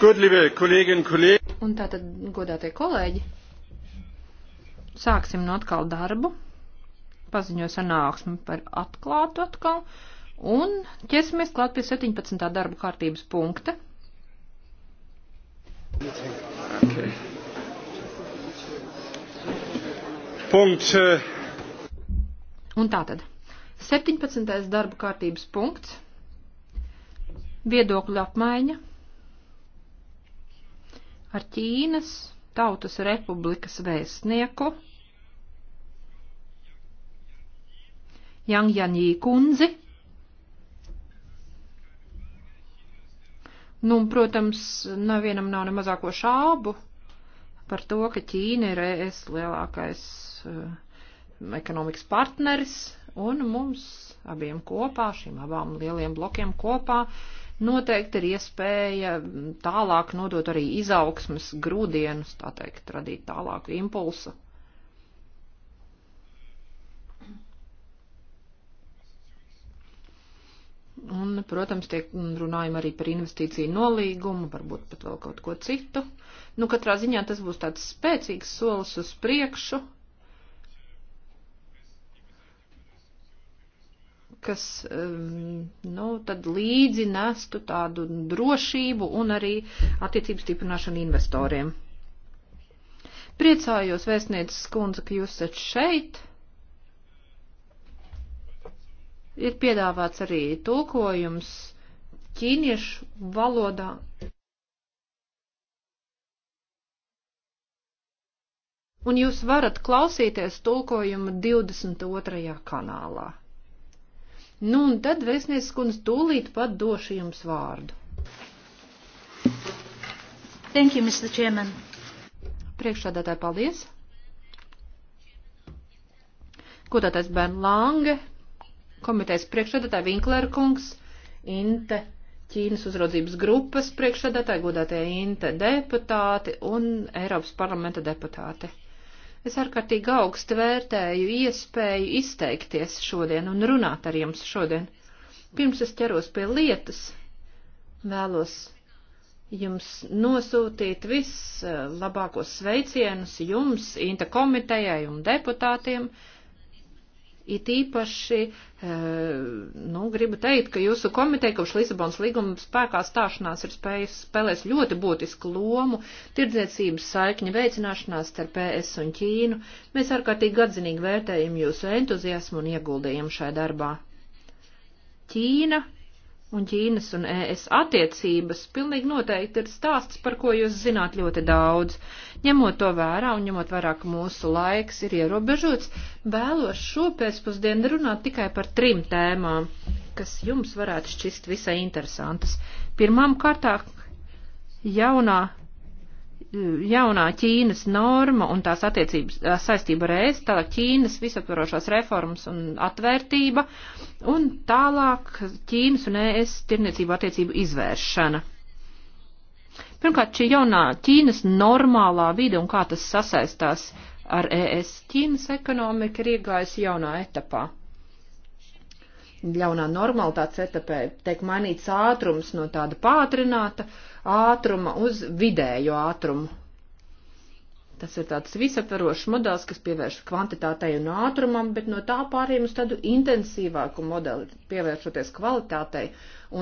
Gut, liebe Kolleginnen und Kollegen. Un tātad, godātie kolēģi, sāksim no nu atkal darbu, paziņo sanāksmi par atklātu atkal, un ķersimies klāt pie 17. darba kārtības punkta. Okay. Punkt. Eh, un tātad. 17. darba kārtības punkts. Viedokļu apmaiņa ar Ķīnas Tautas Republikas vēstnieku Yang Janjī kundzi. Nu, un, protams, nevienam nav ne mazāko šābu par to, ka Ķīna ir es lielākais Uh, ekonomikas partneris, un mums abiem kopā, šīm abām lieliem blokiem kopā, noteikti ir iespēja tālāk nodot arī izaugsmas grūdienus, tā teikt, radīt tālāku impulsu. Un, protams, tiek runājam arī par investīciju nolīgumu, varbūt pat vēl kaut ko citu. Nu, katrā ziņā tas būs tāds spēcīgs solis uz priekšu, kas, nu, tad līdzi nestu tādu drošību un arī attiecību stiprināšanu investoriem. Priecājos, vēstnieces skundze, ka jūs esat šeit. Ir piedāvāts arī tulkojums ķīniešu valodā. Un jūs varat klausīties tulkojumu 22. kanālā. Nu, un tad, vēstnieks kundze, tūlīt pat došu jums vārdu. Thank you, Mr. Chairman. Priekšādātāji, paldies. Ko tātais Bērn Lange, komitejas priekšādātāji Vinklera kungs, Inte, Ķīnas uzraudzības grupas priekšādātāji, godātie Inte deputāti un Eiropas parlamenta deputāti. Es ārkārtīgi augstu vērtēju iespēju izteikties šodien un runāt ar jums šodien. Pirms es ķeros pie lietas, vēlos jums nosūtīt vislabākos eh, sveicienus jums, Inta komitejai un deputātiem. Uh, It īpaši, eh, nu, gribu teikt, ka jūsu komiteja kopš Lisabonas līguma spēkā stāšanās ir spējusi spēlēs ļoti būtisku lomu tirdzniecības saikņu veicināšanā starp ES un Ķīnu. Mēs ārkārtīgi atzinīgi vērtējam jūsu entuziasmu un ieguldījumu šajā darbā. Ķīna Un Ķīnas un ES attiecības pilnīgi noteikti ir stāsts, par ko jūs zināt ļoti daudz. Ņemot to vērā un ņemot vērā, ka mūsu laiks ir ierobežots, vēlos šo pēcpusdienu runāt tikai par trim tēmām, kas jums varētu šķist visai interesantas. Pirmām kārtāk jaunā jaunā Ķīnas norma un tās attiecības saistība ar ēst, tālāk Ķīnas visaptvarošās reformas un atvērtība, un tālāk Ķīnas un ēst tirniecību attiecību izvēršana. Pirmkārt, šī jaunā Ķīnas normālā vide un kā tas sasaistās ar ES Ķīnas ekonomika ir iegājusi jaunā etapā jaunā normalitātes etapē tiek mainīts ātrums no tāda pātrināta ātruma uz vidējo ātrumu. Tas ir tāds visaptvarošs modelis, kas pievērš kvantitātei un ātrumam, bet no tā pārējiem uz tādu intensīvāku modeli, pievēršoties kvalitātei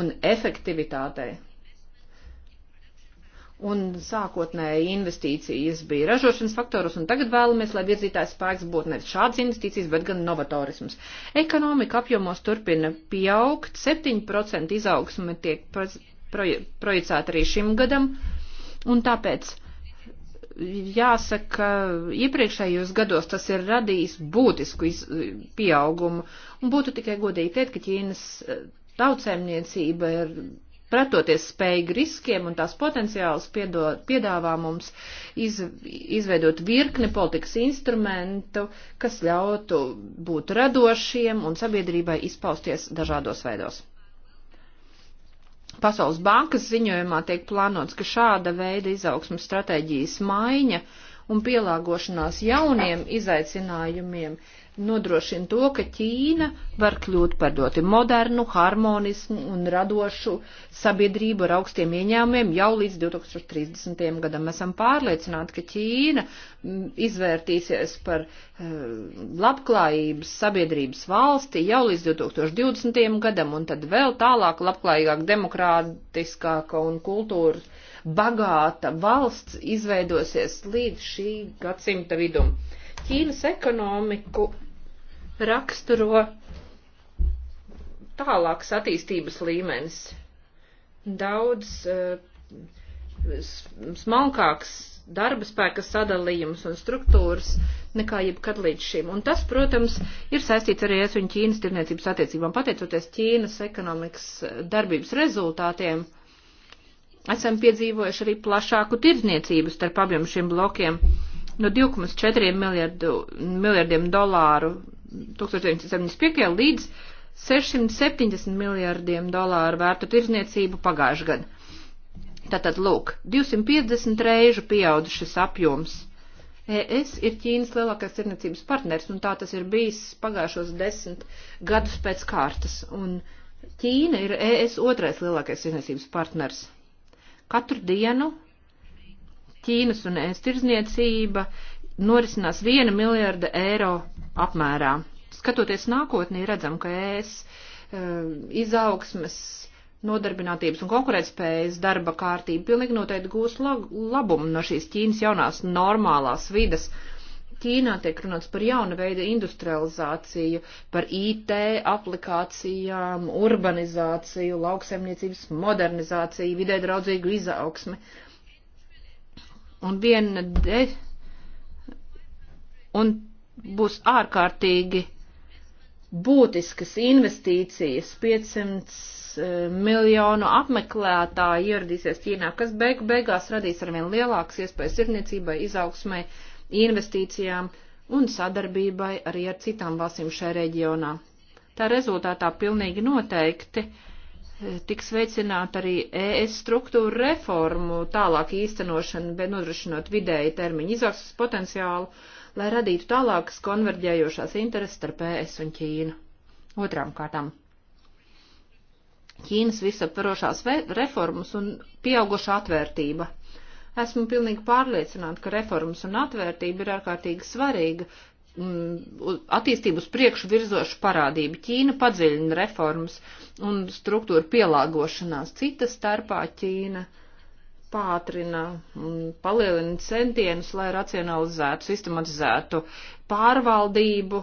un efektivitātei un sākotnēji investīcijas bija ražošanas faktoros, un tagad vēlamies, lai virzītājs spēks būtu nevis šāds investīcijas, bet gan novatorisms. Ekonomika apjomos turpina pieaugt, 7% izaugsme tiek projicēta arī šim gadam, un tāpēc jāsaka, iepriekšējos gados tas ir radījis būtisku pieaugumu, un būtu tikai godīgi teikt, ka Ķīnas eh, tautsēmniecība ir pretoties spējīgi riskiem un tās potenciāls piedod, piedāvā mums iz, izveidot virkni politikas instrumentu, kas ļautu būt radošiem un sabiedrībai izpausties dažādos veidos. Pasaules bankas ziņojumā tiek plānots, ka šāda veida izaugsmas stratēģijas maiņa un pielāgošanās jauniem izaicinājumiem nodrošina to, ka Ķīna var kļūt par ļoti modernu, harmonisku un radošu sabiedrību ar augstiem ieņēmumiem jau līdz 2030. gadam. Mēs esam pārliecināti, ka Ķīna mm, izvērtīsies par eh, labklājības sabiedrības valsti jau līdz 2020. gadam un tad vēl tālāk labklājīgāk, demokrātiskāka un kultūras bagāta valsts izveidosies līdz šī gadsimta vidum. Ķīnas ekonomiku raksturo tālāks attīstības līmenis. Daudz eh, smalkāks darba spēka sadalījums un struktūras nekā jebkad līdz šim. Un tas, protams, ir saistīts arī es un Ķīnas tirniecības attiecībām. Pateicoties Ķīnas ekonomikas eh, darbības rezultātiem, esam piedzīvojuši arī plašāku tirdzniecību starp abiem šiem blokiem no 2,4 miljardiem dolāru 1975. līdz 670 miljārdiem dolāru vērtu tirzniecību pagājušajā gadā. Tātad, lūk, 250 reižu pieaudz šis apjoms. ES ir Ķīnas lielākais tirzniecības partners, un tā tas ir bijis pagājušos desmit gadus pēc kārtas. Un Ķīna ir ES otrais lielākais tirzniecības partners. Katru dienu Ķīnas un ES tirzniecība norisinās 1 miljarda eiro apmērā. Skatoties nākotnī, redzam, ka ES eh, izaugsmes, nodarbinātības un konkurētspējas darba kārtība pilnīgi noteikti gūs labumu no šīs Ķīnas jaunās normālās vidas. Ķīnā tiek runāts par jaunu veidu industrializāciju, par IT aplikācijām, urbanizāciju, lauksaimniecības modernizāciju, vidē draudzīgu izaugsmi. Un viena de, un būs ārkārtīgi būtiskas investīcijas 500 eh, miljonu apmeklētāji ieradīsies Ķīnā, kas beig beigās radīs arvien lielākas iespējas irniecībai, izaugsmai, investīcijām un sadarbībai arī ar citām valstīm šajā reģionā. Tā rezultātā pilnīgi noteikti uh, tiks veicināt arī ES struktūra reformu tālāk īstenošana, bet nodrošinot vidēji termiņu izaugsmas potenciālu, lai radītu tālākas konverģējošās intereses starp ES un Ķīnu. Otrām kārtām. Ķīnas visaptvarošās reformas un pieauguša atvērtība. Esmu pilnīgi pārliecināta, ka reformas un atvērtība ir ārkārtīgi svarīga Mm, attīstību uz priekšu virzošu parādību. Ķīna padziļina reformas un struktūra pielāgošanās. Cita starpā Ķīna pātrina un palielina centienus, lai racionalizētu, sistematizētu pārvaldību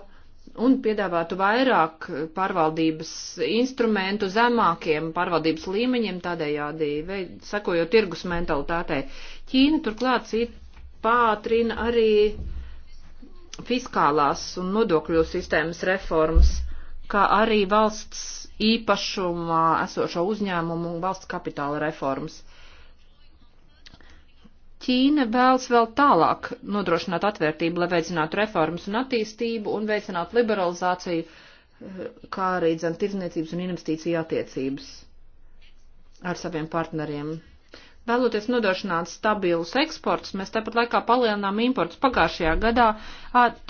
un piedāvātu vairāk pārvaldības instrumentu zemākiem pārvaldības līmeņiem, tādējādi sekojot tirgus mentalitātei. Ķīna turklāt cita pātrina arī uh, fiskālās un nodokļu sistēmas reformas, kā arī valsts īpašumā esošo uzņēmumu un valsts kapitāla reformas. Ķīna vēlas vēl tālāk nodrošināt atvērtību, lai veicinātu reformas un attīstību un veicinātu liberalizāciju, kā arī dzen tirzniecības un investīciju attiecības ar saviem partneriem. Vēloties nodrošināt stabilus eksports, mēs tepat laikā palielinām imports. Pagājušajā gadā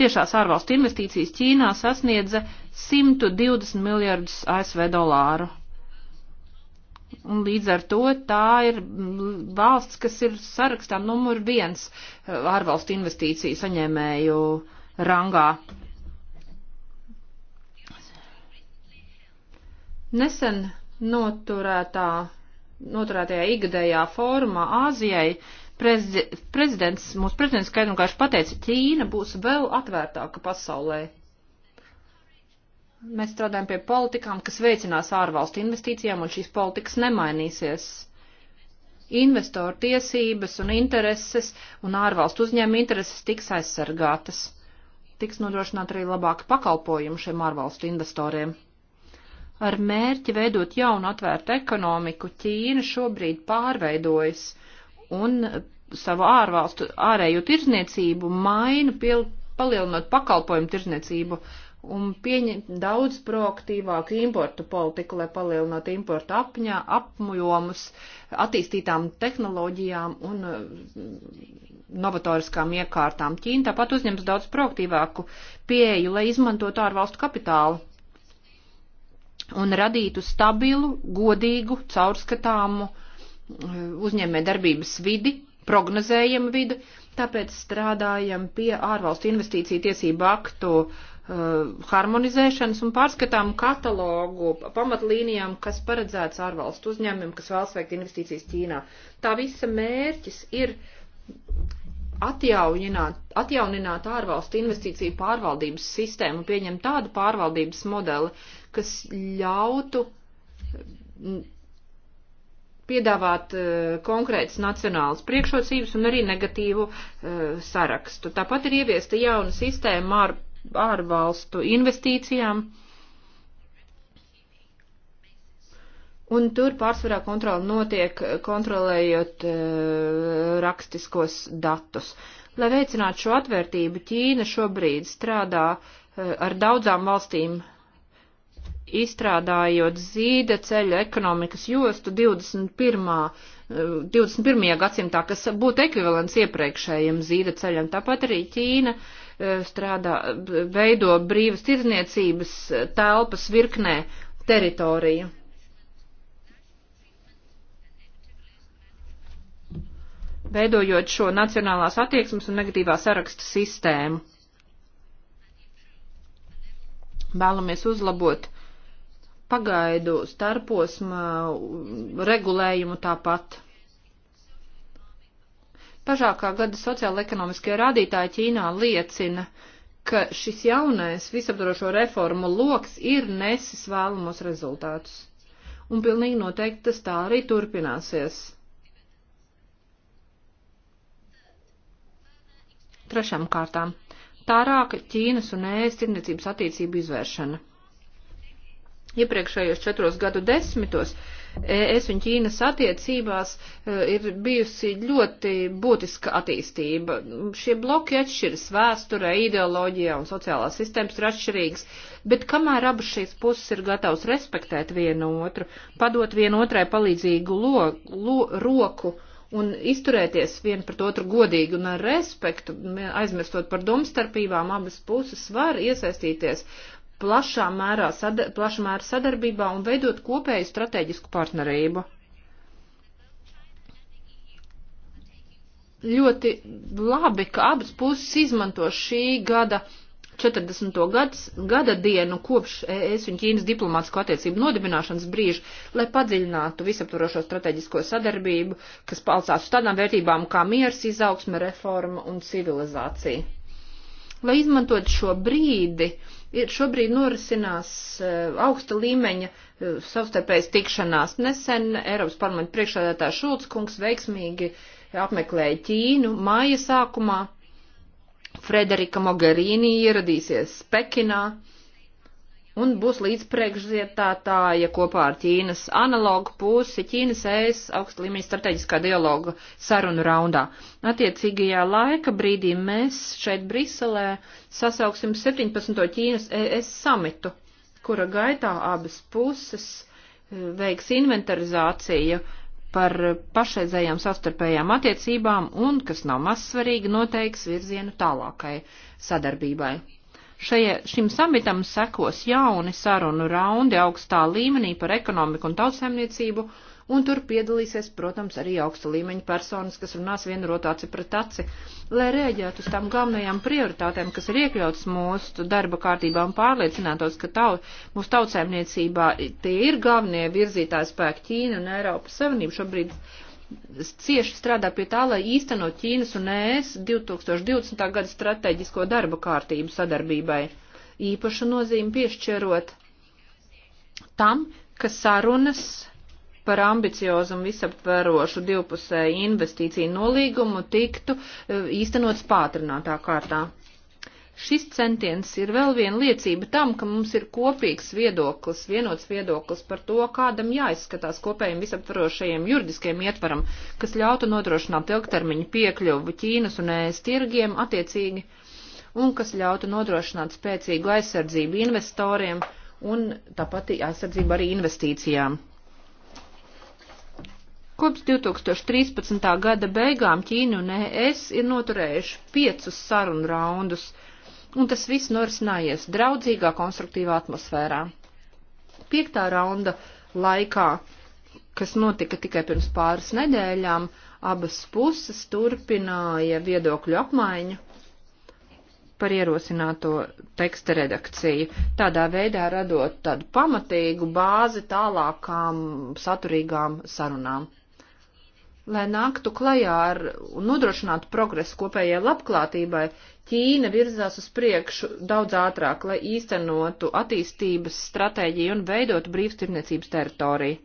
tiešās ārvalstu investīcijas Ķīnā sasniedza 120 miljardus ASV dolāru. Un līdz ar to tā ir valsts, kas ir sarakstā numur viens ārvalstu investīciju saņēmēju rangā. Nesen noturētā noturētajā ikgadējā fórumā Āzijai prezi, prezidents, mūsu prezidents skaidri un gaiši pateica, Ķīna būs vēl atvērtāka pasaulē. Mēs strādājam pie politikām, kas veicinās ārvalstu investīcijām, un šīs politikas nemainīsies. Investoru tiesības un intereses un ārvalstu uzņēmu intereses tiks aizsargātas. Tiks nodrošināt arī labāki pakalpojumi šiem ārvalstu investoriem. Ar mērķi veidot jaunu atvērtu ekonomiku, Ķīna šobrīd pārveidojas un savu ārvalstu ārējo tirzniecību mainu, piel, palielinot pakalpojumu tirzniecību un pieņem daudz proaktīvāku importu politiku, lai palielinātu importu apņā, apmujomus attīstītām tehnoloģijām un mm, novatoriskām iekārtām. Ķīna tāpat uzņems daudz proaktīvāku pieeju, lai izmantotu ārvalstu kapitālu un radītu stabilu, godīgu, caurskatāmu eh, uzņēmē darbības vidi, prognozējumu vidi, tāpēc strādājam pie ārvalstu investīciju tiesību aktu uh, harmonizēšanas un pārskatām katalogu pamatlīnijām, kas paredzēts ārvalstu uzņēmumiem, kas vēlas veikt investīcijas Ķīnā. Tā visa mērķis ir atjaunināt, atjaunināt ārvalstu investīciju pārvaldības sistēmu, pieņemt tādu pārvaldības modeli, kas ļautu mm, piedāvāt uh, konkrētas nacionālas priekšrocības un arī negatīvu uh, sarakstu. Tāpat ir ieviesta jauna sistēma ar ārvalstu investīcijām. Un tur pārsvarā kontrola notiek kontrolējot uh, rakstiskos datus. Lai veicinātu šo atvērtību, Ķīna šobrīd strādā uh, ar daudzām valstīm izstrādājot zīda ceļa ekonomikas jostu 21. 21. gadsimtā, kas būtu ekvivalents iepriekšējiem zīda ceļam. Tāpat arī Ķīna e, strādā, veido brīvas tirzniecības telpas virknē teritoriju. Veidojot šo nacionālās attieksmes un negatīvā saraksta sistēmu. Vēlamies uzlabot pagaidu starposma mm, regulējumu tāpat. Pažākā gada sociāla-ekonomiskie rādītāji Ķīnā liecina, ka šis jaunais visaptvarošo reformu loks ir nesis vēlamos rezultātus. Un pilnīgi noteikti tas tā arī turpināsies. Trešām kārtām - tārāka Ķīnas un ēst tirniecības attiecību izvēršana. Iepriekšējos četros gadu desmitos e, ES un Ķīnas attiecībās e, ir bijusi ļoti būtiska attīstība. Šie bloki atšķiras vēsturē, ideoloģijā un sociālās sistēmas ir atšķirīgas, bet kamēr abas šīs puses ir gatavs respektēt vienu otru, padot vienu otrai palīdzīgu lo, lo, roku, un izturēties vien pret otru godīgi un ar respektu, aizmirstot par domstarpībām, abas puses var iesaistīties plašā mērā, sada, plašā mērā sadarbībā un veidot kopēju strateģisku partnerību. Ļoti labi, ka abas puses izmanto šī gada 40. Gads, gada dienu kopš ES un Ķīnas diplomātsko attiecību nodibināšanas brīža, lai padziļinātu visaptvarošo strateģisko sadarbību, kas palcās uz tādām vērtībām kā miers, izaugsme, reforma un civilizācija. Lai izmantot šo brīdi, uh, ir šobrīd norisinās eh, augsta līmeņa eh, savstarpējas tikšanās. Nesen Eiropas parlamenta priekšādātā Šulc kungs veiksmīgi apmeklēja Ķīnu māja sākumā. Frederika Mogherini ieradīsies Pekinā un būs līdzpriekšzietātāja kopā ar Ķīnas analogu pusi Ķīnas ES augsta līmeņa strateģiskā dialoga sarunu raundā. Attiecīgajā laika brīdī mēs šeit Briselē sasauksim 17. Ķīnas ES samitu, kura gaitā abas puses eh, veiks inventarizāciju par pašreizējām savstarpējām attiecībām un, kas nav mazsvarīgi, noteiks virzienu tālākai sadarbībai. Šajā, šim samitam sekos jauni sarunu raundi augstā līmenī par ekonomiku un tautsēmniecību, un tur piedalīsies, protams, arī augsta līmeņa personas, kas runās vienrot aci pret aci, lai rēģētu uz tām galvenajām prioritātēm, kas ir iekļautas mūsu darba kārtībā un pārliecinātos, ka tau, mūsu tautsēmniecībā tie ir galvenie virzītāji spēki Ķīna un Eiropas Savienība šobrīd cieši strādā pie tā, lai īstenot Ķīnas un ES 2020. gada strateģisko darba kārtību sadarbībai. Īpaša nozīme piešķirot tam, ka sarunas par ambiciozu un visaptverošu divpusēju investīciju nolīgumu tiktu e, īstenots pātrinātā kārtā. Šis centiens ir vēl viena liecība tam, ka mums ir kopīgs viedoklis, vienots viedoklis par to, kādam jāizskatās kopējiem visaptvarošajiem juridiskiem ietvaram, kas ļautu nodrošināt ilgtermiņu piekļuvu Ķīnas un ES tirgiem attiecīgi un kas ļautu nodrošināt spēcīgu aizsardzību investoriem un tāpat aizsardzību arī investīcijām. Kopš 2013. gada beigām Ķīna un ES ir noturējuši piecus sarunu raundus un tas viss norisinājies draudzīgā, konstruktīvā atmosfērā. Piektā raunda laikā, kas notika tikai pirms pāris nedēļām, abas puses turpināja viedokļu apmaiņu par ierosināto teksta redakciju, tādā veidā radot tādu pamatīgu bāzi tālākām saturīgām sarunām. Lai nāktu klajā ar un nodrošinātu progresu kopējai labklātībai, Ķīna virzās uz priekšu daudz ātrāk, lai īstenotu attīstības stratēģiju un veidotu brīvstirniecības teritoriju.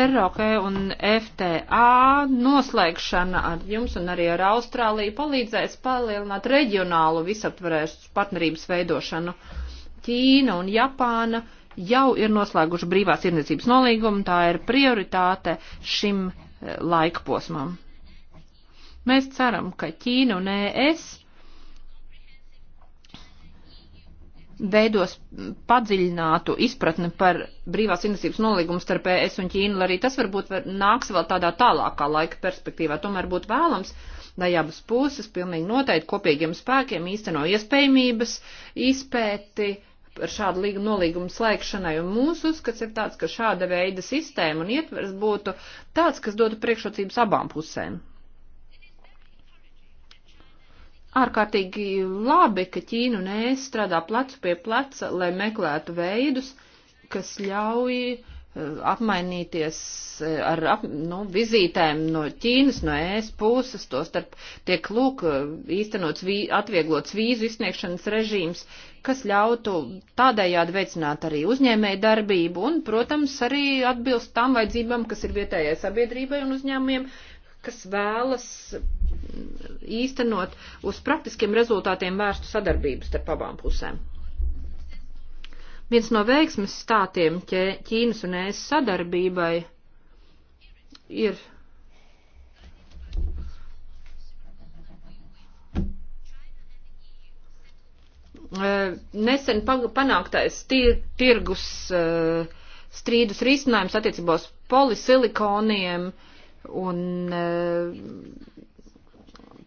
ROK un FTA noslēgšana ar jums un arī ar Austrāliju palīdzēs palielināt reģionālu visaptvarēšanas partnerības veidošanu. Ķīna un Japāna jau ir noslēguši brīvās tirdzniecības nolīgumu, tā ir prioritāte šim laika posmam. Mēs ceram, ka Ķīna un ES veidos padziļinātu izpratni par brīvās investīcijas nolīgumu starp ES un Ķīnu, lai arī tas varbūt var, nāks vēl tādā tālākā laika perspektīvā. Tomēr būtu vēlams, lai abas puses pilnīgi noteikti kopīgiem spēkiem īsteno iespējamības izpēti. Uh, par šādu līgumu nolīgumu slēgšanai, un mūsu uzskats ir tāds, ka šāda veida sistēma un ietvers būtu tāds, kas dotu priekšrocības abām pusēm. Ārkārtīgi labi, ka Ķīna un ES strādā plecu pie pleca, lai meklētu veidus, kas ļauj apmainīties eh, ar ap, nu, vizītēm no Ķīnas, no ES puses, to starp tiek lūk eh, īstenots vī, atvieglots vīzu izsniegšanas režīms, kas ļautu tādējādi veicināt arī uzņēmēju darbību un, protams, arī atbilst tām vajadzībām, kas ir vietējai sabiedrībai un uzņēmumiem, kas vēlas īstenot uz praktiskiem rezultātiem vērstu sadarbības starp abām pusēm. Viens no veiksmes stātiem Ķīnas un ES sadarbībai ir eh, nesen panāktais tir, tirgus eh, strīdus risinājums attiecībā uz polisilikoniem un eh,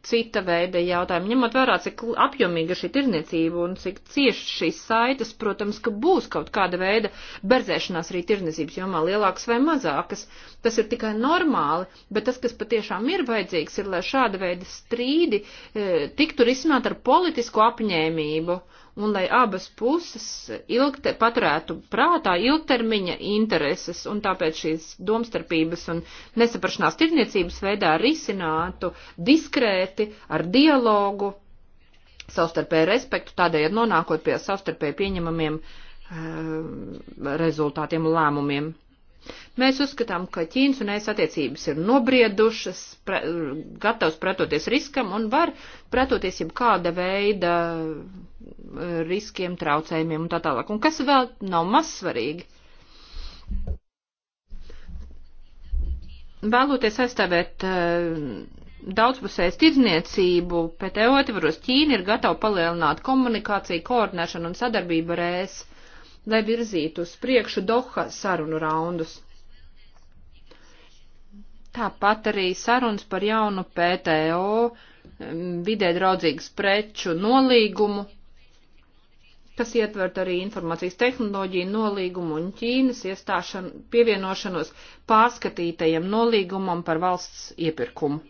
cita veida jautājumi. Ņemot vērā, cik apjomīga šī tirniecība un cik cieši šīs saites, protams, ka būs kaut kāda veida berzēšanās arī tirniecības jomā lielākas vai mazākas. Tas ir tikai normāli, bet tas, kas patiešām ir vajadzīgs, ir, lai šāda veida strīdi e, tiktu risināt ar politisku apņēmību. Uh, un lai abas puses ilgte, paturētu prātā ilgtermiņa intereses un tāpēc šīs domstarpības un nesaprašanās tirniecības veidā risinātu diskrēti ar dialogu, savstarpēju respektu, tādējādi nonākot pie savstarpēju pieņemamiem uh, rezultātiem un lēmumiem. Mēs uzskatām, ka Ķīnas un ES attiecības ir nobriedušas, pre, gatavs pretoties riskam un var pretoties jau kāda veida e, riskiem, traucējumiem un tā tālāk. Un kas vēl nav mazsvarīgi? Vēloties aizstāvēt e, daudzpusējas tirdzniecību, pēc e teotvaros Ķīna ir gatava palielināt komunikāciju, koordinēšanu un sadarbību ar ES lai virzītu uz priekšu Doha sarunu raundus. Tāpat arī sarunas par jaunu PTO vidē draudzīgas preču nolīgumu, kas ietvert arī informācijas tehnoloģiju nolīgumu un Ķīnas iestāšanu pievienošanos pārskatītajam nolīgumam par valsts iepirkumu.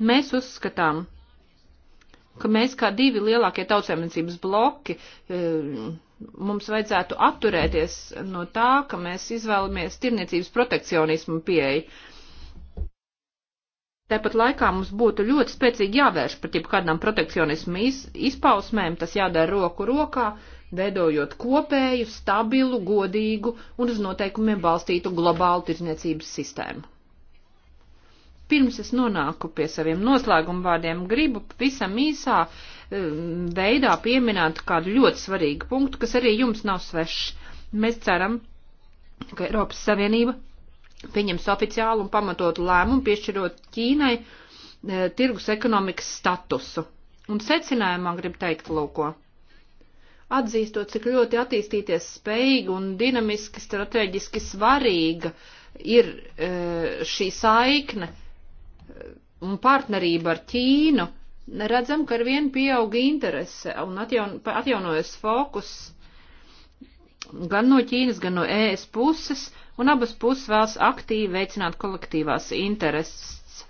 Mēs uzskatām, ka mēs kā divi lielākie tautsēmniecības bloki mums vajadzētu apturēties no tā, ka mēs izvēlamies tirniecības protekcionismu pieeju. Tāpat laikā mums būtu ļoti spēcīgi jāvērš pret jebkādām protekcionismu iz, izpausmēm, tas jādara roku rokā, veidojot kopēju, stabilu, godīgu un uz noteikumiem balstītu globālu tirzniecības sistēmu. Pirms es nonāku pie saviem noslēguma vārdiem, gribu pavisam īsā uh, veidā pieminētu kādu ļoti svarīgu punktu, kas arī jums nav svešs. Mēs ceram, ka Eiropas Savienība pieņems oficiālu un pamatotu lēmumu piešķirot Ķīnai e, tirgus ekonomikas statusu. Un secinājumā grib teikt lūko. Atzīstot, cik ļoti attīstīties spējīga un dinamiski strateģiski svarīga ir e, šī saikne e, un partnerība ar Ķīnu, redzam, ka ar vienu pieauga interese un atjaun, atjaunojas fokus gan no Ķīnas, gan no ES puses, un abas puses vēlas aktīvi veicināt kolektīvās intereses,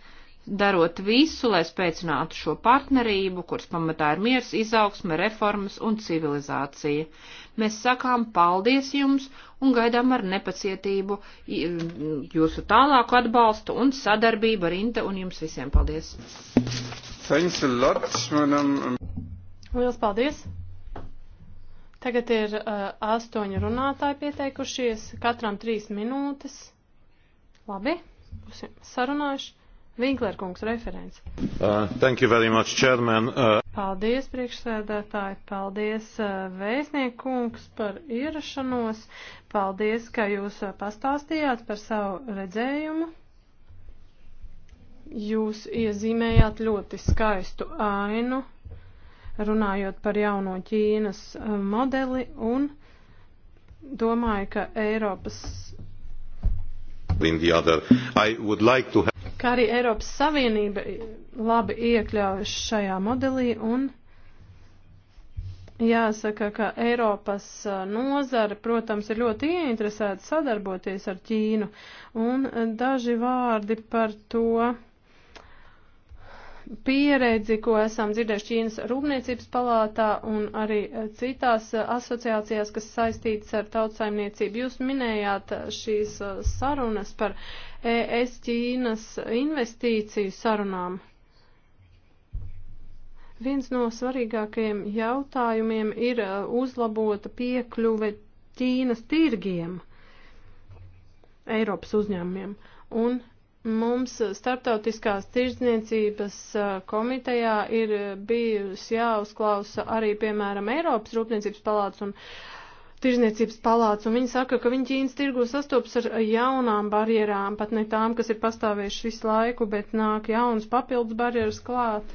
darot visu, lai spēcinātu šo partnerību, kuras pamatā ir miers, izaugsme, reformas un civilizācija. Mēs sakām paldies jums un gaidām ar nepacietību jūsu tālāku atbalstu un sadarbību ar Inte un jums visiem paldies! Thanks a lot, madam. Lielas paldies! Tagad ir uh, astoņi runātāji pieteikušies, katram trīs minūtes. Labi, būsim sarunājuši. Vinklēr kungs referents. Uh, thank you very much, chairman. Uh... Paldies, priekšsēdētāji, paldies, uh, vēstnieku kungs, par ierašanos. Paldies, ka jūs uh, pastāstījāt par savu redzējumu. Jūs iezīmējāt ļoti skaistu ainu, runājot par jauno Ķīnas eh, modeli un domāju, ka Eiropas. Like have... Kā arī Eiropas Savienība labi iekļaujas šajā modelī un jāsaka, ka Eiropas eh, nozara, protams, ir ļoti ieinteresēta sadarboties ar Ķīnu un eh, daži vārdi par to pieredzi, ko esam dzirdējuši Ķīnas rūpniecības palātā un arī eh, citās eh, asociācijās, kas saistītas ar tautsaimniecību. Jūs minējāt eh, šīs sarunas par ES Ķīnas investīciju sarunām. Viens no svarīgākajiem jautājumiem ir uzlabota piekļuve Ķīnas tirgiem Eiropas uzņēmumiem. Un Mums starptautiskās tirdzniecības komitejā ir bijusi jāuzklausa arī, piemēram, Eiropas Rūpniecības palāca un Tirzniecības palāca, un viņi saka, ka viņi Ķīnas tirgu sastopas ar jaunām barjerām, pat ne tām, kas ir pastāvējušas visu laiku, bet nāk jaunas papildus barjeras klāt.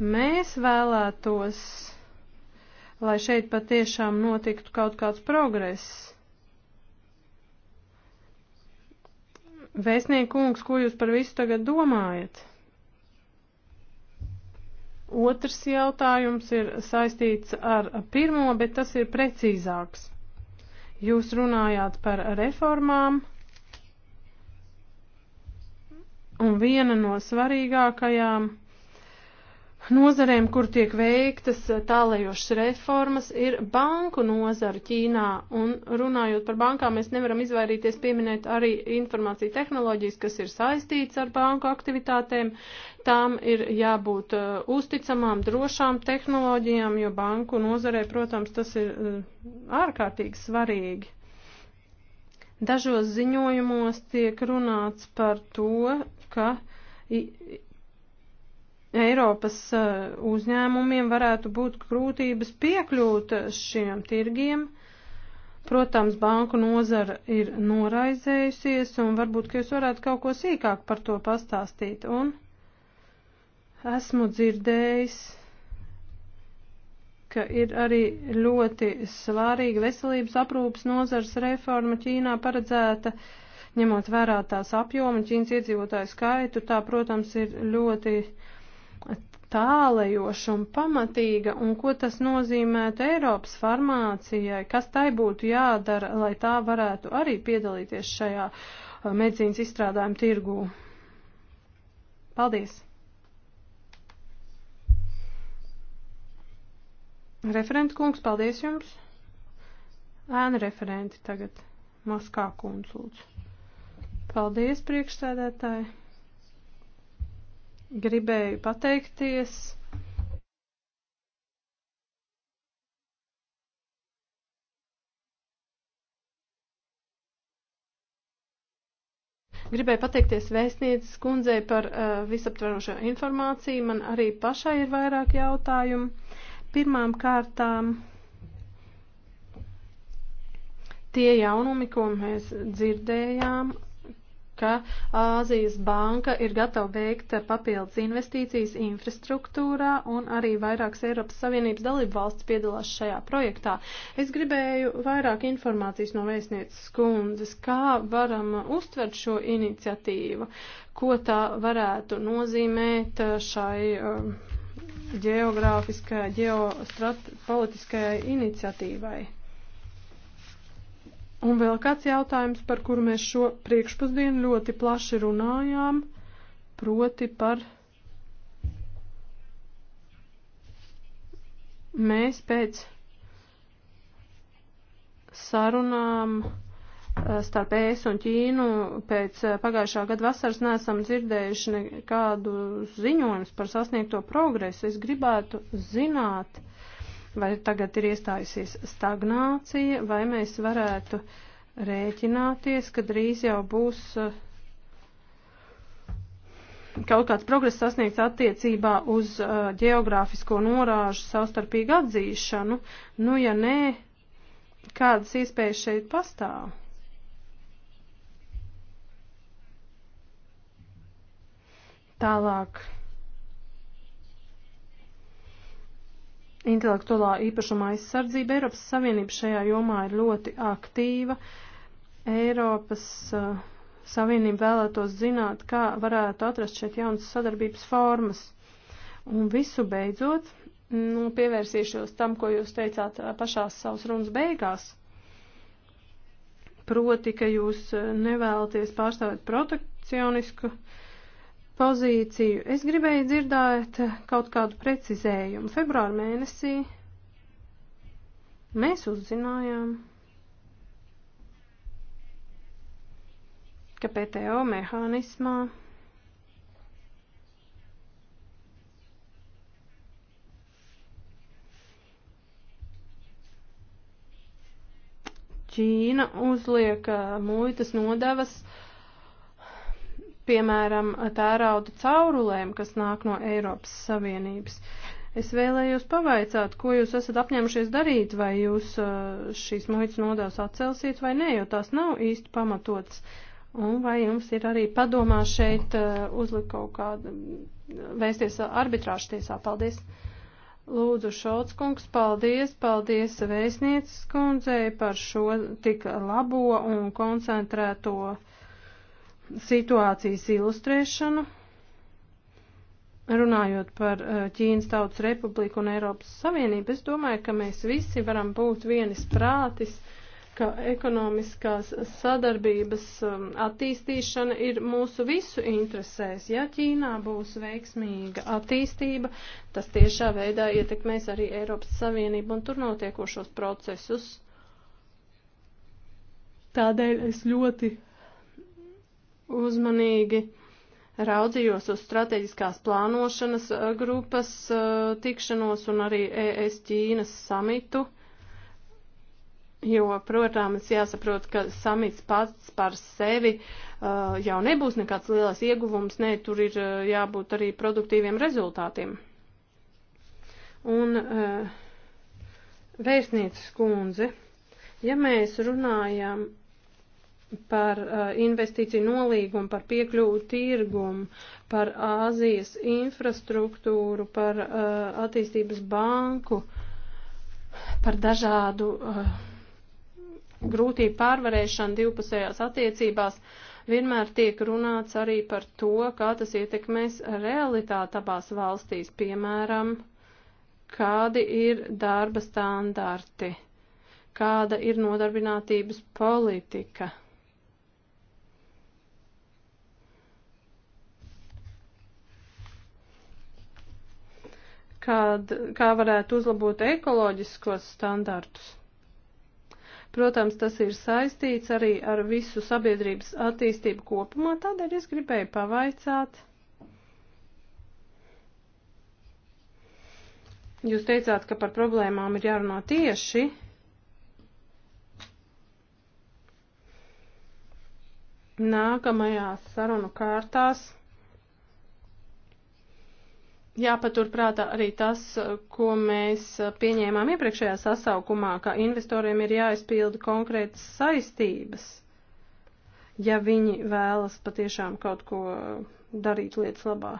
Mēs vēlētos, lai šeit patiešām notiktu kaut kāds progress Vēstniekungs, ko jūs par visu tagad domājat? Otrs jautājums ir saistīts ar pirmo, bet tas ir precīzāks. Jūs runājāt par reformām, un viena no svarīgākajām nozarēm, kur tiek veiktas eh, tālējošas reformas, ir banku nozara Ķīnā. Un runājot par bankām, mēs nevaram izvairīties pieminēt arī informāciju tehnoloģijas, kas ir saistīts ar banku aktivitātēm. Tām ir jābūt uh, uzticamām, drošām tehnoloģijām, jo banku nozarē, protams, tas ir uh, ārkārtīgi svarīgi. Dažos ziņojumos tiek runāts par to, ka Eiropas eh, uzņēmumiem varētu būt grūtības piekļūt eh, šiem tirgiem. Protams, banku nozara ir noraizējusies, un varbūt, ka jūs varētu kaut ko sīkāk par to pastāstīt. Un esmu dzirdējis ka ir arī ļoti svārīga veselības aprūpas nozars reforma Ķīnā paredzēta, ņemot vērā tās apjomu, Ķīnas iedzīvotāju skaitu, tā, protams, ir ļoti uh, tālajoša un pamatīga, un ko tas nozīmētu Eiropas farmācijai, kas tai būtu jādara, lai tā varētu arī piedalīties šajā uh, medicīnas izstrādājuma tirgū. Paldies! Referenta kungs, paldies jums! Ēna referenti tagad. Maskā kundz lūdzu. Paldies, priekšsēdētāji! gribēju pateikties. Gribēju pateikties vēstnieces kundzei par uh, visaptverošo informāciju. Man arī pašai ir vairāk jautājumu. Pirmām kārtām tie jaunumi, ko mēs dzirdējām ka Āzijas banka ir gatava veikt papildus investīcijas infrastruktūrā un arī vairākas Eiropas Savienības dalību valsts piedalās šajā projektā. Es gribēju vairāk informācijas no vēstnieces kundzes, kā varam uztvert šo iniciatīvu, ko tā varētu nozīmēt šai ģeogrāfiskajai, um, ģeopolitiskajai iniciatīvai. Un vēl kāds jautājums, par kuru mēs šo priekšpusdienu ļoti plaši runājām, proti par mēs pēc sarunām eh, starp ES un Ķīnu pēc eh, pagājušā gada vasaras neesam dzirdējuši nekādu ziņojumus par sasniegto progresu. Es gribētu zināt, uh, vai tagad ir iestājusies stagnācija, vai mēs varētu rēķināties, ka drīz jau būs eh, kaut kāds progress sasniegts attiecībā uz eh, geogrāfisko norāžu savstarpīgu atzīšanu. Nu, ja nē, kādas iespējas šeit pastāv? Tālāk Intelektuālā īpašuma aizsardzība Eiropas Savienība šajā jomā ir ļoti aktīva. Eiropas uh, Savienība vēlētos zināt, kā varētu atrast šeit jaunas sadarbības formas. Un visu beidzot, nu, pievērsīšos tam, ko jūs teicāt eh, pašās savas runas beigās. Proti, ka jūs eh, nevēlaties pārstāvēt protekcionisku uh, pozīciju. Es gribēju dzirdēt kaut kādu precizējumu. Februāra mēnesī mēs uzzinājām, ka PTO mehānismā Ķīna uzliek muitas nodevas uh, piemēram, tērauda caurulēm, kas nāk no Eiropas Savienības. Es vēlējos pavaicāt, ko jūs esat apņēmušies darīt, vai jūs uh, šīs muitas nodevs atcelsiet vai nē, jo tās nav īsti pamatots. Un vai jums ir arī padomā šeit uh, uzlikt kaut kādu mm, vēsties arbitrāžu tiesā? Paldies! Lūdzu, Šolts kungs, paldies, paldies vēstnieces kundzei par šo tik labo un koncentrēto situācijas ilustrēšanu. Runājot par eh, Ķīnas Tautas Republiku un Eiropas Savienību, es domāju, ka mēs visi varam būt vienis prātis, ka ekonomiskās sadarbības um, attīstīšana ir mūsu visu interesēs. Ja Ķīnā būs veiksmīga attīstība, tas tiešā veidā ietekmēs arī Eiropas Savienību un tur notiekošos procesus. Tādēļ es ļoti uzmanīgi raudzījos uz strateģiskās plānošanas eh, grupas eh, tikšanos un arī ES Ķīnas samitu, jo, protams, jāsaprot, ka samits pats par sevi eh, jau nebūs nekāds lielais ieguvums, nē, tur ir jābūt arī produktīviem rezultātiem. Un vēstnieces kundze, ja mēs runājam par uh, investīciju nolīgumu, par piekļuvu tirgumu, par Āzijas infrastruktūru, par uh, attīstības banku, par dažādu uh, grūtību pārvarēšanu divpusējās attiecībās, vienmēr tiek runāts arī par to, kā tas ietekmēs realitāti abās valstīs, piemēram, kādi ir darba standarti, kāda ir nodarbinātības politika. kād, kā varētu uzlabot ekoloģiskos standartus. Protams, tas ir saistīts arī ar visu sabiedrības attīstību kopumā, tādēļ es gribēju pavaicāt. Jūs teicāt, ka par problēmām ir jārunā tieši. Nākamajās sarunu kārtās. Jāpaturprātā arī tas, ko mēs pieņēmām iepriekšējā sasaukumā, ka investoriem ir jāizpilda konkrētas saistības, ja viņi vēlas patiešām kaut ko darīt lietas labā.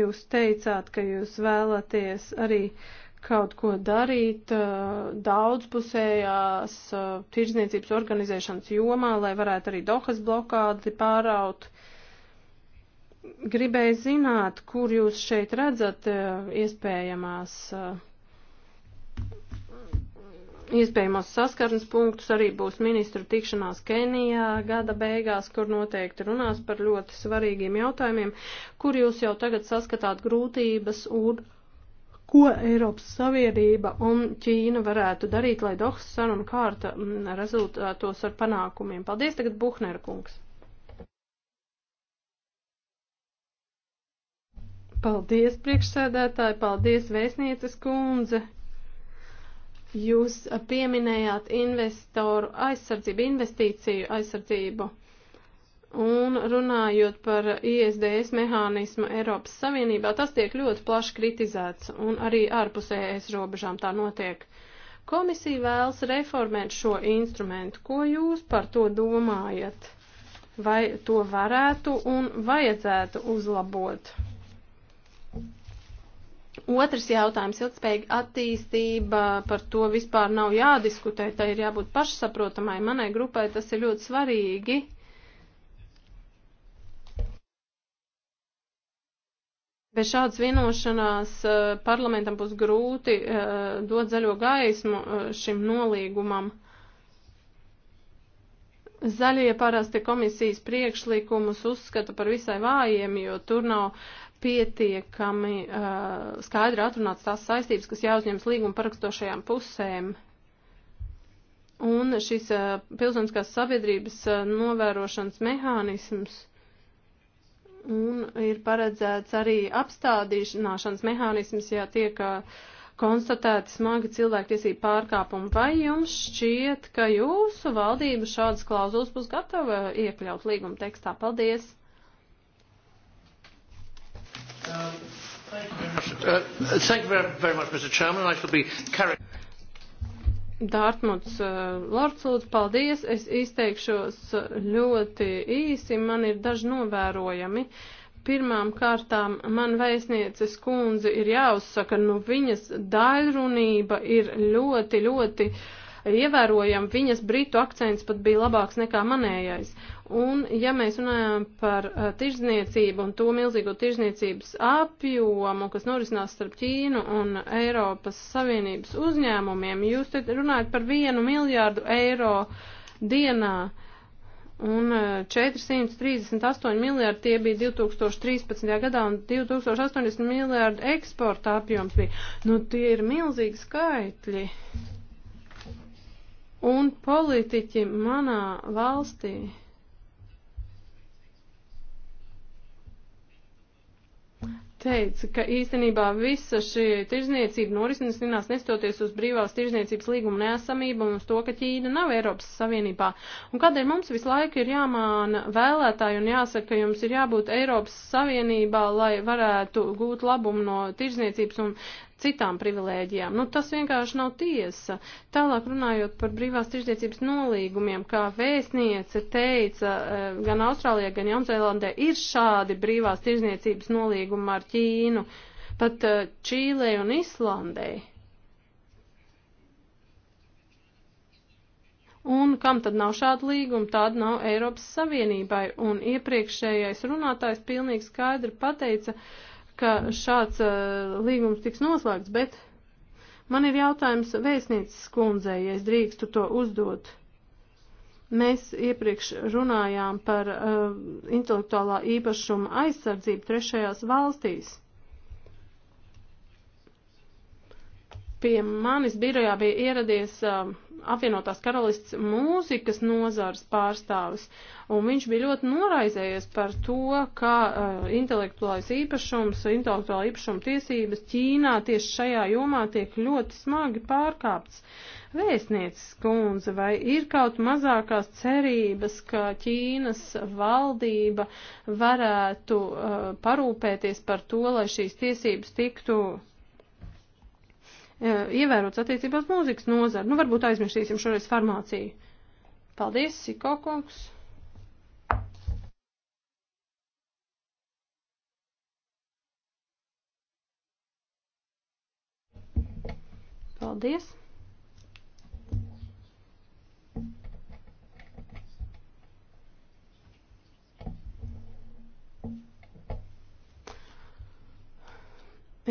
Jūs teicāt, ka jūs vēlaties arī kaut ko darīt uh, daudzpusējās uh, tirzniecības organizēšanas jomā, lai varētu arī Dohas blokādi pāraut. Uh, gribēju zināt, kur jūs šeit redzat eh, iespējamās, eh, iespējamos saskarnes punktus. Arī būs ministru tikšanās Kenijā gada beigās, kur noteikti runās par ļoti svarīgiem jautājumiem, kur jūs jau tagad saskatāt grūtības un ko Eiropas Savienība un Ķīna varētu darīt, lai Dohas saruna kārta mm, rezultātos ar panākumiem. Paldies tagad Buhner kungs. Paldies, priekšsēdētāji, paldies, vēstnieces kundze. Jūs pieminējāt investoru aizsardzību, investīciju aizsardzību. Un runājot par ISDS mehānismu Eiropas Savienībā, tas tiek ļoti plaši kritizēts un arī ārpus ES robežām tā notiek. Komisija vēlas reformēt šo instrumentu. Ko jūs par to domājat? Vai to varētu un vajadzētu uzlabot? Otrs jautājums - ilgspējīga attīstība, par to vispār nav jādiskutē, tai ir jābūt pašsaprotamai. Manai grupai tas ir ļoti svarīgi. Bez šādas vienošanās eh, parlamentam būs grūti eh, dot zaļo gaismu eh, šim nolīgumam. Zaļie parasti komisijas priekšlikumus uzskata par visai vājiem, jo tur nav pietiekami uh, skaidri atrunāts tās saistības, kas jāuzņems līguma parakstošajām pusēm. Un šis uh, pilsoniskās sabiedrības uh, novērošanas mehānisms un ir paredzēts arī apstādīšanāšanas mehānisms, ja tiek uh, konstatēti smagi cilvēktiesību pārkāpumi. Vai jums šķiet, ka jūsu valdība šādas klauzulas būs gatava iekļaut līguma tekstā? Paldies! Dārtmuts uh, Lords, lūdzu, paldies. Es izteikšos ļoti īsi. Man ir daži novērojami. Pirmām kārtām man vēstnieces kundze ir jāuzsaka, nu viņas daļrunība ir ļoti, ļoti. Uh, ievērojami. Viņas britu akcents pat bija labāks nekā manējais. Un, ja mēs runājam par uh, tirzniecību un to milzīgo tirzniecības apjomu, kas norisinās starp Ķīnu un Eiropas Savienības uzņēmumiem, jūs te runājat par vienu miljārdu eiro dienā. Uh, un 438 eh, miljārdi tie bija 2013. gadā, un 2080 miljārdi eksporta apjoms bija. Nu, tie ir milzīgi skaitļi. Un politiķi manā valstī teica, ka īstenībā visa šī tirzniecība norisinās nestoties uz brīvās tirzniecības līguma neesamību un uz to, ka Ķīna nav Eiropas Savienībā. Un kādēļ mums visu laiku ir jāmāna vēlētāji un jāsaka, ka jums ir jābūt Eiropas Savienībā, lai varētu gūt labumu no tirzniecības un citām privilēģijām. Nu, tas vienkārši nav tiesa. Tālāk runājot par brīvās tirzniecības nolīgumiem, kā vēstniece teica, e, gan Austrālijā, gan Jaunzēlandē ir šādi brīvās tirzniecības nolīgumi ar Ķīnu, pat e, Čīlē un Islandē. Un kam tad nav šāda līguma, tāda nav Eiropas Savienībai. Un iepriekšējais runātājs pilnīgi skaidri pateica, ka šāds uh, līgums tiks noslēgts, bet man ir jautājums vēstnieces kundzei, ja es drīkstu to uzdot. Mēs iepriekš runājām par uh, intelektuālā īpašuma aizsardzību trešajās valstīs. Pie manis birojā bija ieradies uh, apvienotās karalists mūzikas nozars pārstāvis, un viņš bija ļoti noraizējies par to, ka uh, intelektuālais īpašums, intelektuāla īpašuma tiesības Ķīnā tieši šajā jomā tiek ļoti smagi pārkāptas. Vēstnieces kundze, vai ir kaut mazākās cerības, ka Ķīnas valdība varētu uh, parūpēties par to, lai šīs tiesības tiktu E, ievērots attiecībā uz mūzikas nozaru. Nu, varbūt aizmirsīsim šoreiz farmāciju. Paldies, Siko kungs! Paldies!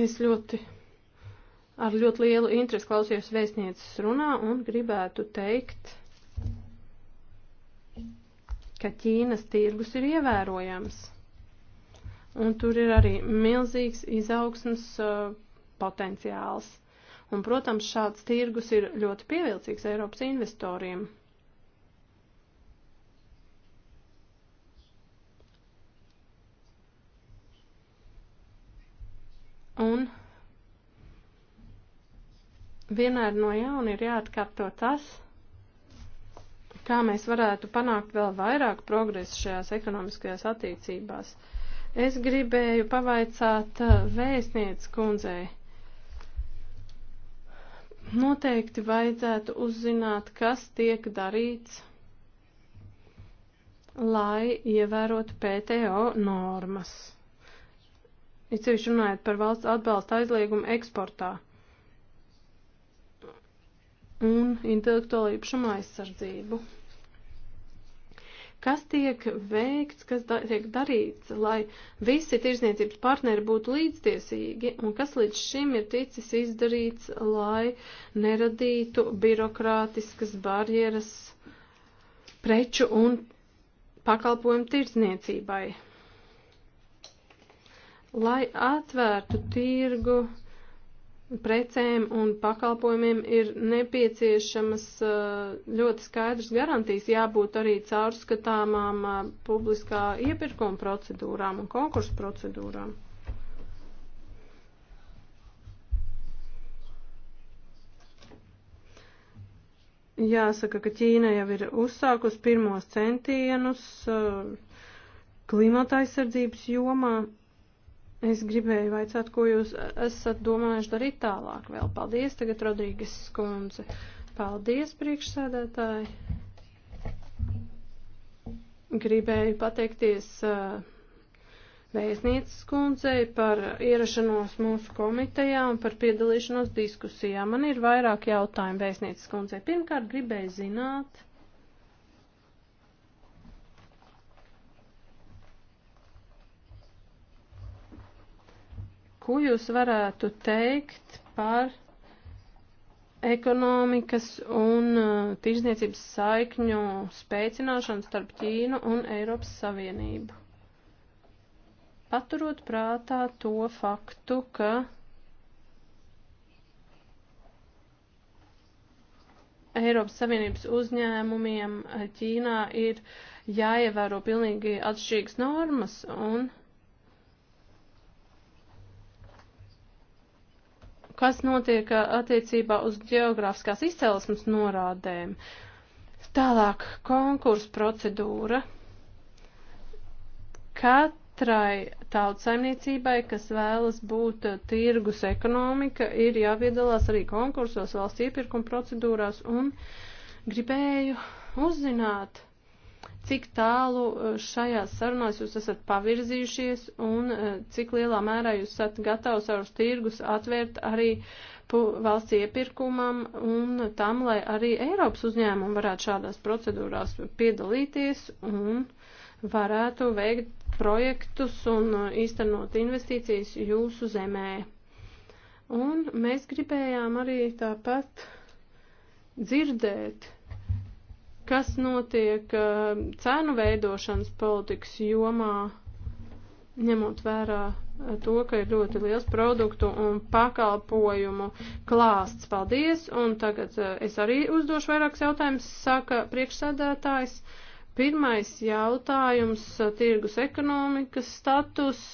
Es ļoti ar ļoti lielu interesi klausījos vēstnieces runā un gribētu teikt, ka Ķīnas tirgus ir ievērojams. Un tur ir arī milzīgs izaugsmas uh, potenciāls. Un, protams, šāds tirgus ir ļoti pievilcīgs Eiropas investoriem. Un vienmēr no jauna ir jāatkārto tas, kā mēs varētu panākt vēl vairāk progresu šajās ekonomiskajās attiecībās. Es gribēju pavaicāt uh, vēstniec kundzei. Noteikti vajadzētu uzzināt, kas tiek darīts, lai ievērotu PTO normas. It sevišķi runājot par valsts atbalsta aizliegumu eksportā un intelektuālo īpašumu aizsardzību. Kas tiek veikts, kas da tiek darīts, lai visi tirzniecības partneri būtu līdztiesīgi, un kas līdz šim ir ticis izdarīts, lai neradītu birokrātiskas barjeras preču un pakalpojumu tirdzniecībai. Lai atvērtu tirgu, precēm un pakalpojumiem ir nepieciešamas eh, ļoti skaidras garantijas, jābūt arī caurskatāmām eh, publiskā iepirkuma procedūrām un konkursu procedūrām. Jāsaka, ka Ķīna jau ir uzsākusi pirmos centienus eh, klimata aizsardzības jomā, Es gribēju vaicāt, ko jūs esat domājuši darīt tālāk vēl. Paldies, tagad Rodrīgas skundze. Paldies, priekšsēdētāji. Gribēju pateikties uh, vēstnieces skundzei par ierašanos mūsu komitejā un par piedalīšanos diskusijā. Man ir vairāk jautājumu vēstnieces skundzei. Pirmkārt, gribēju zināt. Ko jūs varētu teikt par ekonomikas un uh, tirzniecības saikņu spēcināšanu starp Ķīnu un Eiropas Savienību? Paturot prātā to faktu, ka Eiropas Savienības uzņēmumiem Ķīnā ir jāievēro pilnīgi atšķirīgas normas un kas notiek uh, attiecībā uz geogrāfiskās izcelsmes norādēm. Tālāk konkursa procedūra. Katrai tautsaimniecībai, kas vēlas būt uh, tirgus ekonomika, ir jāpiedalās arī konkursos, valsts iepirkuma procedūrās un gribēju uzzināt, cik tālu e, šajās sarunās jūs esat pavirzījušies un e, cik lielā mērā jūs esat gatavs savus tirgus atvērt arī valsts iepirkumam un tam, lai arī Eiropas uzņēmumi varētu šādās procedūrās piedalīties un varētu veikt projektus un e, īstenot investīcijas jūsu zemē. Un mēs gribējām arī tāpat dzirdēt Kas notiek eh, cenu veidošanas politikas jomā, ņemot vērā eh, to, ka ir ļoti liels produktu un pakalpojumu klāsts. Paldies! Un tagad eh, es arī uzdošu vairākus jautājumus, saka priekšsēdētājs. Pirmais jautājums - tirgus ekonomikas status.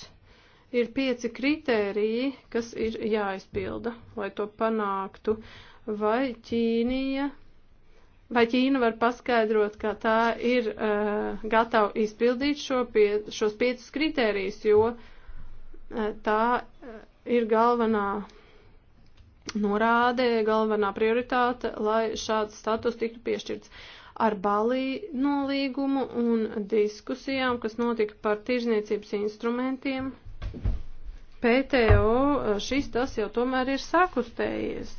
Ir pieci kritēriji, kas ir jāizpilda, lai to panāktu. Vai Ķīnija Vai Ķīna var paskaidrot, ka tā ir uh, gatava izpildīt šo pie, šos piecus kritērijus, jo uh, tā uh, ir galvenā norāde, galvenā prioritāte, lai šāds status tiktu piešķirts. Ar Balī nolīgumu un diskusijām, kas notika par tirzniecības instrumentiem, PTO šis tas jau tomēr ir sakustējies.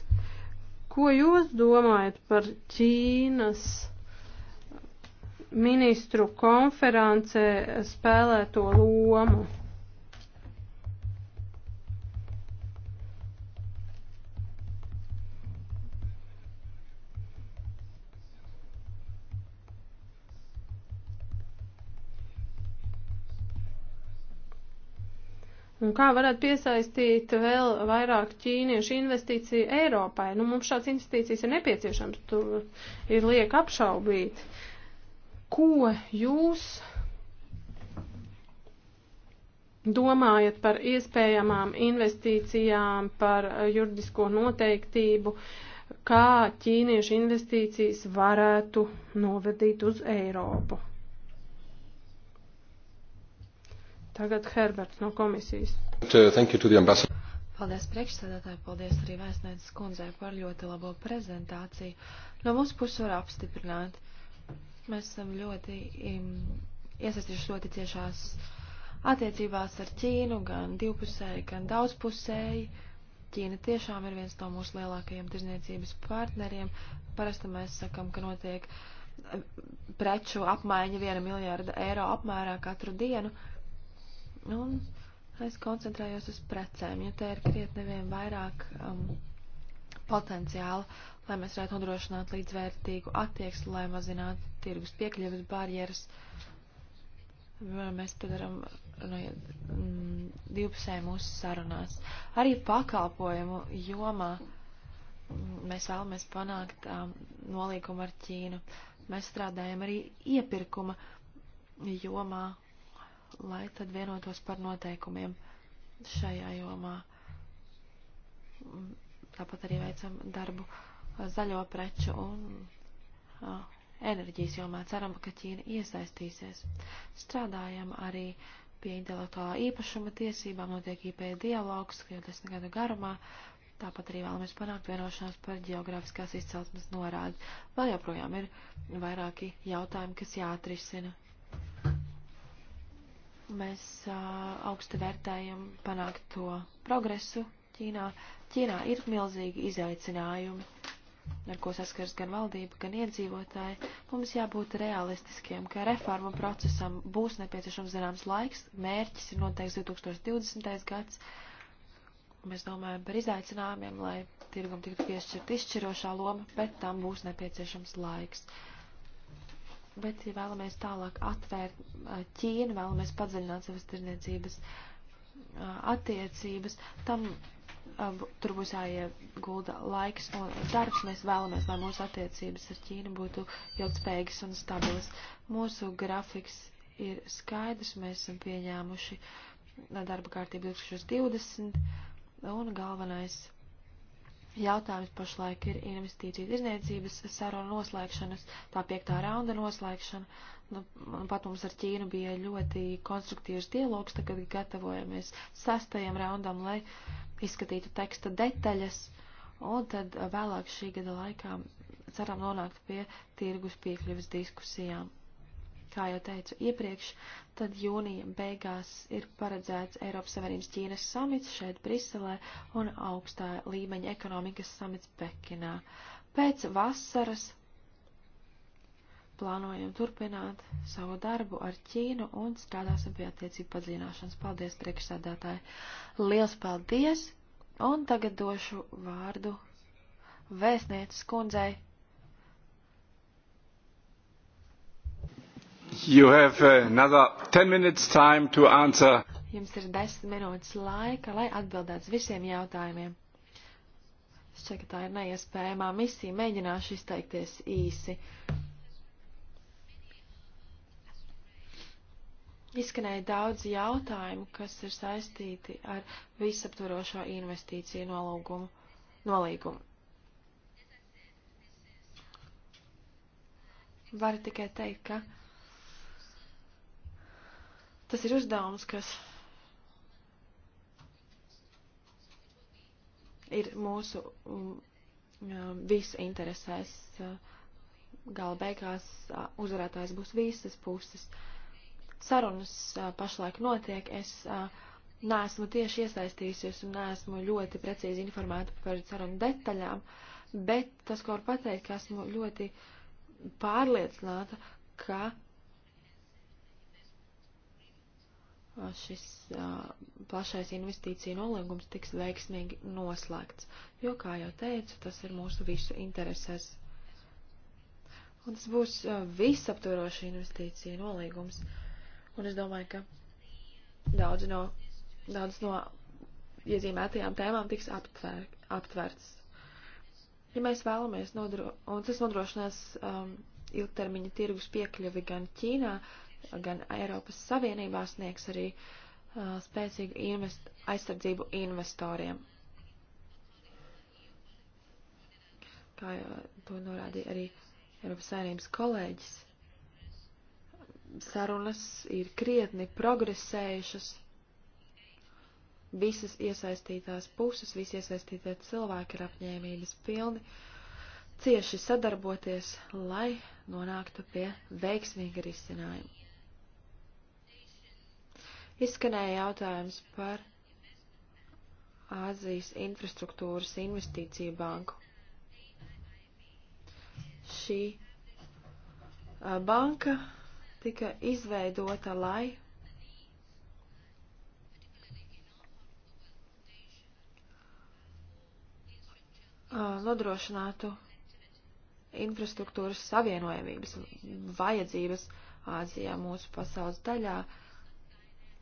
Ko jūs domājat par Ķīnas ministru konferencē spēlēto lomu? Un kā varētu piesaistīt vēl vairāk ķīniešu investīciju Eiropai? Nu, mums šāds investīcijas ir nepieciešams, tur ir liek apšaubīt. Ko jūs domājat par iespējamām investīcijām, par juridisko noteiktību, kā ķīniešu investīcijas varētu novedīt uz Eiropu. Tagad Herberts no komisijas. Paldies priekšsēdētāji, paldies arī vēstnētas kundzei par ļoti labo prezentāciju. No mūsu puses var apstiprināt. Mēs esam ļoti im, iesaistījuši ļoti ciešās attiecībās ar Ķīnu, gan divpusēji, gan daudzpusēji. Ķīna tiešām ir viens no mūsu lielākajiem tirzniecības partneriem. Parasti mēs sakam, ka notiek preču apmaiņa viena miljārda eiro apmērā katru dienu. Un es koncentrējos uz precēm, jo te ir krietni vien vairāk um, potenciāla, lai mēs varētu nodrošināt līdzvērtīgu attieksmi, lai mazinātu tirgus piekļuvis barjeras. Mēs to darām no, nu, mm, divpusēji mūsu sarunās. Arī pakalpojumu jomā mm, mēs vēlamies panākt um, nolīgumu ar Ķīnu. Mēs strādājam arī iepirkuma jomā lai tad vienotos par noteikumiem šajā jomā. Mm, tāpat arī veicam darbu zaļo preču un a, enerģijas jomā. Ceram, ka Ķīna iesaistīsies. Strādājam arī pie intelektuālā īpašuma tiesībām, notiek IP dialogs jau desmit gadu garumā. Tāpat arī vēlamies panākt vienošanos par geogrāfiskās izcelsmes norādi. Vēl joprojām ir vairāki jautājumi, kas jāatrisina. Mēs augstu vērtējam panākto progresu Ķīnā. Ķīnā ir milzīgi izaicinājumi, ar ko saskars gan valdība, gan iedzīvotāji. Mums jābūt realistiskiem, ka reformu procesam būs nepieciešams zināms laiks. Mērķis ir noteikts 2020. gads. Mēs domājam par izaicinājumiem, lai tirgum tiktu piešķirt izšķirošā loma, bet tam būs nepieciešams laiks. Uh, bet, ja vēlamies tālāk atvērt Ķīnu, vēlamies padziļināt savas tirniecības attiecības, tam tur būs jāiegulda laiks un darbs. Mēs vēlamies, lai mūsu attiecības ar Ķīnu būtu ilgspējīgas un stabilas. Mūsu grafiks ir skaidrs, mēs esam pieņēmuši darba kārtību 2020 un galvenais Jautājums pašlaik ir investīcija tirzniecības saruna noslēgšanas, tā piektā raunda noslēgšana. Nu, pat mums ar Ķīnu bija ļoti konstruktīvs dialogs, tagad gatavojamies sastajam raundam, lai izskatītu teksta detaļas. Un tad uh, vēlāk šī gada laikā ceram nonākt pie tirgus piekļuvas diskusijām. Kā jau teicu iepriekš, tad jūnija beigās ir paredzēts Eiropas Savienības Ķīnas samits šeit Briselē un augstā līmeņa ekonomikas samits Pekinā. Pēc vasaras plānojam turpināt savu darbu ar Ķīnu un strādāsim pie attiecību padziļināšanas. Paldies, priekšsēdētāji! Liels paldies! Un tagad došu vārdu vēstnieces kundzei You have uh, another 10 minutes time to answer. Jums ir 10 minūtes laika, lai atbildētu visiem jautājumiem. Šķiet, ka tā ir neiespējamā misija. Mēģināšu izteikties īsi. Izskanēja daudz jautājumu, kas ir saistīti ar visaptvarošo investīciju nolūgumu, nolīgumu. Varu tikai teikt, ka Tas ir uzdevums, kas ir mūsu mm, visu interesēs. Gala beigās uzvarētājs būs visas puses. Sarunas pašlaik notiek. Es neesmu tieši iesaistījusies un neesmu ļoti precīzi informēta par sarunu detaļām, bet tas, ko var pateikt, ka esmu ļoti pārliecināta, ka šis uh, plašais investīcija nolīgums tiks veiksmīgi noslēgts, jo, kā jau teicu, tas ir mūsu visu interesēs. Un tas būs uh, visaptvaroši investīcija nolīgums, un es domāju, ka daudz no, daudz no iezīmētajām tēmām tiks aptver, aptverts. Ja mēs vēlamies, nodro, un tas nodrošinās um, ilgtermiņa tirgus piekļuvi gan Ķīnā, gan Eiropas Savienībā sniegs arī uh, spēcīgu invest aizsardzību investoriem. Kā to norādīja arī Eiropas Savienības kolēģis, sarunas ir krietni progresējušas. Visas iesaistītās puses, visi iesaistītie cilvēki ir apņēmības pilni cieši sadarboties, lai nonāktu pie veiksmīga risinājuma. Izskanēja jautājums par Āzijas infrastruktūras investīciju banku. Šī banka tika izveidota, lai nodrošinātu infrastruktūras savienojamības vajadzības Āzijā mūsu pasaules daļā. Uh,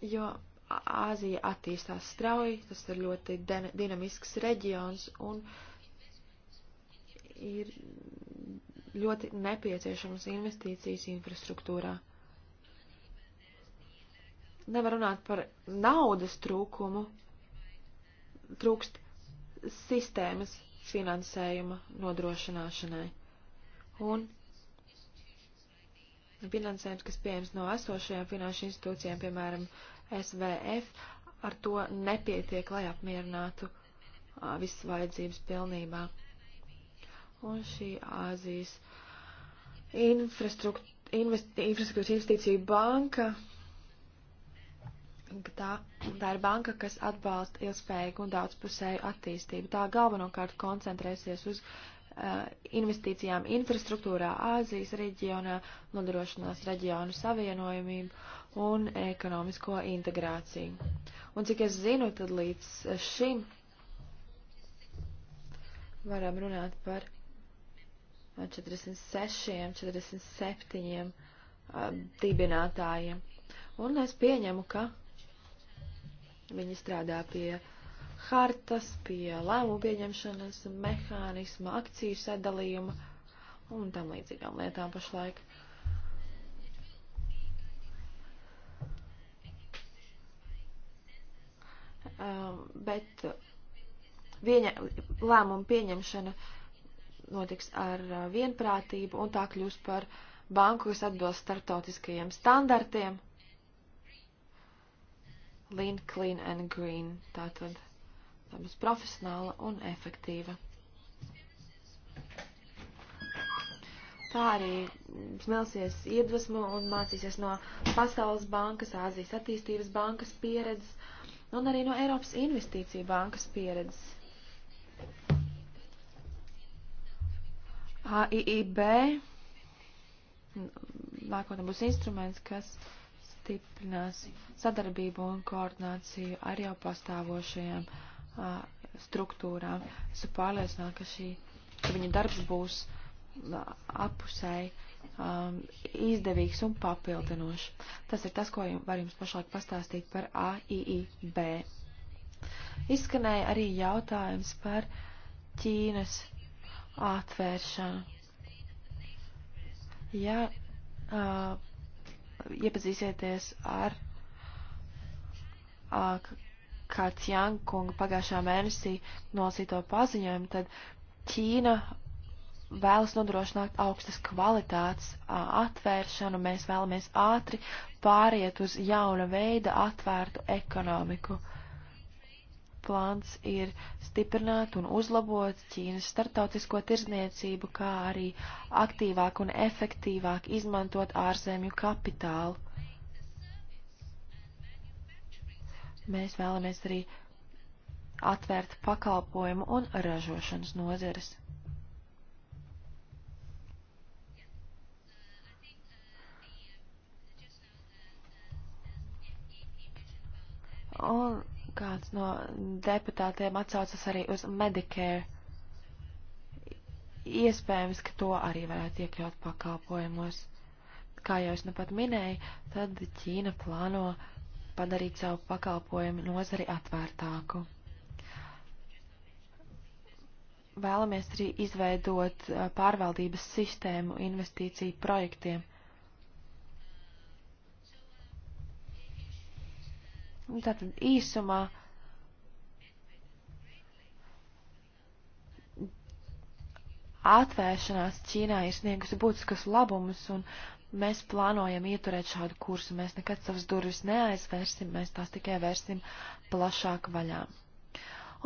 jo Āzija attīstās strauji, tas ir ļoti dinamisks reģions un ir ļoti nepieciešamas investīcijas infrastruktūrā. Nevar runāt par naudas trūkumu, trūkst sistēmas finansējuma nodrošināšanai. Un finansējums, kas pieejams no esošajām finanšu institūcijām, piemēram, SVF, ar to nepietiek, lai apmierinātu visas vajadzības pilnībā. Un šī Āzijas infrastruktūra infrastruktūras investīciju banka. Tā, tā ir banka, kas atbalsta ilgspējīgu un daudzpusēju attīstību. Tā galvenokārt koncentrēsies uz Eh, investīcijām infrastruktūrā Āzijas reģionā, nodrošinās reģionu savienojumību un ekonomisko integrāciju. Un cik es zinu, tad līdz šim varam runāt par 46, 47 eh, dibinātājiem. Un es pieņemu, ka viņi strādā pie uh, hartas, pie lēmumu pieņemšanas mehānisma, akciju sadalījuma un tam līdzīgām lietām pašlaik. Um, bet viņa, lēmumu pieņemšana notiks ar uh, vienprātību un tā kļūs par banku, kas atbilst startautiskajiem standartiem. Lean, clean and green. Tātad tā būs profesionāla un efektīva. Tā arī smelsies iedvesmu un mācīsies no Pasaules bankas, Āzijas attīstības bankas pieredzes un arī no Eiropas investīcija bankas pieredzes. AIIB nākotnē būs instruments, kas stiprinās sadarbību un koordināciju ar jau pastāvošajiem uh, struktūrām. Esmu pārliecināta, ka šī, ka viņa darbs būs apusēji um, izdevīgs un papildinošs. Tas ir tas, ko jums, var jums pašlaik pastāstīt par AIIB. Izskanēja arī jautājums par Ķīnas atvēršanu. Ja uh, iepazīsieties ar uh, kāds Jankunga pagājušā mēnesī nosīto paziņojumu, tad Ķīna vēlas nodrošināt augstas kvalitātes atvēršanu, mēs vēlamies ātri pāriet uz jauna veida atvērtu ekonomiku. Plāns ir stiprināt un uzlabot Ķīnas startautisko tirzniecību, kā arī aktīvāk un efektīvāk izmantot ārzemju kapitālu. Mēs vēlamies arī atvērt pakalpojumu un ražošanas nozeres. Un kāds no deputātiem atsaucas arī uz Medicare. Iespējams, ka to arī varētu iekļaut pakalpojumos. Kā jau es nu pat minēju, tad Ķīna plāno uh, padarīt savu pakalpojumu nozari atvērtāku. Vēlamies arī izveidot eh, pārvaldības sistēmu investīciju projektiem. Tātad īsumā atvēršanās Ķīnā ir sniegusi būtiskas labumus un Mēs plānojam ieturēt šādu kursu, mēs nekad savas durvis neaizvērsim, mēs tās tikai vērsim plašāk vaļā.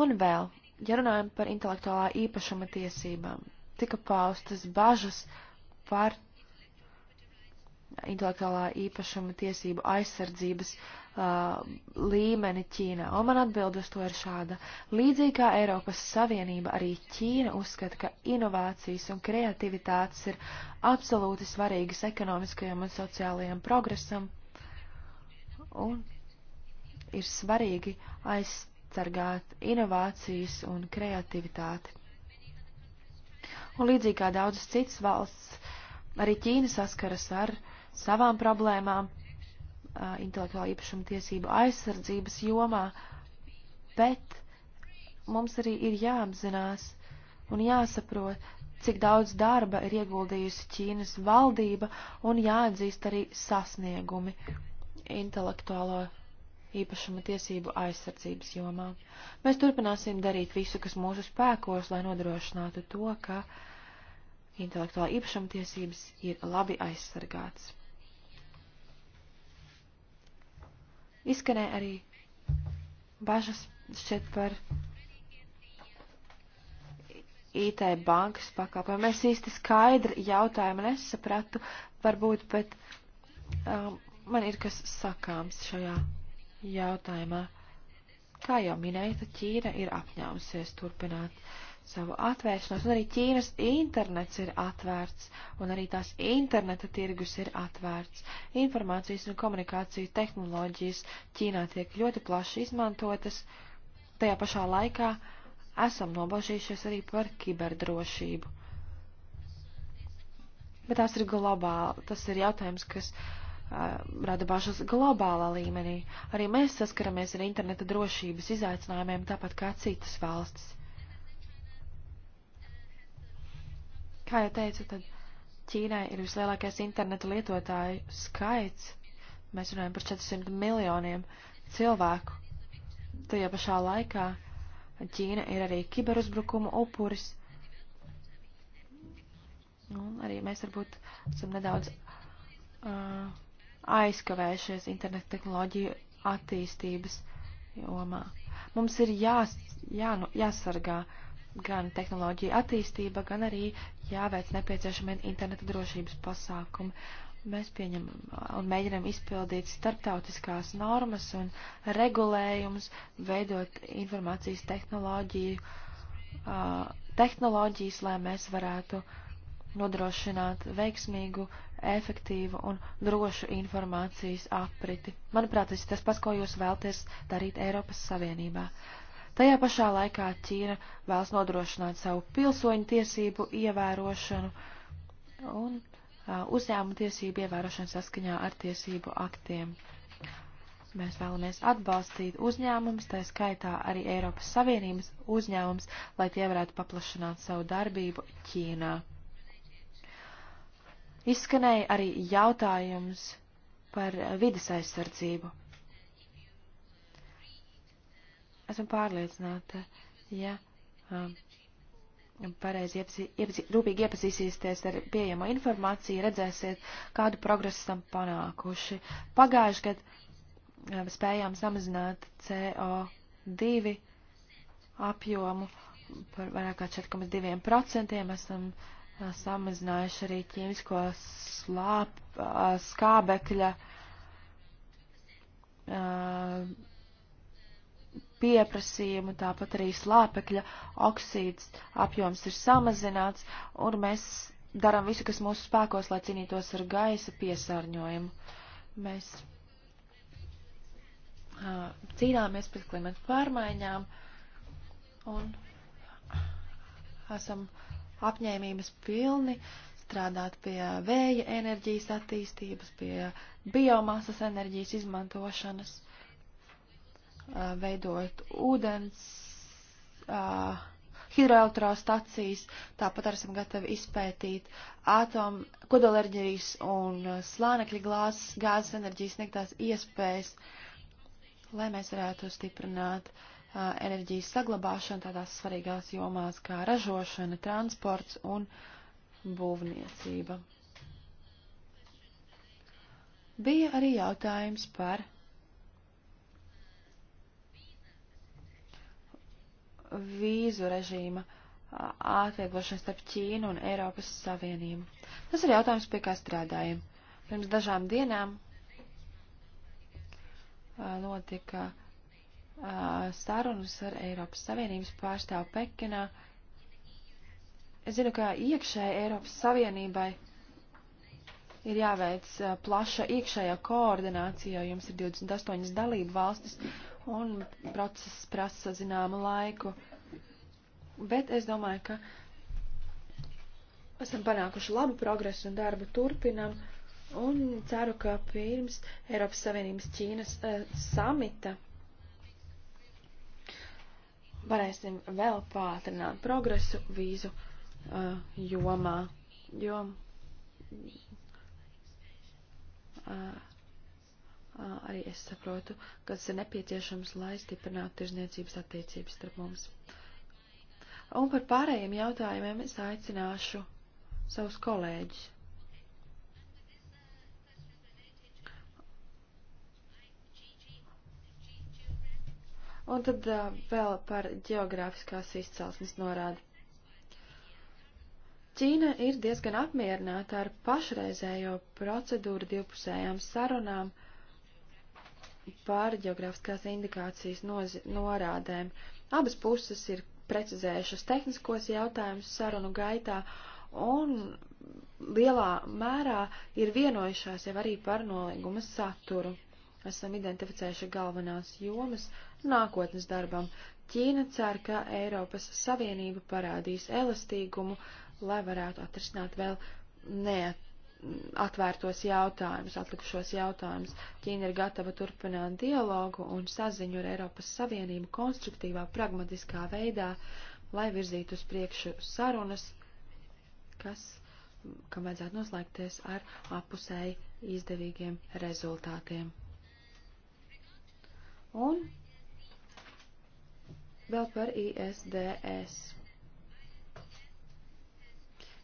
Un vēl, ja runājam par intelektuālā īpašuma tiesībām, tika paustas bažas par intelektuālā īpašuma tiesību aizsardzības uh, līmeni Ķīnā. Un man atbild uz to ir šāda. Līdzīgi kā Eiropas Savienība, arī Ķīna uzskata, ka inovācijas un kreativitātes ir absolūti svarīgas ekonomiskajam un sociālajam progresam. Un ir svarīgi aizsargāt inovācijas un kreativitāti. Un līdzīgi kā daudzas citas valsts, arī Ķīna saskaras ar uh, savām problēmām intelektuāla īpašuma tiesību aizsardzības jomā, bet mums arī ir jāapzinās un jāsaprot, cik daudz darba ir ieguldījusi Ķīnas valdība un jāatzīst arī sasniegumi intelektuālo īpašuma tiesību aizsardzības jomā. Mēs turpināsim darīt visu, kas mūsu spēkos, lai nodrošinātu to, ka intelektuāla īpašuma tiesības ir labi aizsargātas. Izskanēja arī bažas šeit par IT bankas pakalpojumu. Es īsti skaidri jautājumu nesapratu, varbūt, bet um, man ir kas sakāms šajā jautājumā. Kā jau minēju, Ķīna ir apņēmusies turpināt uh, savu atvēršanos, un arī Ķīnas internets ir atvērts, un arī tās interneta tirgus ir atvērts. Informācijas un komunikāciju tehnoloģijas Ķīnā tiek ļoti plaši izmantotas, tajā pašā laikā esam nobažījušies arī par kiberdrošību. Bet tās ir globāli, tas ir jautājums, kas rada bažas globālā līmenī. Arī mēs saskaramies ar interneta drošības izaicinājumiem, tāpat kā citas valstis. Kā jau teicu, tad Ķīnai ir vislielākais interneta lietotāju skaits. Mēs runājam par 400 miljoniem cilvēku. Tajā pašā laikā Ķīna ir arī kiberuzbrukuma upuris. Un arī mēs varbūt esam nedaudz uh, aizkavējušies interneta tehnoloģiju attīstības jomā. Mums ir jās, jā, nu, jāsargā uh, gan tehnoloģija attīstība, gan arī jāveic nepieciešamie interneta drošības pasākumi. Mēs pieņemam un mēģinam izpildīt starptautiskās normas un regulējumus, veidot informācijas tehnoloģiju, uh, tehnoloģijas, lai mēs varētu nodrošināt veiksmīgu, efektīvu un drošu informācijas apriti. Manuprāt, tas ir tas pats, ko jūs vēlties darīt Eiropas Savienībā. Uh, Tajā pašā laikā Ķīna vēlas nodrošināt savu pilsoņu tiesību ievērošanu un uh, uzņēmumu tiesību ievērošanu saskaņā ar tiesību aktiem. Mēs vēlamies atbalstīt uzņēmumus, tā skaitā arī Eiropas Savienības uzņēmums, lai tie varētu paplašināt savu darbību Ķīnā. Izskanēja arī jautājums par vidas aizsardzību. Esmu pārliecināta, ja um, pareizi iepazī, iepazī, rūpīgi iepazīsīsieties ar pieejamo informāciju, redzēsiet, kādu progresu esam panākuši. Pagājuši gad um, spējām samazināt CO2 apjomu par vairāk kā 4,2%. Esam uh, samazinājuši arī ķīmisko slāp, uh, skābekļa. Uh, pieprasījumu, tāpat arī slāpekļa oksīds apjoms ir samazināts, un mēs darām visu, kas mūsu spēkos, lai cīnītos ar gaisa piesārņojumu. Mēs uh, cīnāmies pret klimatu pārmaiņām un esam apņēmības pilni strādāt pie vēja enerģijas attīstības, pie biomasas enerģijas izmantošanas. Uh, veidot ūdens uh, hidroelektrostacijas, tāpat arī esam gatavi izpētīt atomu, kodolerģijas un uh, slānekļa glāzes, gāzes enerģijas sniegtās iespējas, lai mēs varētu stiprināt uh, enerģijas saglabāšanu tādās svarīgās jomās kā ražošana, transports un būvniecība. Bija arī jautājums par vīzu režīma atvieglošana starp Ķīnu un Eiropas Savienību. Tas ir jautājums, pie kā strādājam. Pirms dažām dienām notika sarunas ar Eiropas Savienības pārstāvu Pekinā. Es zinu, ka iekšēji Eiropas Savienībai ir jāveic plaša iekšējā koordinācija, jo jums ir 28 dalību valstis un process prasa zināmu laiku. Bet es domāju, ka esam panākuši labu progresu un darbu turpinam un ceru, ka pirms Eiropas Savienības Ķīnas uh, samita varēsim vēl pātrināt progresu vīzu uh, jomā, jo arī es saprotu, kas ir nepieciešams, lai stiprinātu tirzniecības attiecības starp mums. Un par pārējiem jautājumiem es aicināšu savus kolēģus. Un tad uh, vēl par geogrāfiskās izcelsmes norādi. Ķīna ir diezgan apmierināta ar pašreizējo procedūru divpusējām sarunām par geogrāfiskās indikācijas noz, norādēm. Abas puses ir precizējušas tehniskos jautājumus sarunu gaitā un lielā mērā ir vienojušās jau arī par nolīguma saturu. Esam identificējuši galvenās jomas nākotnes darbam. Ķīna cer, ka Eiropas Savienība parādīs elastīgumu, uh, lai varētu atrisināt vēl neat atvērtos jautājumus, atlikušos jautājumus. Ķīna ir gatava turpināt dialogu un saziņu ar Eiropas Savienību konstruktīvā, pragmatiskā veidā, lai virzītu uz priekšu sarunas, kas, kam vajadzētu noslēgties ar apusēji izdevīgiem rezultātiem. Un vēl par ISDS.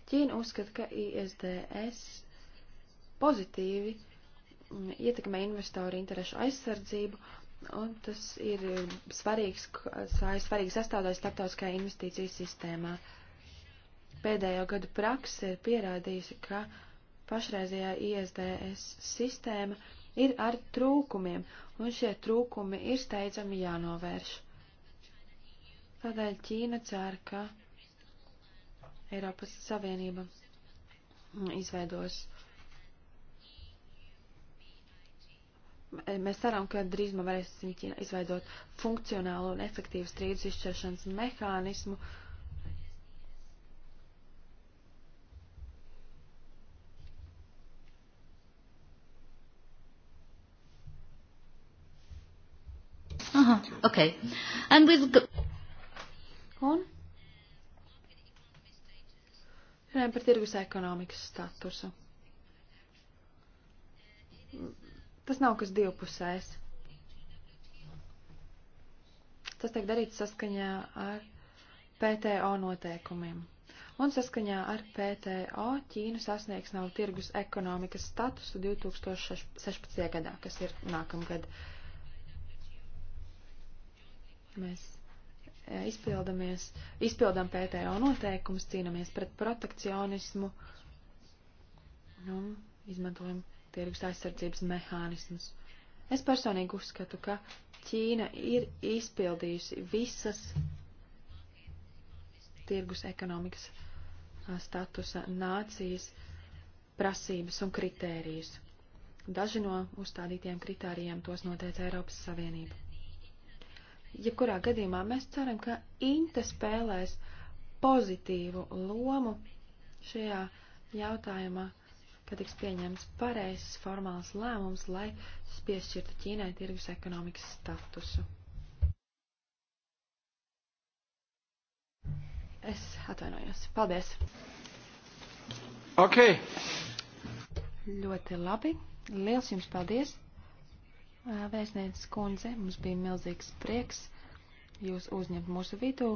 Ķīna uzskata, ka ISDS pozitīvi mm, ietekmē investoru interešu aizsardzību, un tas ir svarīgs, svarīgs sastāvdaļa starptautiskajā investīciju sistēmā. Pēdējo gadu praksa ir pierādījusi, ka pašreizējā ISDS sistēma ir ar trūkumiem, un šie trūkumi ir steidzami jānovērš. Tādēļ Ķīna cer, ka Eiropas Savienība izveidos. Mēs ceram, ka drīzumā varēsim Ķīnā izveidot funkcionālu un efektīvu strīdus izšķiršanas mehānismu. Aha, ok. And with... Un? Runājam par tirgus ekonomikas statusu. Tas nav kas divpusējs. Tas tiek darīts saskaņā ar PTO noteikumiem. Un saskaņā ar PTO Ķīna sasniegs nav tirgus ekonomikas statusu 2016. gadā, kas ir nākamgad. Mēs Eh, izpildamies, izpildam PTO noteikumus, cīnamies pret protekcionismu un nu, izmantojam tirgus aizsardzības mehānismus. Es personīgi uzskatu, ka Ķīna ir izpildījusi visas tirgus ekonomikas statusa nācijas prasības un kritērijus. Daži no uzstādītiem kritērijiem tos noteica Eiropas Savienība jebkurā gadījumā mēs ceram, ka Inte spēlēs pozitīvu lomu šajā jautājumā, kad tiks pieņemts pareizs formāls lēmums, lai piešķirtu Ķīnai tirgus ekonomikas statusu. Es atvainojos. Paldies. Ok. Ļoti labi. Liels jums paldies. Vēstnieces kundze, mums bija milzīgs prieks jūs uzņemt mūsu vidū,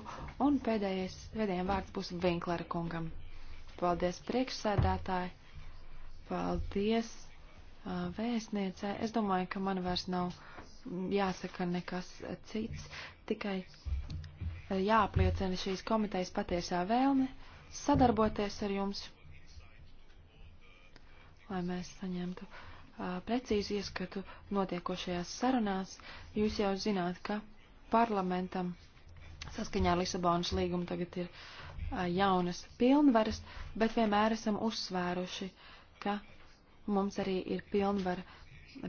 un pēdējais, pēdējiem vārds būs Vinklera kungam. Paldies priekšsēdētāji, paldies vēstniecē. Es domāju, ka man vairs nav jāsaka nekas cits, tikai jāapliecina šīs komitejas patiesā vēlme sadarboties ar jums, lai mēs saņemtu. Uh, precīzu ieskatu notiekošajās sarunās. Jūs jau zināt, ka parlamentam saskaņā ar Lisabonas līgumu tagad ir jaunas pilnvaras, bet vienmēr esam uzsvēruši, ka mums arī ir pilnvara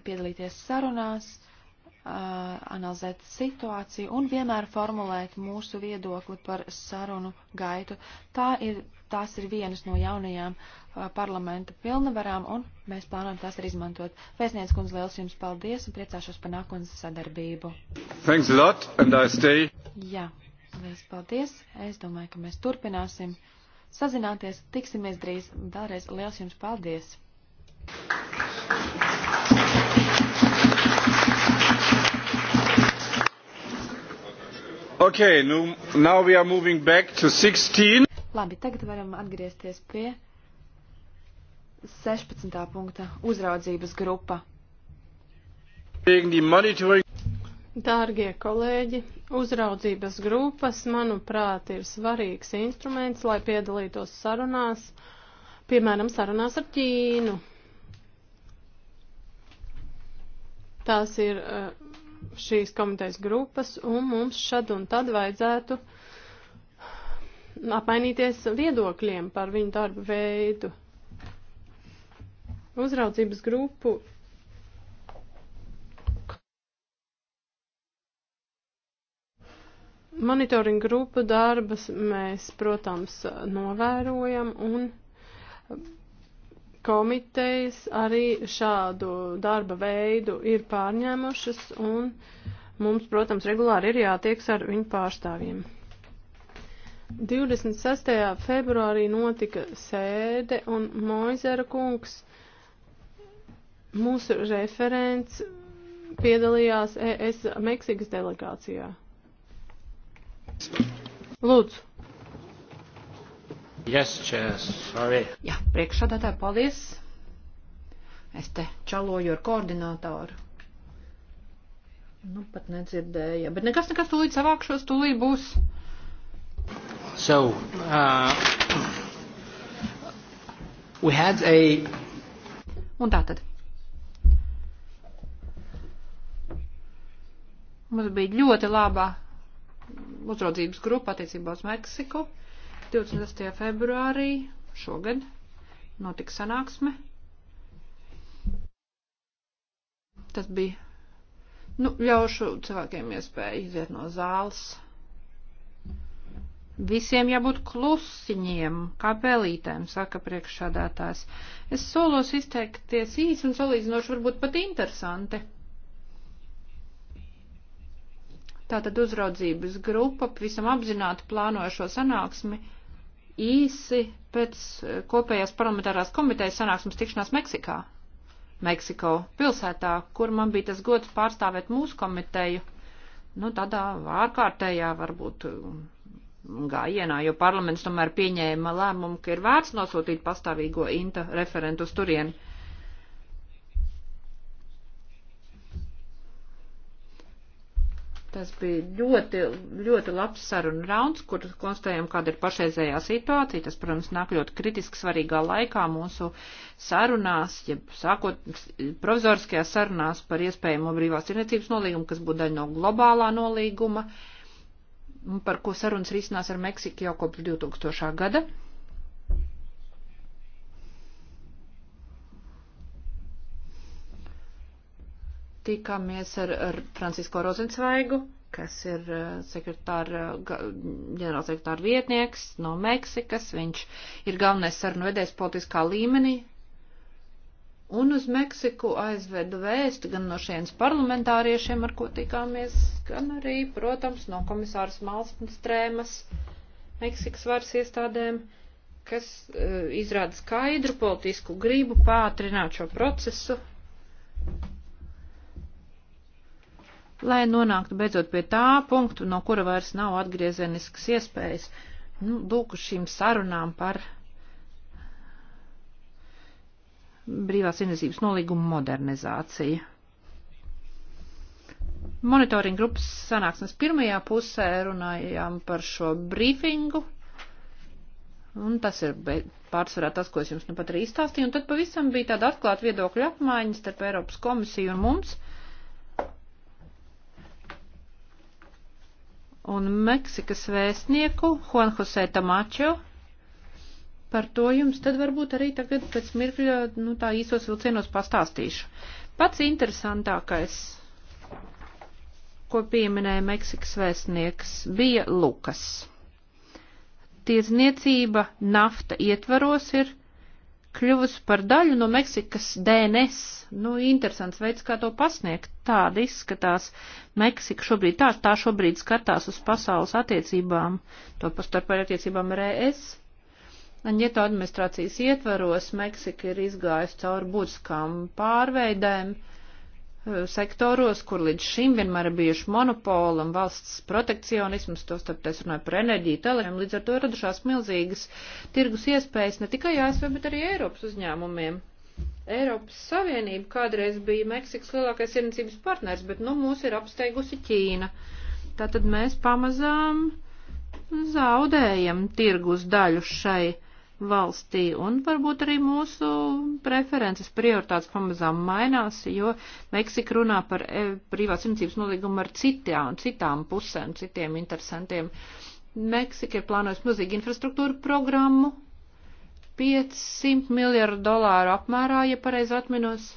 piedalīties sarunās, analizēt situāciju un vienmēr formulēt mūsu viedokli par sarunu gaitu. Tā ir tās ir vienas no jaunajām a, uh, parlamenta pilnvarām, un mēs plānojam tās arī izmantot. Vēstniec kundze, liels jums paldies un priecāšos par nākotnes sadarbību. Thanks a lot, and I stay. Jā, liels paldies. Es domāju, ka mēs turpināsim sazināties, tiksimies drīz. Vēlreiz liels jums paldies. Okay, nu, now we are moving back to 16. Labi, tagad varam atgriezties pie 16. punkta uzraudzības grupa. Dārgie kolēģi, uzraudzības grupas, manuprāt, ir svarīgs instruments, lai piedalītos sarunās, piemēram, sarunās ar Ķīnu. Tās ir eh, šīs komitejas grupas, un mums šad un tad vajadzētu uh, apmainīties viedokļiem par viņu darbu veidu. Uzraudzības grupu monitoringa grupu darbas mēs, protams, novērojam un komitejas arī šādu darba veidu ir pārņēmušas un mums, protams, regulāri ir jātieks ar viņu pārstāvjiem. 26. februārī notika sēde un Moizera kungs, mūsu referents, piedalījās ES Meksikas delegācijā. Lūdzu. Yes, cheers. Sorry. Jā, priekšsādātāji, paldies. Es te čaloju ar koordinātoru. Nu, pat nedzirdēju, bet nekas, nekas, tūlīt savākšos, tūlīt būs. So, uh, we had a... Un tātad. Mums bija ļoti labā uzraudzības grupa attiecībā uz Meksiku. 28. februārī šogad notika sanāksme. Tas bija, nu, ļaušu cilvēkiem iespēju iziet no zāles. Visiem jābūt klusiņiem, kā pelītēm, saka priekšsādātājs. Es solos izteikties īsi un salīdzinoši varbūt pat interesanti. Tātad uzraudzības grupa visam apzināti plānoja šo sanāksmi īsi pēc eh, kopējās parlamentārās komitejas sanāksmes tikšanās Meksikā. Meksiko pilsētā, kur man bija tas gods pārstāvēt mūsu komiteju, nu tādā ārkārtējā varbūt gājienā, jo parlaments tomēr pieņēma lēmumu, ka ir vērts nosūtīt pastāvīgo INTA referentu uz turieni. Tas bija ļoti, ļoti labs saruna rauns, kur konstatējam, kāda ir pašreizējā situācija. Tas, protams, nāk ļoti kritiski svarīgā laikā mūsu sarunās, ja sākot provizoriskajās sarunās par iespējamo brīvās tirniecības nolīgumu, kas būtu daļa no globālā nolīguma. Uh, par ko sarunas risinās ar Meksiku jau kopš 2000. gada. Tikāmies ar, ar Francisko Rozensvaigu, kas ir eh, sekretāra, eh, ģenerālsekretāra vietnieks no Meksikas. Viņš ir galvenais sarunu vedējs politiskā līmenī un uz Meksiku aizvedu vēsti gan no šienes parlamentāriešiem, ar ko tikāmies, gan arī, protams, no komisāras Malstrēmas Meksikas varas iestādēm, kas uh, izrāda skaidru politisku gribu pātrināt šo procesu, lai nonāktu beidzot pie tā punktu, no kura vairs nav atgriezeniskas iespējas, nu, lūk, šīm sarunām par brīvās tirdzniecības nolīguma modernizācija. Monitoringa grupas sanāksmes pirmajā pusē runājām par šo brīfingu, un tas ir pārsvarā tas, ko es jums nu pat arī izstāstīju, un tad pavisam bija tāda atklāta viedokļa apmaiņa starp Eiropas komisiju un mums. Un Meksikas vēstnieku Juan Jose Tamačo par to jums tad varbūt arī tagad pēc mirkļa, nu tā īsos vilcienos pastāstīšu. Pats interesantākais, ko pieminēja Meksikas vēstnieks, bija Lukas. Tiesniecība nafta ietvaros ir kļuvusi par daļu no Meksikas DNS. Nu, interesants veids, kā to pasniegt. Tāda izskatās Meksika šobrīd, tā, tā šobrīd skatās uz pasaules attiecībām, to pastarpēji attiecībām ar ES. Anģeto administrācijas ietvaros Meksika ir izgājusi cauri būtiskām pārveidēm eh, sektoros, kur līdz šim vienmēr ir bijuši monopoli un valsts protekcionisms, to starp es runāju par enerģiju, telēm, līdz ar to radušās milzīgas tirgus iespējas ne tikai ASV, bet arī Eiropas uzņēmumiem. Eiropas Savienība kādreiz bija Meksikas lielākais ierīcības partners, bet nu mūs ir apsteigusi Ķīna. Tātad mēs pamazām zaudējam tirgus daļu šai valstī, un varbūt arī mūsu preferences prioritātes pamazām mainās, jo Meksika runā par e privās simtības nolīgumu ar citām, citām pusēm, citiem interesantiem. Meksika ir plānojusi milzīgu infrastruktūru programmu, 500 miljardu dolāru apmērā, ja pareizi atminos.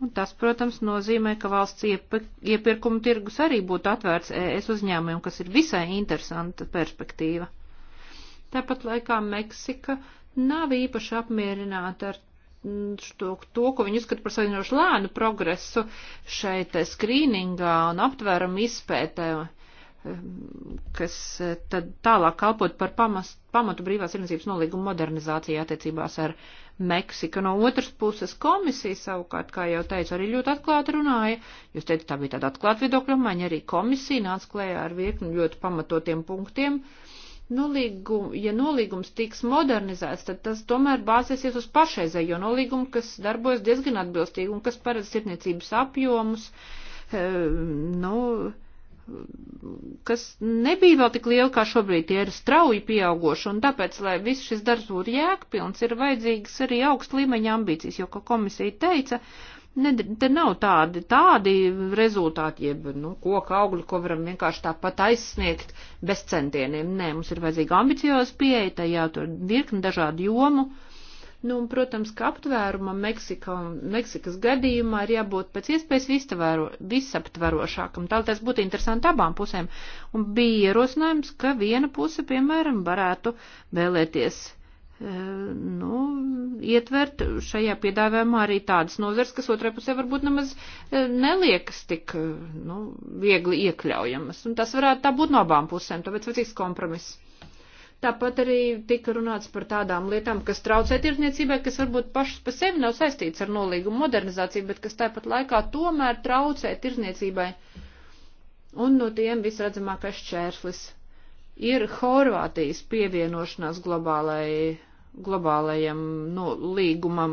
Un tas, protams, nozīmē, ka valsts iepirkuma tirgus arī būtu atvērts ES uzņēmumiem, kas ir visai interesanta perspektīva. Tāpat laikā Meksika nav īpaši apmierināta ar mm, to, to ko viņi uzskata par salīdzinoši lēnu progresu šeit eh, skrīningā un aptvērumu izpētē, eh, kas eh, tad tālāk kalpot par pamas, pamatu brīvās tirdzniecības nolīguma modernizāciju attiecībās ar Meksiku. No otras puses komisija savukārt, kā jau teicu, arī ļoti atklāti runāja. Jūs teicat, tā bija tāda atklāta viedokļa, man arī komisija nāca klējā ar virkni ļoti pamatotiem punktiem. Uh, nolīgum, ja nolīgums tiks modernizēts, tad tas tomēr bāzēsies uz pašreizējo nolīgumu, kas darbojas diezgan atbilstīgi un kas paredz sirdniecības apjomus, e, nu, kas nebija vēl tik liela kā šobrīd, tie ir strauji pieaugoši, un tāpēc, lai viss šis darbs būtu jēgpilns, ir vajadzīgas arī augst līmeņa ambīcijas, jo, kā komisija teica, uh, Ne, te nav tādi, tādi rezultāti, jeb, nu, koka augļi, ko varam vienkārši tāpat aizsniegt bez centieniem. Nē, mums ir vajadzīga ambicioza pieeja, tai jātur virkni dažādu jomu. Nu, un, protams, ka aptvēruma Meksika, Meksikas gadījumā ir jābūt pēc iespējas vistavēro, visaptverošākam. Tā tas būtu interesanti abām pusēm. Un bija ierosinājums, ka viena puse, piemēram, varētu vēlēties Ehm, nu, ietvert šajā piedāvājumā arī tādas nozars, kas otrai pusē varbūt nemaz eh, neliekas tik eh, nu, viegli iekļaujamas. Un tas varētu tā būt no abām pusēm, tāpēc vajadzīgs kompromiss. Tāpat arī tika runāts par tādām lietām, kas traucē tirdzniecībai, kas varbūt pašas pa sevi nav saistīts ar nolīgumu modernizāciju, bet kas tāpat laikā tomēr traucē tirdzniecībai. Un no tiem visredzamākais čērslis ir Horvātijas pievienošanās globālajai globālajam nu, līgumam,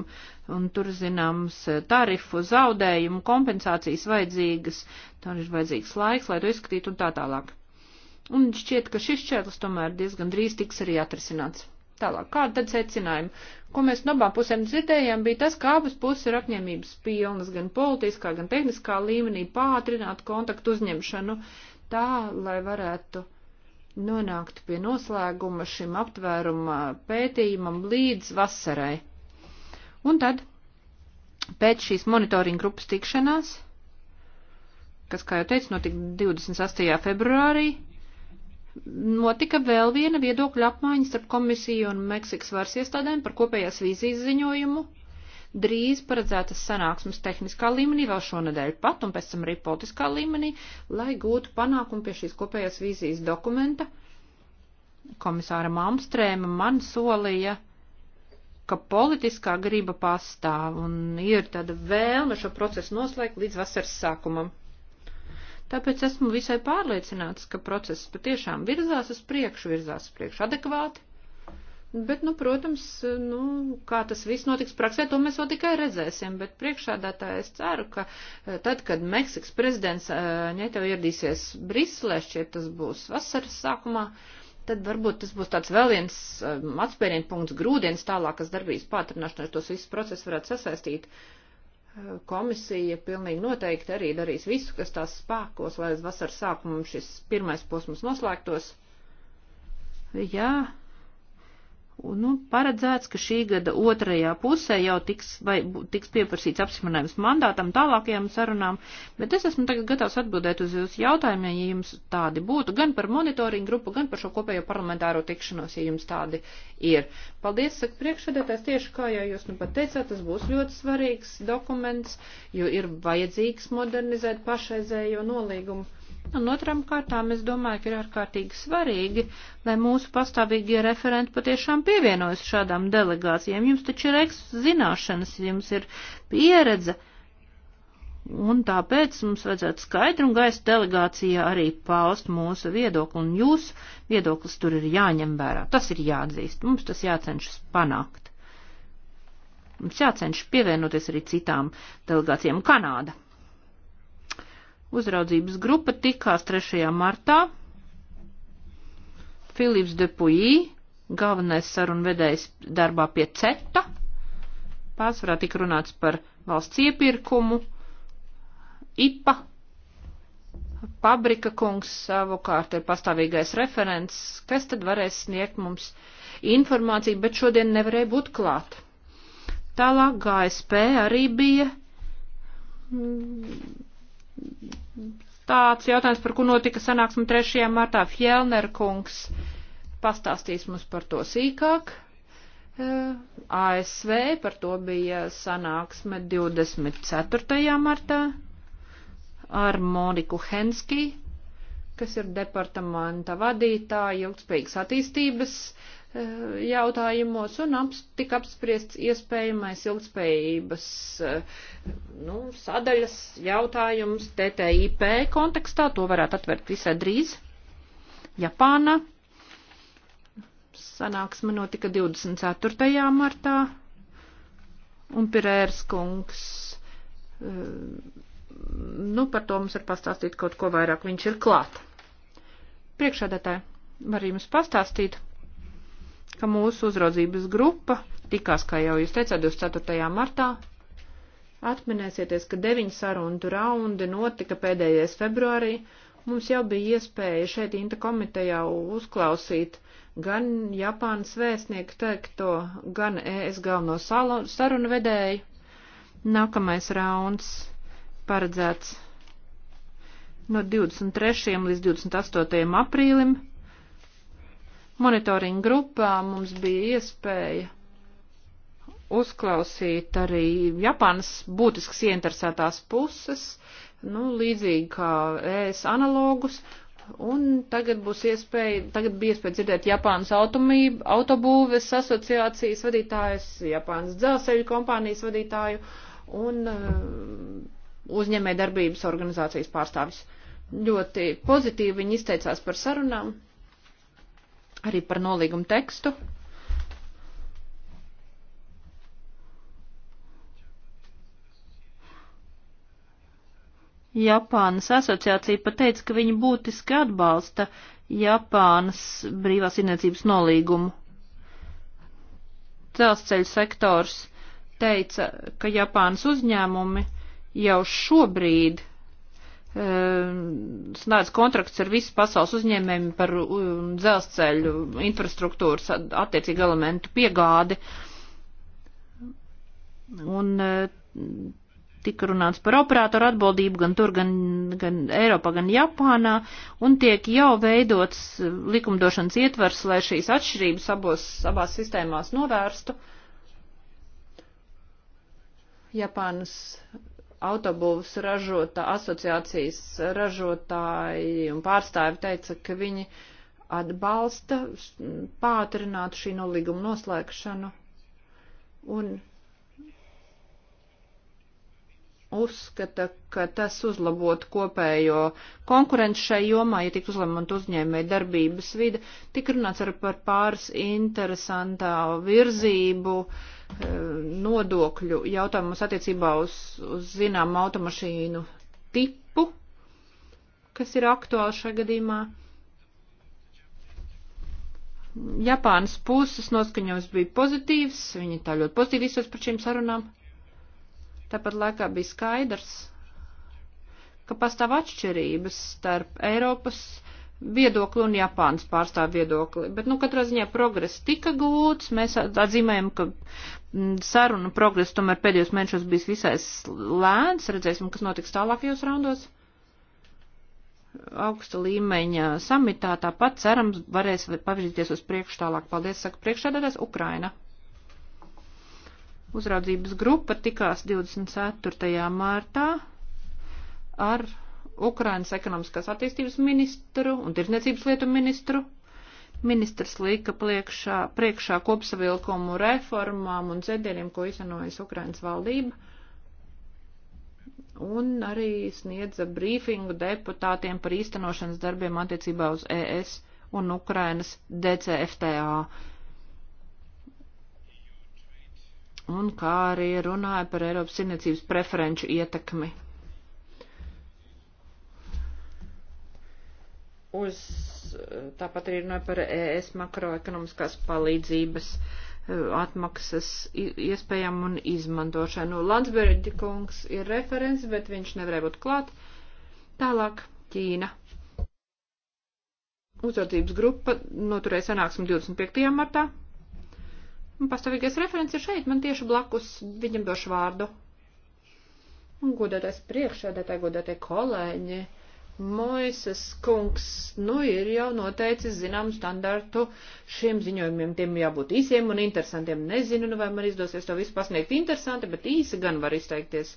un tur zināms eh, tarifu zaudējumu kompensācijas vajadzīgas, tur ir vajadzīgs laiks, lai to izskatītu un tā tālāk. Un šķiet, ka šis čēlis tomēr diezgan drīz tiks arī atrisināts. Tālāk, kāda tad secinājuma? Ko mēs no abām pusēm dzirdējām, bija tas, ka abas puses ir apņēmības pilnas gan politiskā, gan tehniskā līmenī pātrināt kontaktu uzņemšanu tā, lai varētu nonāktu pie noslēguma šim aptvēruma pētījumam līdz vasarai. Un tad pēc šīs monitoringa grupas tikšanās, kas, kā jau teicu, notika 28. februārī, notika vēl viena viedokļa apmaiņa starp komisiju un Meksikas varas iestādēm par kopējās vīzijas ziņojumu drīz paredzētas sanāksmes tehniskā līmenī, vēl šonadēļ pat, un pēc tam arī politiskā līmenī, lai gūtu panākumu pie šīs kopējās vīzijas dokumenta. Komisāra Malmstrēma man solīja, ka politiskā griba pastāv un ir tāda vēlme šo procesu noslēgt līdz vasaras sākumam. Tāpēc esmu visai pārliecināts, ka process patiešām virzās uz priekšu, virzās uz priekšu adekvāti, Bet, nu, protams, nu, kā tas viss notiks praksē, to mēs vēl tikai redzēsim. Bet priekšādātāji es ceru, ka eh, tad, kad Meksikas prezidents eh, ņētev ieradīsies Briselē, šķiet tas būs vasaras sākumā, tad varbūt tas būs tāds vēl viens eh, atspērienu punkts grūdienas tālākas darbības pātrināšanai, tos visus procesus varētu sasaistīt. Komisija pilnīgi noteikti arī darīs visu, kas tās spēkos, lai līdz vasaras sākumam šis pirmais posms noslēgtos. Jā. Yeah. Nu, paredzēts, ka šī gada otrajā pusē jau tiks, vai, tiks pieprasīts apsimanējums mandātam tālākajām sarunām, bet es esmu tagad gatavs atbildēt uz jūsu jautājumiem, ja jums tādi būtu, gan par monitoringu grupu, gan par šo kopējo parlamentāro tikšanos, ja jums tādi ir. Paldies, saka priekšsēdētājs, tieši kā jau jūs nu pat teicāt, tas būs ļoti svarīgs dokuments, jo ir vajadzīgs modernizēt pašreizējo nolīgumu Un otram kārtām es domāju, ka ir ārkārtīgi svarīgi, lai mūsu pastāvīgie referenti patiešām pievienojas šādām delegācijām. Jums taču ir eks zināšanas, jums ir pieredze. Un tāpēc mums vajadzētu skaidru un gaistu delegācijā arī paust mūsu viedokli, un jūsu viedoklis tur ir jāņem vērā. Tas ir jāatzīst, mums tas jācenšas panākt. Mums jācenšas pievienoties arī citām delegācijām. Kanāda. Uzraudzības grupa tikās 3. martā. Filips Depujī, galvenais sarunvedējs darbā pie CETA, pārsvarā tika runāts par valsts iepirkumu, IPA, Pabrika kungs savukārt ir pastāvīgais referents, kas tad varēs sniegt mums informāciju, bet šodien nevarēja būt klāt. Tālāk GSP arī bija tāds jautājums, par ko notika sanāksme 3. martā. Fjellner kungs pastāstīs mums par to sīkāk. Eh, ASV par to bija sanāksme 24. martā ar Moniku Henski, kas ir departamenta vadītāja ilgspējīgas attīstības uh, jautājumos un aps, tika apspriests iespējamais ilgspējības eh, nu, sadaļas jautājums TTIP kontekstā. To varētu atvērt visai drīz. Japāna. Sanāksme notika 24. martā. Un Pirērs kungs. Eh, nu, par to mums ir pastāstīt kaut ko vairāk. Viņš ir klāt. Priekšādātāji, var jums pastāstīt ka mūsu uzraudzības grupa tikās, kā jau jūs teicāt, 24. martā. Atminēsieties, ka deviņu sarunu raundi notika pēdējais februārī. Mums jau bija iespēja šeit Inta komitejā uzklausīt gan Japānas vēstnieku teikto, gan ES galveno sarunu vedēju. Nākamais rauns paredzēts no 23. līdz 28. aprīlim Monitoringa grupā mums bija iespēja uzklausīt arī Japānas būtiskas ieinteresētās puses, nu, līdzīgi kā ES analogus, un tagad būs iespēja, tagad bija iespēja dzirdēt Japānas automību, autobūves asociācijas vadītājus, Japānas dzelzceļu kompānijas vadītāju un uh, uzņēmē darbības organizācijas pārstāvis. Ļoti pozitīvi viņi izteicās par sarunām arī par nolīgumu tekstu. Japānas asociācija pateica, ka viņi būtiski atbalsta Japānas brīvās tirniecības nolīgumu. Celsceļu sektors teica, ka Japānas uzņēmumi jau šobrīd Ehm, slēdz kontrakts ar visu pasaules uzņēmējiem par um, dzelzceļu infrastruktūras attiecīgi elementu piegādi. Un eh, tika runāts par operātoru atbildību gan tur, gan, gan Eiropā, gan Japānā, un tiek jau veidots eh, likumdošanas ietvers, lai šīs atšķirības abos, abās sistēmās novērstu. Japānas autobūvas ražotā, asociācijas ražotāji un pārstāvi teica, ka viņi atbalsta pātrinātu šī nolīguma noslēgšanu un uzskata, ka tas uzlabotu kopējo konkurenci šai jomā, ja tik uzlamot uzņēmēji darbības vide. Tik runāts ar par pāris interesantā virzību. Uh, Eh, nodokļu jautājumus attiecībā uz, uz zināmu automašīnu tipu, kas ir aktuāli šajā gadījumā. Japānas puses noskaņojums bija pozitīvs, viņi tā ļoti pozitīvi izsaka par šīm sarunām. Tāpat laikā bija skaidrs, ka pastāv atšķirības starp Eiropas viedokli un Japānas pārstāv viedokli. Bet, nu, katrā ziņā progress tika gūts, mēs atzīmējam, ka mm, saruna progress tomēr pēdējos mēnešos bijis visai lēns, redzēsim, kas notiks tālākajos raundos. Augsta līmeņa samitā tāpat cerams varēs pavirzīties uz priekšu tālāk. Paldies, saka priekšādātājs Ukraina. Uzraudzības grupa tikās 24. martā ar Ukrainas ekonomiskās attīstības ministru un tirzniecības lietu ministru. Ministrs lika pliekšā, priekšā kopsavilkumu reformām un cedieniem, ko izanojas Ukrainas valdība, un arī sniedza brīfingu deputātiem par īstenošanas darbiem attiecībā uz ES un Ukrainas DCFTA. Un kā arī runāja par Eiropas sirdniecības preferenču ietekmi uz, tāpat arī runāja par ES makroekonomiskās palīdzības e, atmaksas iespējām un izmantošanu. Nu, Landsbergi kungs ir referents, bet viņš nevarēja būt klāt. Tālāk Ķīna. Uzraudzības grupa noturēja sanāksmi 25. martā. Un pastāvīgais referents ir šeit, man tieši blakus viņam došu vārdu. Un godētais priekšēdētāji, godētie kolēģi Moisas kungs, nu, ir jau noteicis zinām standartu šiem ziņojumiem. Tiem jābūt īsiem un interesantiem. Nezinu, nu, vai man izdosies to visu pasniegt interesanti, bet īsi gan var izteikties.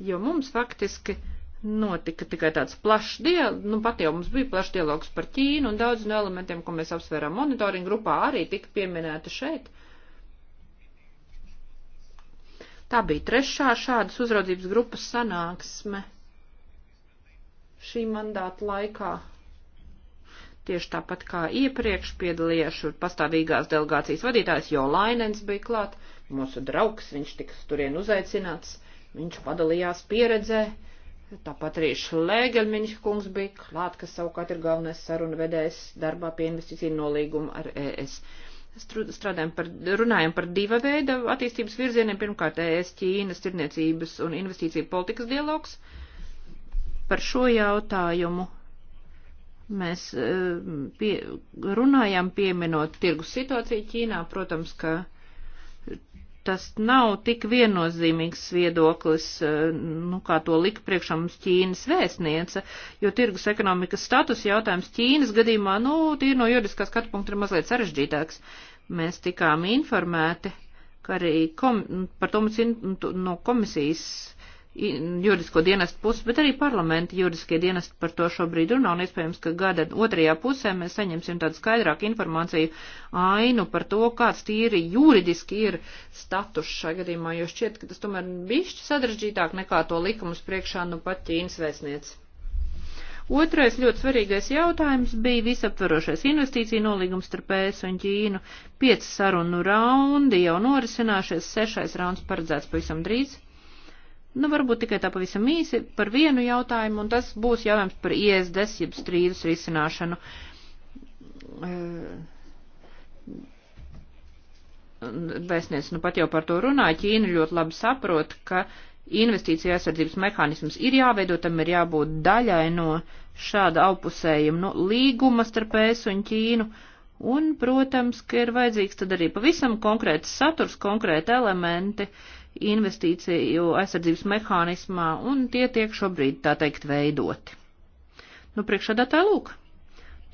Jo mums faktiski notika tikai tāds plašs dialogs, nu, pat jau mums bija plašs dialogs par Ķīnu un daudz no elementiem, ko mēs apsvērām monitoringu grupā, arī tika pieminēta šeit. Tā bija trešā šādas uzraudzības grupas sanāksme šī mandāta laikā. Tieši tāpat kā iepriekš piedalījās pastāvīgās delegācijas vadītājs Jo Lainens bija klāt, mūsu draugs, viņš tika turien uzaicināts, viņš padalījās pieredzē, Tāpat arī Šlēgeļmiņš kungs bija klāt, kas savukārt ir galvenais saruna vedējs darbā pie investīciju nolīguma ar ES. Strādājam par, runājam par diva veida attīstības virzieniem. Pirmkārt, ES Ķīnas tirniecības un investīciju politikas dialogs. Uh, par šo jautājumu mēs e, pie, runājam pieminot tirgus situāciju Ķīnā, protams, ka tas nav tik viennozīmīgs viedoklis, e, nu, kā to lika priekšā mums Ķīnas vēstniece, jo tirgus ekonomikas status jautājums Ķīnas gadījumā, nu, tīri no juridiskā skatu punkta ir mazliet sarežģītāks. Mēs tikām informēti, ka arī kom, par to mums in, no komisijas juridisko dienestu puses, bet arī parlamenta juridiskie dienesti par to šobrīd runā, un iespējams, ka gada otrajā pusē mēs saņemsim tādu skaidrāku informāciju ainu par to, kāds tīri juridiski ir status šajā gadījumā, jo šķiet, ka tas tomēr bišķi sadražģītāk nekā to likumus priekšā nu pat Ķīnas vēstniec. Otrais ļoti svarīgais jautājums bija visaptvarošais investīcija nolīgums starp ES un Ķīnu. Pieci sarunu raundi jau norisināšies, sešais rauns paredzēts pavisam drīz. Nu, varbūt tikai tā pavisam īsi par vienu jautājumu, un tas būs jautājums par ISDS, jeb strīdus risināšanu. Eh, Vēstniec, nu pat jau par to runāja, Ķīna ļoti labi saprot, ka investīcija aizsardzības mehānisms ir jāveido, tam ir jābūt daļai no šāda aupusējuma, no līguma starp ES un Ķīnu. Un, protams, ka ir vajadzīgs tad arī pavisam konkrēts saturs, konkrēti elementi, uh, investīciju aizsardzības mehānismā, un tie tiek šobrīd, tā teikt, veidoti. Nu, priekšādātāji lūk,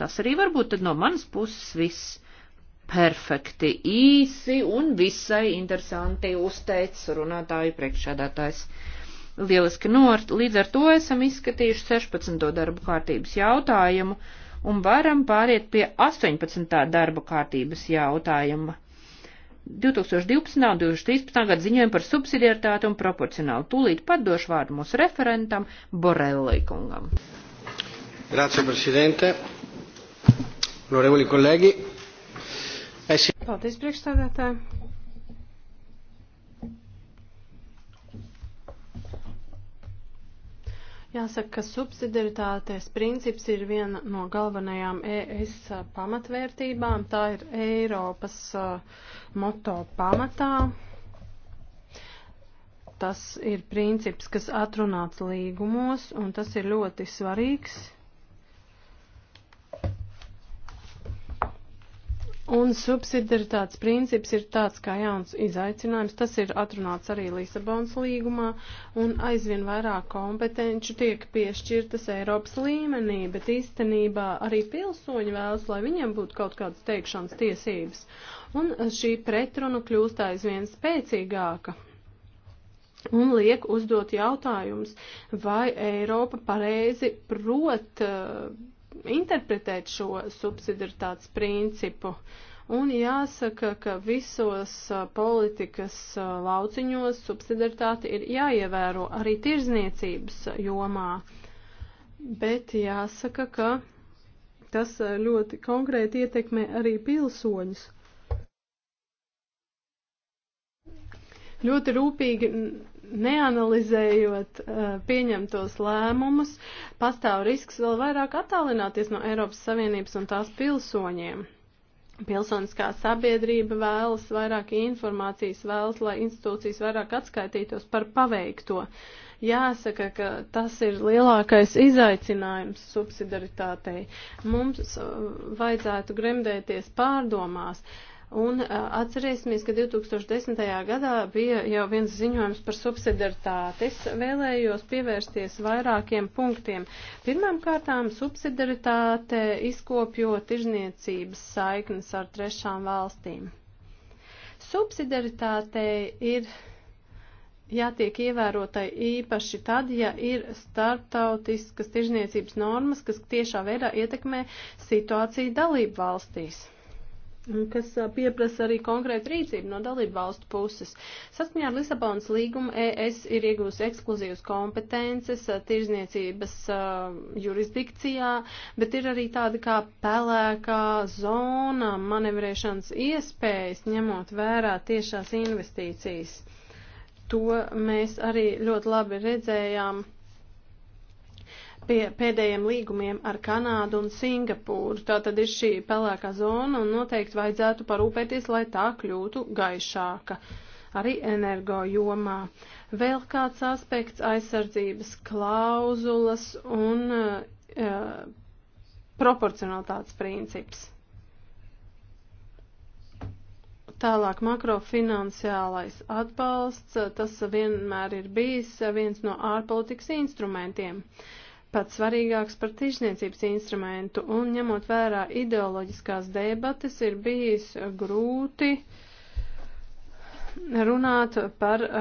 tas arī varbūt tad no manas puses viss perfekti īsi un visai interesanti uzteicis runātāju priekšādātājs. Lieliski nort, līdz ar to esam izskatījuši 16. darbu kārtības jautājumu un varam pāriet pie 18. darbu kārtības jautājuma 2012. un 2013. gada ziņojumu par subsidiaritāti un proporcionālu. Tūlīt pat došu vārdu mūsu referentam Borelli kungam. Grazie, prezidente. Lorevoli kolēģi. Es... Paldies, priekšstādātāji. Jāsaka, ka subsidiaritātes princips ir viena no galvenajām ES pamatvērtībām. Tā ir Eiropas uh, moto pamatā. Tas ir princips, kas atrunāts līgumos, un tas ir ļoti svarīgs Un subsidiaritātes princips ir tāds kā jauns izaicinājums. Tas ir atrunāts arī Lisabonas līgumā, un aizvien vairāk kompetenci tiek piešķirtas Eiropas līmenī, bet īstenībā arī pilsoņi vēlas, lai viņiem būtu kaut kādas teikšanas tiesības. Un šī pretruna kļūst aizvien spēcīgāka. Un liek uzdot jautājumus, vai Eiropa pareizi prot. Uh, interpretēt šo subsidiaritātes principu. Un jāsaka, ka visos uh, politikas uh, lauciņos subsidiaritāte ir jāievēro arī tirzniecības uh, jomā. Bet jāsaka, ka tas ļoti konkrēti ietekmē arī pilsoņus. Ļoti rūpīgi neanalizējot uh, pieņemtos lēmumus, pastāv risks vēl vairāk attālināties no Eiropas Savienības un tās pilsoņiem. Pilsoniskā sabiedrība vēlas vairāk informācijas, vēlas, lai institūcijas vairāk atskaitītos par paveikto. Jāsaka, ka tas ir lielākais izaicinājums subsidaritātei. Mums uh, vajadzētu gremdēties pārdomās. Uh, Un atcerēsimies, ka 2010. gadā bija jau viens ziņojums par subsidaritātes. Vēlējos pievērsties vairākiem punktiem. Pirmām kārtām subsidaritāte izkopjo tirzniecības saiknes ar trešām valstīm. Subsidaritātei ir jātiek ievērotai īpaši tad, ja ir starptautiskas tirzniecības normas, kas tiešā veidā ietekmē situāciju dalību valstīs kas pieprasa arī konkrētu rīcību no dalību valstu puses. Saskaņā ar Lisabonas līgumu ES ir iegūs ekskluzīvas kompetences tirzniecības uh, jurisdikcijā, bet ir arī tāda kā pelēkā zona manevrēšanas iespējas, ņemot vērā tiešās investīcijas. To mēs arī ļoti labi redzējām pie pēdējiem līgumiem ar Kanādu un Singapūru. Tā tad ir šī pelēkā zona un noteikti vajadzētu parūpēties, lai tā kļūtu gaišāka. Arī energo jomā. Vēl kāds aspekts - aizsardzības klauzulas un uh, proporcionalitātes princips. Tālāk makrofinansiālais atbalsts, tas vienmēr ir bijis viens no ārpolitikas instrumentiem. Uh, pat svarīgāks par tīšniecības instrumentu, un ņemot vērā ideoloģiskās debates, ir bijis grūti runāt par uh,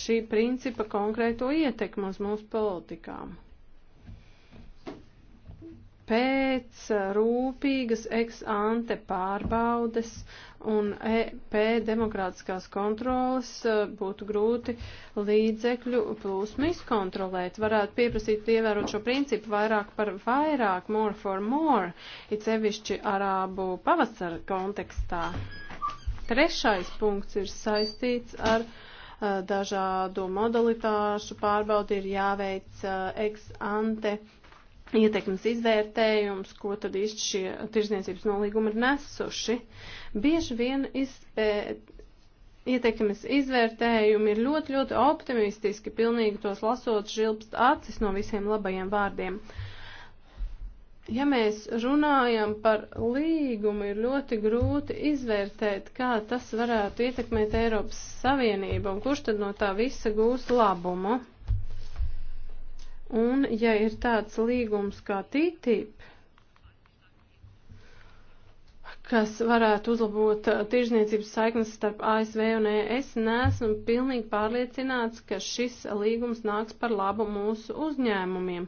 šī principa konkrēto ietekmu uz mūsu politikām. Pēc uh, rūpīgas ex ante pārbaudes un EP demokrātiskās kontrolas eh, būtu grūti līdzekļu plūsmas kontrolēt. Varētu pieprasīt ievērot šo principu vairāk par vairāk, more for more, it sevišķi arābu pavasara kontekstā. Trešais punkts ir saistīts ar eh, dažādu modalitāšu pārbaudi ir jāveic eh, ex ante ietekmes izvērtējums, ko tad īsti šie tirzniecības nolīgumi ir nesuši. Bieži vien izpēt, ietekmes izvērtējumi ir ļoti, ļoti optimistiski, pilnīgi tos lasot žilpst acis no visiem labajiem vārdiem. Ja mēs runājam par līgumu, ir ļoti grūti izvērtēt, kā tas varētu ietekmēt Eiropas Savienību un kurš tad no tā visa gūs labumu. Un, ja ir tāds līgums kā TTIP, kas varētu uzlabot uh, tirzniecības saiknes starp ASV e un ES, neesmu pilnīgi pārliecināts, ka šis līgums nāks par labu mūsu uzņēmumiem.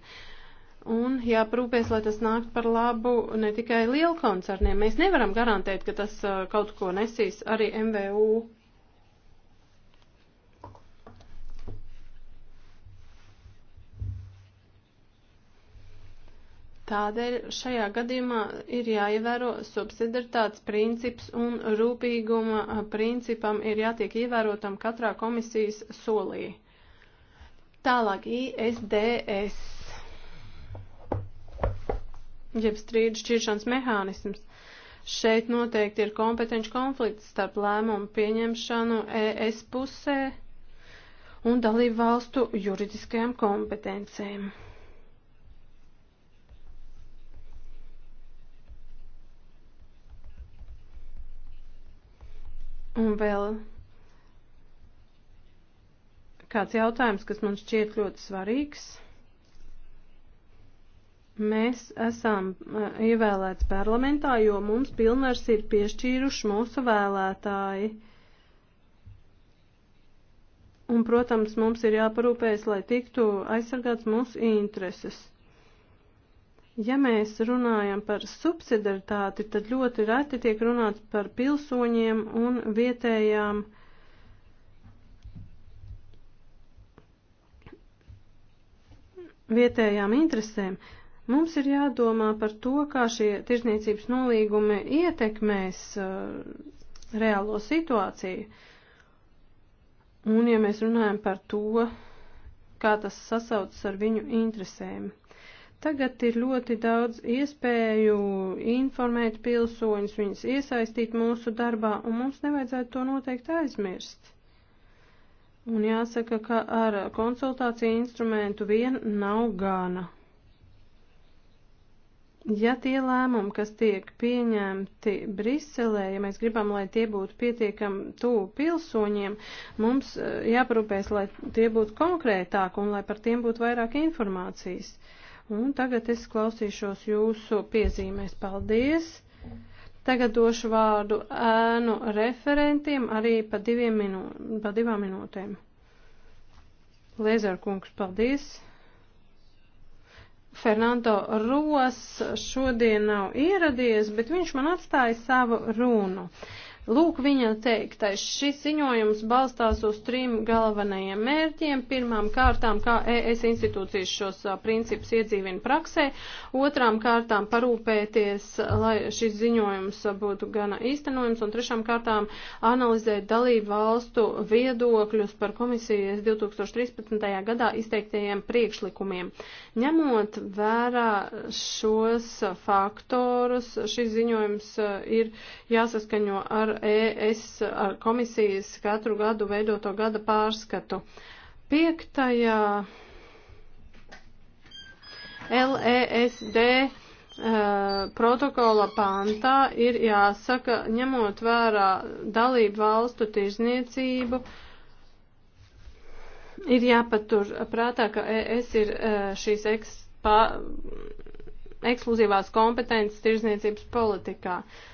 Un jāprūpēs, lai tas nāk par labu ne tikai lielkoncerniem. Mēs nevaram garantēt, ka tas uh, kaut ko nesīs arī MVU Tādēļ šajā gadījumā ir jāievēro subsidaritātes princips un rūpīguma principam ir jātiek ievērotam katrā komisijas solī. Tālāk ISDS, jeb strīdu šķiršanas mehānisms. Šeit noteikti ir kompetenci konflikts starp lēmumu pieņemšanu ES pusē un dalību valstu juridiskajām kompetencijām. Un vēl kāds jautājums, kas man šķiet ļoti svarīgs. Mēs esam e, ievēlēts parlamentā, jo mums pilnvars ir piešķīruši mūsu vēlētāji. Un, protams, mums ir jāparūpējas, lai tiktu aizsargāts mūsu intereses. Ja mēs runājam par subsidaritāti, tad ļoti reti tiek runāts par pilsoņiem un vietējām vietējām interesēm. Mums ir jādomā par to, kā šie tirzniecības nolīgumi ietekmēs uh, reālo situāciju. Un ja mēs runājam par to, kā tas sasaucas ar viņu interesēm. Tagad ir ļoti daudz iespēju informēt pilsoņus, viņus iesaistīt mūsu darbā, un mums nevajadzētu to noteikti aizmirst. Un jāsaka, ka ar konsultāciju instrumentu vien nav gana ja tie lēmumi, kas tiek pieņemti Briselē, ja mēs gribam, lai tie būtu pietiekami tuvu pilsoņiem, mums eh, jāparūpēs, lai tie būtu konkrētāk un lai par tiem būtu vairāk informācijas. Uh, Un tagad es klausīšos jūsu piezīmēs. Paldies! Tagad došu vārdu ēnu referentiem arī pa, minū, pa divām minūtēm. Lēzerkungs, paldies! Fernando Ros šodien nav ieradies, bet viņš man atstāja savu runu. Uh, Lūk, viņa teiktais, šis ziņojums balstās uz trim galvenajiem mērķiem. Pirmām kārtām, kā ES institūcijas šos principus iedzīvina praksē, otrām kārtām parūpēties, lai šis ziņojums būtu gana īstenojums, un trešām kārtām analizēt dalību valstu viedokļus par komisijas 2013. gadā izteiktajiem priekšlikumiem. Ņemot vērā šos faktorus, šis ziņojums ir jāsaskaņo ar par e ES komisijas katru gadu veidoto gada pārskatu. Piektajā LESD e, protokola pantā ir jāsaka, ņemot vērā dalību valstu tirzniecību, ir jāpatur prātā, ka ES ir e, šīs ekspā, ekskluzīvās kompetences tirzniecības politikā. Uh,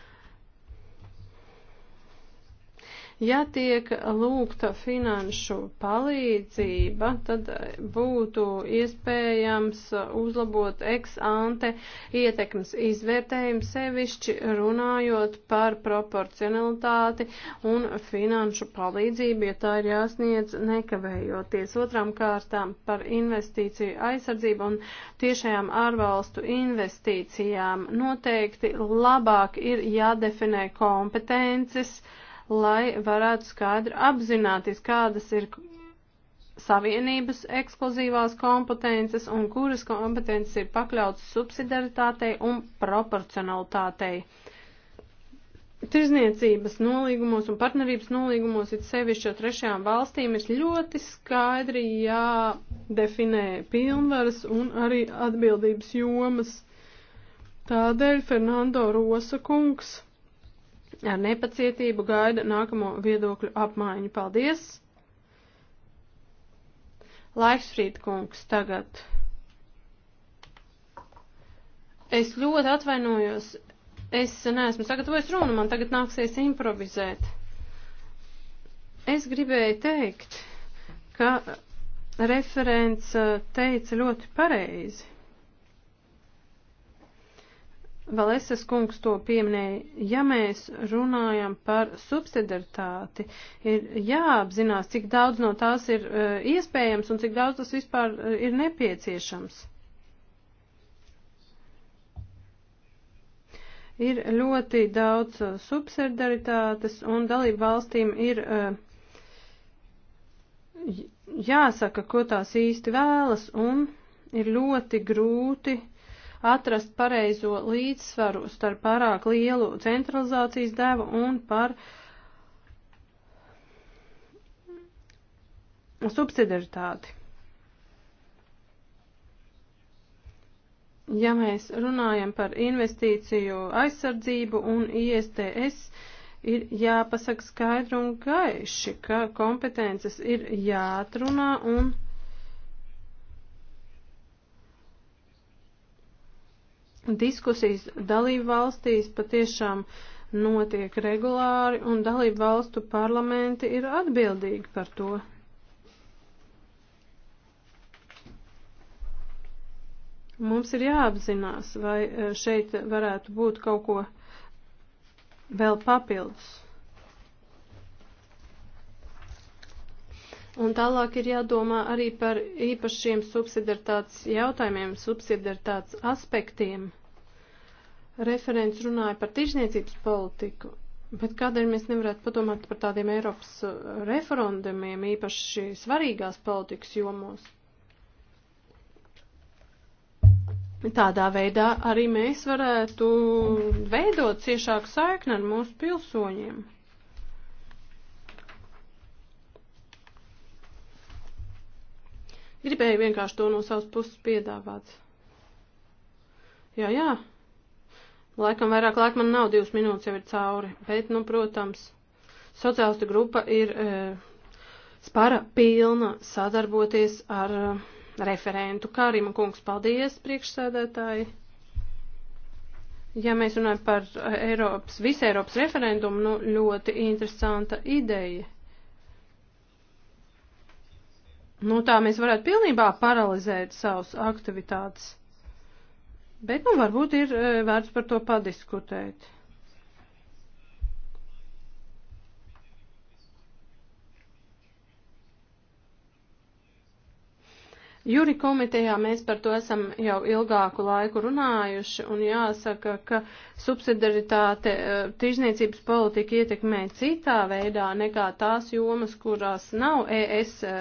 Ja tiek lūgta finanšu palīdzība, tad būtu iespējams uzlabot ex-ante ietekmes izvērtējumu sevišķi runājot par proporcionalitāti un finanšu palīdzību, ja tā ir jāsniedz nekavējoties. Otram kārtām par investīciju aizsardzību un tiešajām ārvalstu investīcijām noteikti labāk ir jādefinē kompetences, lai varētu skaidri apzināties, kādas ir savienības ekskluzīvās kompetences un kuras kompetences ir pakļautas subsidiaritātei un proporcionalitātei. Tirzniecības nolīgumos un partnerības nolīgumos it sevišķi ar trešajām valstīm ir ļoti skaidri jādefinē pilnvaras un arī atbildības jomas. Tādēļ Fernando Rosa kungs ar nepacietību gaida nākamo viedokļu apmaiņu. Paldies! Laiksfrīd kungs tagad. Es ļoti atvainojos, es neesmu sagatavojis runu, man tagad nāksies improvizēt. Es gribēju teikt, ka referents eh, teica ļoti pareizi. Valesas kungs to pieminēja, ja mēs runājam par subsidaritāti, ir jāapzinās, cik daudz no tās ir uh, iespējams un cik daudz tas vispār uh, ir nepieciešams. Ir ļoti daudz uh, e, subsidaritātes un dalību valstīm ir uh, jāsaka, ko tās īsti vēlas un ir ļoti grūti atrast pareizo līdzsvaru starp pārāk lielu centralizācijas devu un par subsidiaritāti. Ja mēs runājam par investīciju aizsardzību un ISTS, ir jāpasaka skaidri un gaiši, ka kompetences ir jāatrunā un jāatrunā diskusijas dalību valstīs patiešām notiek regulāri, un dalību valstu parlamenti ir atbildīgi par to. Mums ir jāapzinās, vai eh, šeit varētu būt kaut ko vēl papildus. Un tālāk ir jādomā arī par īpašiem subsidiartāts jautājumiem, subsidiartāts aspektiem. Referents runāja par tirzniecības politiku, bet kādēļ mēs nevarētu padomāt par tādiem Eiropas uh, referendumiem īpaši svarīgās politikas jomos? Tādā veidā arī mēs varētu veidot ciešāku saikni ar mūsu pilsoņiem. Gribēju vienkārši to no savas puses piedāvāt. Jā, jā. Laikam vairāk laika man nav, divas minūtes jau ir cauri. Bet, nu, protams, sociālistu grupa ir e, spara pilna sadarboties ar e, referentu. Kārima kungs, paldies, priekšsēdētāji. Ja mēs runājam par Eiropas, visu Eiropas referendumu, nu, ļoti interesanta ideja. Nu, tā mēs varētu pilnībā paralizēt savus aktivitātes. Bet, nu, varbūt ir e, vērts par to padiskutēt. Juri komitejā mēs par to esam jau ilgāku laiku runājuši, un jāsaka, ka subsidaritāte e, tirzniecības politika ietekmē citā veidā nekā tās jomas, kurās nav ES e,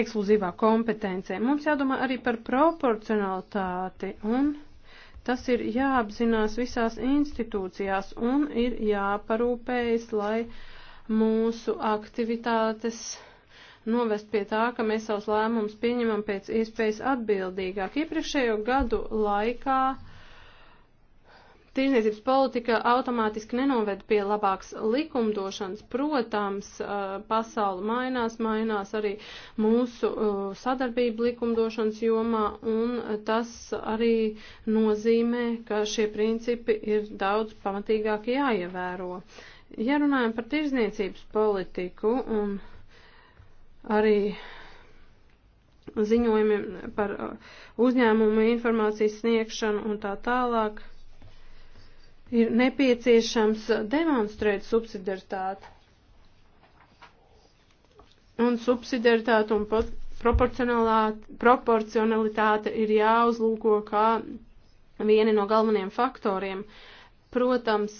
ekskluzīvā kompetencija. Mums jādomā arī par proporcionalitāti un tas ir jāapzinās visās institūcijās un ir jāparūpējas, lai mūsu aktivitātes novest pie tā, ka mēs savus lēmumus pieņemam pēc iespējas atbildīgāk. Iepriekšējo gadu laikā uh, Tirzniecības politika automātiski nenoved pie labākas likumdošanas. Protams, eh, pasauli mainās, mainās arī mūsu eh, sadarbība likumdošanas jomā, un tas arī nozīmē, ka šie principi ir daudz pamatīgāk jāievēro. Ja runājam par tirzniecības politiku un arī ziņojumiem par eh, uzņēmumu informācijas sniegšanu un tā tālāk, ir nepieciešams demonstrēt subsidiaritāti. Un subsidiaritāte un proporcionalitāte ir jāuzlūko kā vieni no galvenajiem faktoriem. Protams,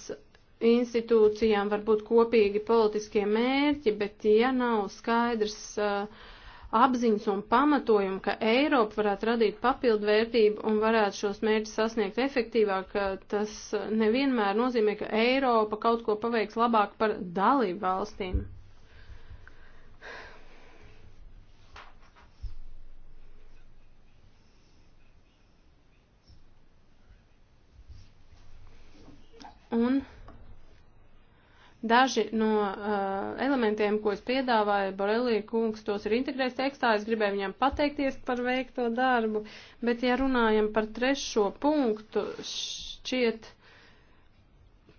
institūcijām var būt kopīgi politiskie mērķi, bet ja nav skaidrs uh, apziņas un pamatojumu, ka Eiropa varētu radīt papildvērtību un varētu šos mērķus sasniegt efektīvāk, tas nevienmēr nozīmē, ka Eiropa kaut ko paveiks labāk par dalību valstīm. Un Daži no uh, elementiem, ko es piedāvāju, Borelī kungs tos ir integrējis tekstā, es gribēju viņam pateikties par veikto darbu, bet ja runājam par trešo punktu, šķiet,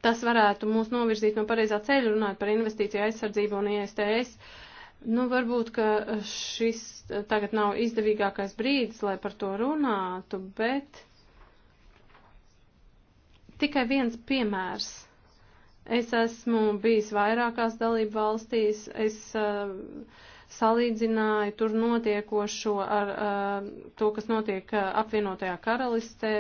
tas varētu mūs novirzīt no pareizā ceļa, runājot par investīciju aizsardzību un ISTS. Nu, varbūt, ka šis tagad nav izdevīgākais brīdis, lai par to runātu, bet tikai viens piemērs Es esmu bijis vairākās dalību valstīs, es uh, salīdzināju tur notiekošo ar uh, to, kas notiek uh, apvienotajā karalistē,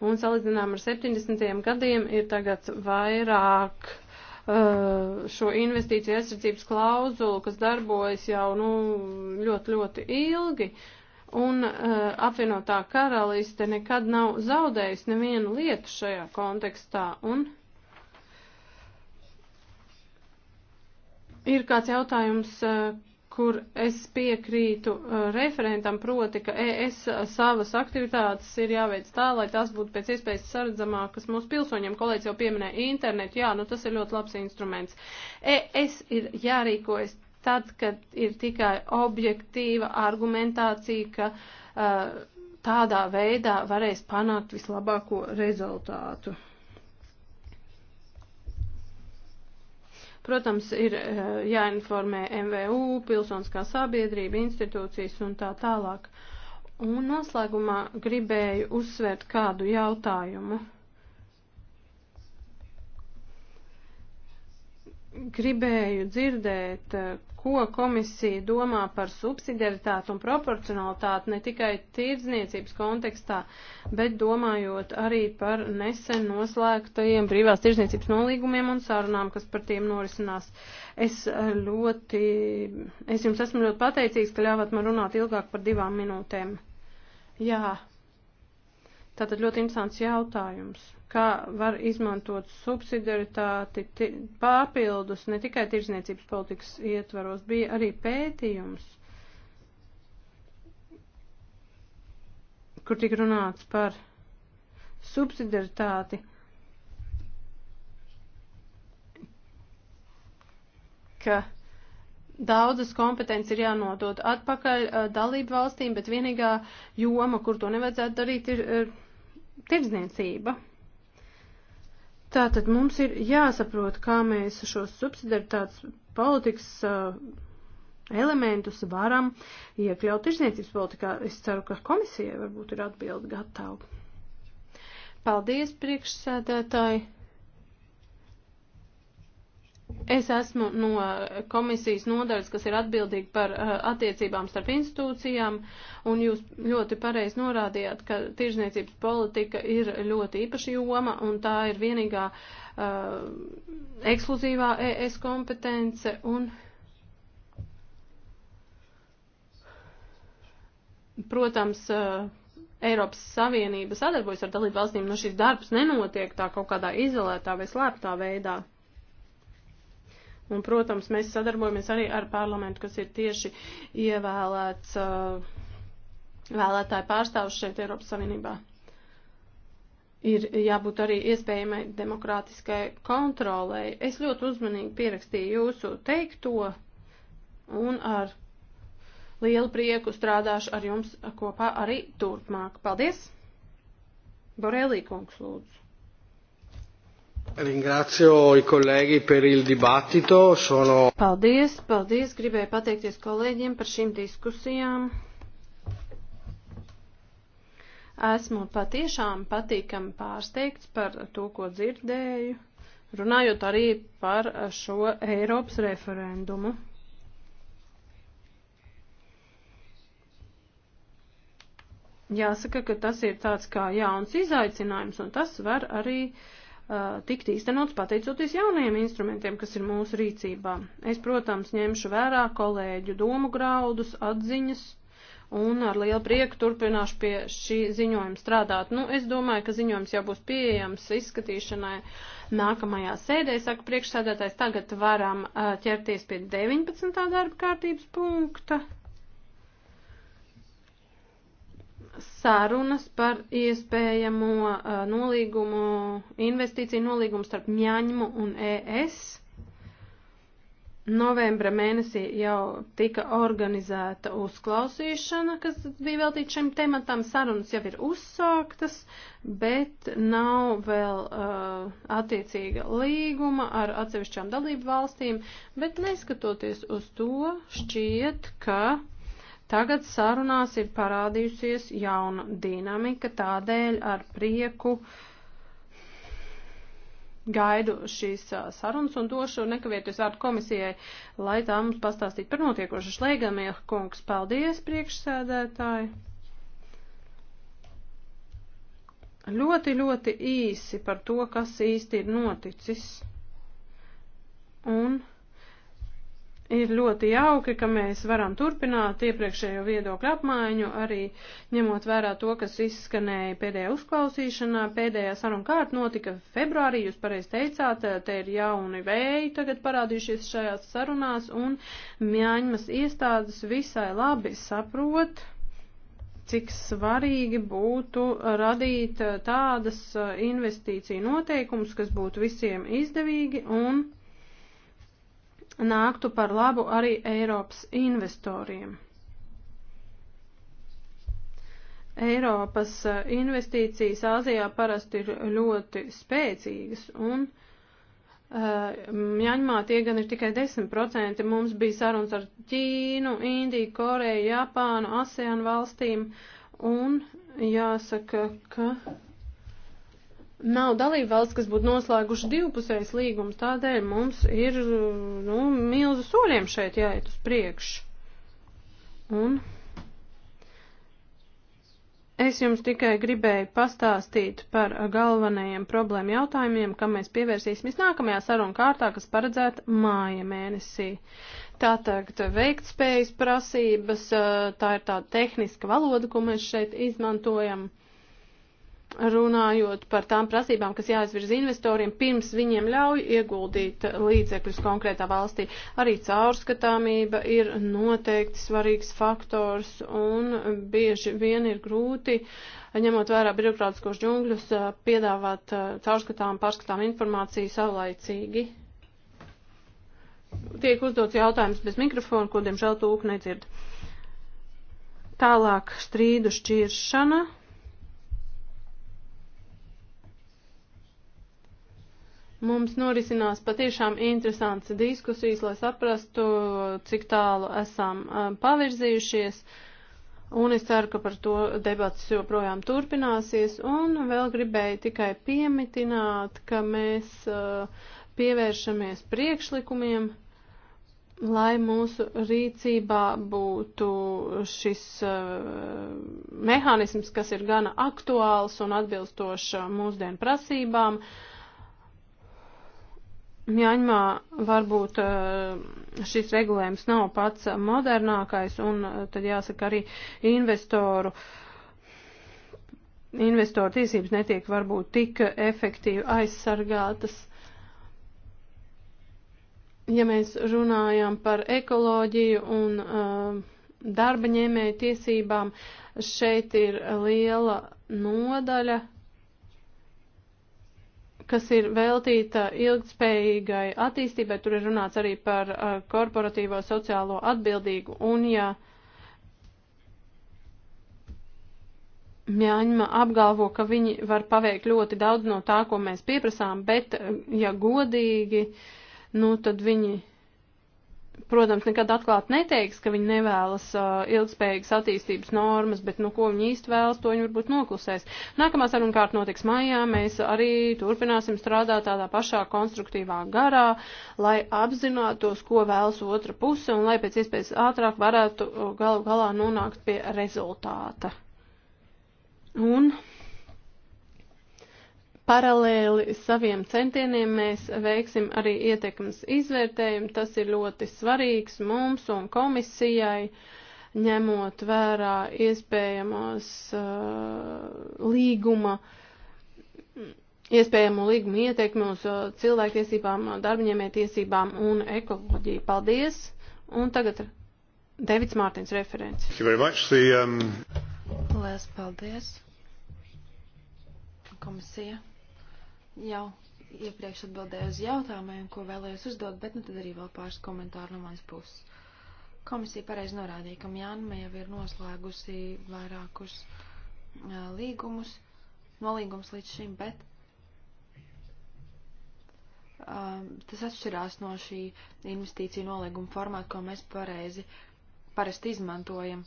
un salīdzinām ar 70. gadiem ir tagad vairāk uh, šo investīciju aizsardzības klauzulu, kas darbojas jau nu, ļoti, ļoti ilgi. Un uh, apvienotā karaliste nekad nav zaudējusi nevienu lietu šajā kontekstā. Un, uh, Ir kāds jautājums, eh, kur es piekrītu eh, referentam, proti, ka ES savas aktivitātes ir jāveic tā, lai tās būtu pēc iespējas sardzamākas mūsu pilsoņiem. Kolēģis jau pieminēja internetu, jā, nu tas ir ļoti labs instruments. ES ir jārīkojas tad, kad ir tikai objektīva argumentācija, ka uh, tādā veidā varēs panākt vislabāko rezultātu. Protams, ir eh, jāinformē MVU, pilsoniskā sabiedrība, institūcijas un tā tālāk. Un noslēgumā gribēju uzsvērt kādu jautājumu. gribēju dzirdēt, eh, ko komisija domā par subsidiaritāti un proporcionalitāti ne tikai tirdzniecības kontekstā, bet domājot arī par nesen noslēgtajiem brīvās tirdzniecības nolīgumiem un sarunām, kas par tiem norisinās. Es eh, ļoti, es jums esmu ļoti pateicīgs, ka ļāvāt man runāt ilgāk par divām minūtēm. Jā. Tātad ļoti interesants jautājums kā var izmantot subsidiaritāti pārpildus ne tikai tirzniecības politikas ietvaros, bija arī pētījums, kur tika runāts par subsidiaritāti. ka daudzas kompetences ir jānodod atpakaļ dalību valstīm, bet vienīgā joma, kur to nevajadzētu darīt, ir, ir tirdzniecība. Ir Tātad mums ir jāsaprot, kā mēs šos subsidaritātes politikas uh, elementus varam iekļaut tirzniecības politikā. Es ceru, ka komisijai varbūt ir atbildi gatava. Paldies, priekšsēdētāji! Es esmu no eh, komisijas nodaļas, kas ir atbildīga par eh, attiecībām starp institūcijām, un jūs ļoti pareizi norādījāt, ka tirzniecības politika ir ļoti īpaša joma, un tā ir vienīgā uh, ekskluzīvā ES kompetence, un protams, uh, Eiropas Savienība sadarbojas ar dalību valstīm, no nu, šīs darbs nenotiek tā kaut kādā izolētā vai slēptā veidā. Un, protams, mēs sadarbojamies arī ar parlamentu, kas ir tieši ievēlēts uh, vēlētāju pārstāvs šeit Eiropas Savienībā. Ir jābūt arī iespējamai demokrātiskai kontrolei. Es ļoti uzmanīgi pierakstīju jūsu teikto un ar lielu prieku strādāšu ar jums kopā arī turpmāk. Paldies! Borelī kungs lūdzu. Ringrācijo i kolēģi per il dibattito. Sono... Paldies, paldies. Gribēju pateikties kolēģiem par šīm diskusijām. Esmu patiešām patīkami pārsteigts par to, ko dzirdēju, runājot arī par šo Eiropas referendumu. Jāsaka, ka tas ir tāds kā jauns izaicinājums, un tas var arī uh, tikt īstenots pateicoties jaunajiem instrumentiem, kas ir mūsu rīcībā. Es, protams, ņemšu vērā kolēģu domu graudus, atziņas un ar lielu prieku turpināšu pie šī ziņojuma strādāt. Nu, es domāju, ka ziņojums jau būs pieejams izskatīšanai nākamajā sēdē, saka priekšsēdētājs. Tagad varam ķerties pie 19. darba kārtības punkta. sarunas par iespējamo uh, nolīgumu, investīciju nolīgumu starp Mjaņmu un ES. Novembra mēnesī jau tika organizēta uzklausīšana, kas bija veltīta šim tematam. Sarunas jau ir uzsāktas, bet nav vēl uh, attiecīga līguma ar atsevišķām dalību valstīm, bet neskatoties uz to, šķiet, ka uh, Tagad sarunās ir parādījusies jauna dinamika, tādēļ ar prieku gaidu šīs sarunas un došu nekavietoties vārdu komisijai, lai tā mums pastāstītu par notiekošu. Šleigamie kungs, paldies priekšsēdētāji! Ļoti, ļoti īsi par to, kas īsti ir noticis. Un Ir ļoti jauki, ka mēs varam turpināt iepriekšējo viedokļu apmaiņu, arī ņemot vērā to, kas izskanēja pēdējā uzklausīšanā. Pēdējā saruna kārta notika februārī, jūs pareiz teicāt, te ir jauni vēji tagad parādījušies šajās sarunās, un Mjāņmas iestādes visai labi saprot, cik svarīgi būtu radīt tādas investīciju noteikumus, kas būtu visiem izdevīgi un nāktu par labu arī Eiropas investoriem. Eiropas eh, investīcijas Āzijā parasti ir ļoti spēcīgas un eh, Mjaņmā tie gan ir tikai 10%. Mums bija sarunas ar Ķīnu, Indiju, Koreju, Japānu, ASEAN valstīm un jāsaka, ka nav dalība valsts, kas būtu noslēguši divpusējas līgumus, tādēļ mums ir, nu, milzu soļiem šeit jāiet uz priekšu. Un es jums tikai gribēju pastāstīt par galvenajiem problēmu jautājumiem, kam mēs pievērsīsimies nākamajā sarunu kārtā, kas paredzēta māja mēnesī. Tātad veiktspējas prasības, tā ir tāda tehniska valoda, ko mēs šeit izmantojam runājot par tām prasībām, kas jāizvirza investoriem, pirms viņiem ļauj ieguldīt līdzekļus konkrētā valstī. Arī caurskatāmība ir noteikti svarīgs faktors un bieži vien ir grūti, ņemot vērā birokrātiskos džungļus, piedāvāt eh, caurskatām, pārskatām informāciju savlaicīgi. Tiek uzdots jautājums bez mikrofona, ko diemžēl tūk nedzird. Tālāk strīdu šķiršana Mums norisinās patiešām interesants diskusijas, lai saprastu, cik tālu esam eh, pavirzījušies. Un es ceru, ka par to debats joprojām turpināsies. Un vēl gribēju tikai piemitināt, ka mēs eh, pievēršamies priekšlikumiem, lai mūsu rīcībā būtu šis eh, mehānisms, kas ir gana aktuāls un atbilstošs mūsdienu prasībām. Uh, Mjaņmā varbūt eh, šis regulējums nav pats modernākais, un eh, tad jāsaka arī investoru. Investoru tiesības netiek varbūt tik efektīvi aizsargātas. Ja mēs runājam par ekoloģiju un uh, darba ņēmēju tiesībām, šeit ir liela nodaļa kas ir veltīta ilgtspējīgai attīstībai, tur ir runāts arī par uh, korporatīvo sociālo atbildīgu, un ja Mjaņma apgalvo, ka viņi var paveikt ļoti daudz no tā, ko mēs pieprasām, bet, uh, ja godīgi, nu, tad viņi protams, nekad atklāti neteiks, ka viņi nevēlas uh, ilgspējīgas attīstības normas, bet nu, ko viņi īsti vēlas, to viņi varbūt noklusēs. Nākamā saruna kārt notiks maijā, mēs arī turpināsim strādāt tādā pašā konstruktīvā garā, lai apzinātos, ko vēlas otra puse un lai pēc iespējas ātrāk varētu uh, galu galā nonākt pie rezultāta. Un Paralēli saviem centieniem mēs veiksim arī ietekmes izvērtējumu. Tas ir ļoti svarīgs mums un komisijai, ņemot vērā iespējamos uh, līguma, iespējamo līguma ietekmi uz uh, cilvēktiesībām, darbaņēmē tiesībām un ekoloģiju. Paldies! Un tagad Devits Mārtiņs referents. The, um... Lielas paldies! Komisija jau iepriekš atbildēju uz jautājumiem, ko vēlējos uzdot, bet nu tad arī vēl pāris komentāru no manas puses. Komisija pareizi norādīja, ka Mjanma jau ir noslēgusi vairākus uh, līgumus, nolīgumus līdz šim, bet uh, tas atšķirās no šī investīciju nolīguma formāta, ko mēs pareizi parasti izmantojam.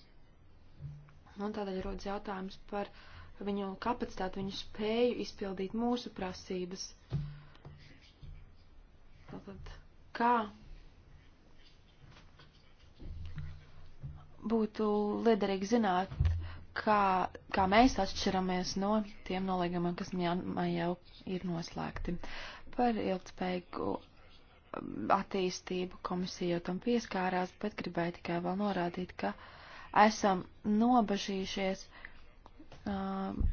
Un tādēļ rodas jautājums par uh, viņu kapacitāti, viņu spēju izpildīt mūsu prasības. Tātad, kā būtu liederīgi zināt, kā, kā mēs atšķiramies no tiem nolīgumiem, kas Mjanmā jau ir noslēgti. Par ilgspējīgu um, attīstību komisija jau tam pieskārās, bet gribēju tikai vēl norādīt, ka esam nobažījušies,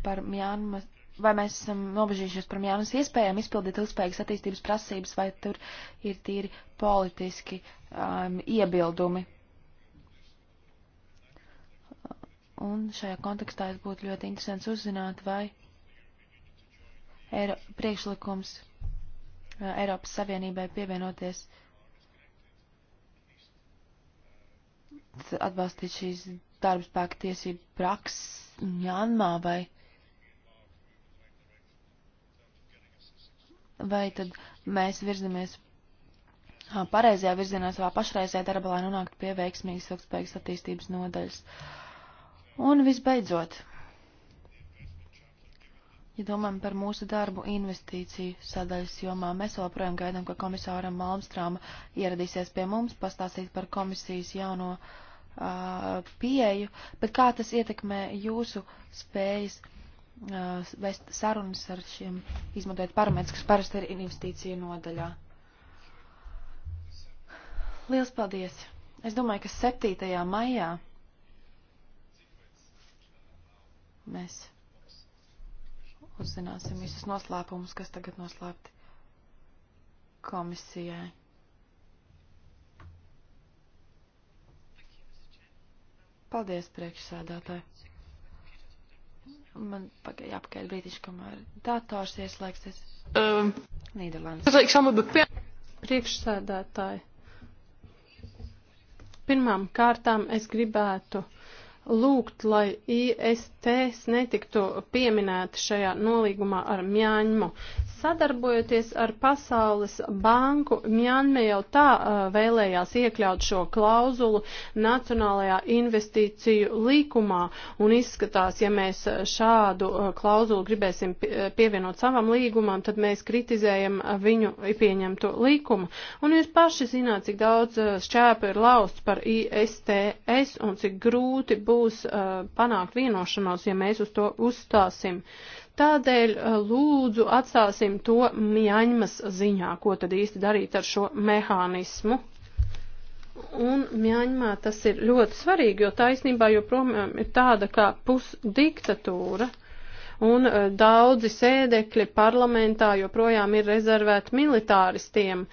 par Mjānmas, vai mēs esam nobežījušies par Mjānmas iespējām izpildīt ilgspējīgas attīstības prasības, vai tur ir tīri politiski um, iebildumi. Un šajā kontekstā es būtu ļoti interesants uzzināt, vai Eiro, priekšlikums Eiropas Savienībai pievienoties atbalstīt šīs darbspēka tiesību prakses Jānmā vai. Vai tad mēs virzamies pareizajā virzienā savā pašreizējā darbā, lai nonāktu pie veiksmīgas ilgspējīgas attīstības nodaļas. Un visbeidzot, ja domājam par mūsu darbu investīciju sadaļas jomā, mēs joprojām gaidām, ka komisāram Malmstrāma ieradīsies pie mums pastāstīt par komisijas jauno uh, pieeju, bet kā tas ietekmē jūsu spējas vest sarunas ar šiem izmantojot parametrus, kas parasti ir investīcija nodaļā. Liels paldies! Es domāju, ka 7. maijā mēs uzzināsim visus noslēpumus, kas tagad noslēpti komisijai. Paldies, priekšsēdētāji. Man pagaid, jāpagaid brītiši, kamēr dators ieslēgsies. Um, Nīderlandes. Priekšsēdētāji. Pirmām kārtām es gribētu lūgt, lai ISTs netiktu pieminēti šajā nolīgumā ar Mjāņmu. Sadarbojoties ar Pasaules banku, Mjāņme jau tā vēlējās iekļaut šo klauzulu Nacionālajā investīciju līkumā, un izskatās, ja mēs šādu klauzulu gribēsim pievienot savam līgumam, tad mēs kritizējam viņu pieņemto līkumu. Un jūs paši zināt, cik daudz šķēpa ir lausts par ISTS un cik grūti būs būs uh, panākt vienošanos, ja mēs uz to uzstāsim. Tādēļ uh, lūdzu atstāsim to Mjaņmas ziņā, ko tad īsti darīt ar šo mehānismu. Un Mjaņmā tas ir ļoti svarīgi, jo taisnībā joprojām ir tāda kā pusdiktatūra un e, daudzi sēdekļi parlamentā joprojām ir rezervēti militāristiem,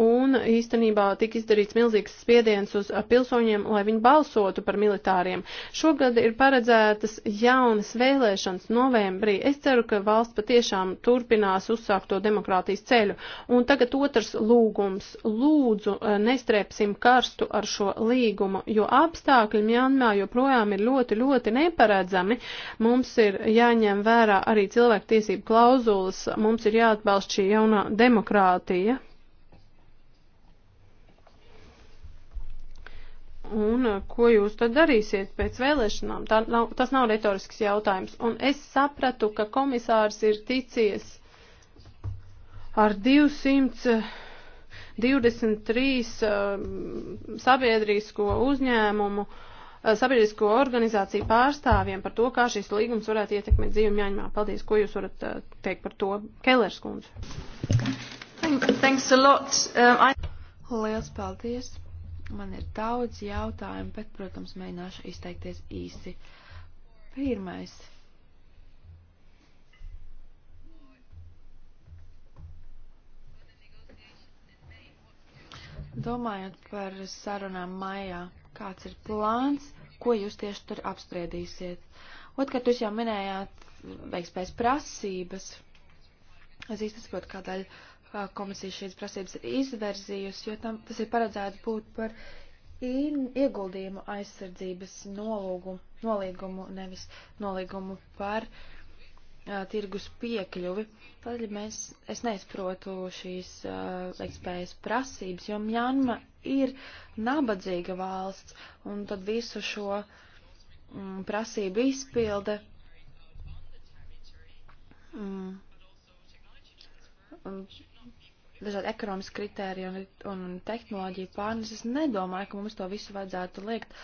un īstenībā tika izdarīts milzīgs spiediens uz e, pilsoņiem, lai viņi balsotu par militāriem. Šogad ir paredzētas jaunas vēlēšanas novembrī. Es ceru, ka valsts patiešām turpinās uzsākto demokrātijas ceļu. Un tagad otrs lūgums. Lūdzu, e, nestrēpsim karstu ar šo līgumu, jo apstākļi Mjanmā joprojām ir ļoti, ļoti neparedzami. Mums ir jāņem vērā vērā arī cilvēktiesību klauzulas, mums ir jāatbalst šī jaunā demokrātija. Un ko jūs tad darīsiet pēc vēlēšanām? Tā nav, tas nav retorisks jautājums. Un es sapratu, ka komisārs ir ticies ar 200. 23 uh, sabiedrisko uzņēmumu uh, sabiedrisko organizāciju pārstāvjiem par to, kā šis līgums varētu ietekmēt dzīvi Mjaņmā. Paldies, ko jūs varat eh, teikt par to, Kellers kundze. Thanks a lot. Um, I... Liels paldies. Man ir daudz jautājumu, bet, protams, mēģināšu izteikties īsi. Pirmais. Domājot par sarunām maijā, kāds ir plāns, ko jūs tieši tur apspriedīsiet. Otkārt, jūs jau minējāt veikspējas prasības. Es īsti saprotu, kādēļ komisija šīs prasības ir izverzījusi, jo tam tas ir paredzēts būt par ieguldījumu aizsardzības nolūgumu, nolīgumu, nevis nolīgumu par uh, uh, tirgus piekļuvi. Tādēļ mēs, es neizprotu šīs uh, ekspējas prasības, jo Mjanma ir nabadzīga valsts, un tad visu šo mm, prasību izpilde. Mm, un, dažādi ekonomiski kritēriji un, un tehnoloģija pārneses, nedomāju, ka mums to visu vajadzētu liekt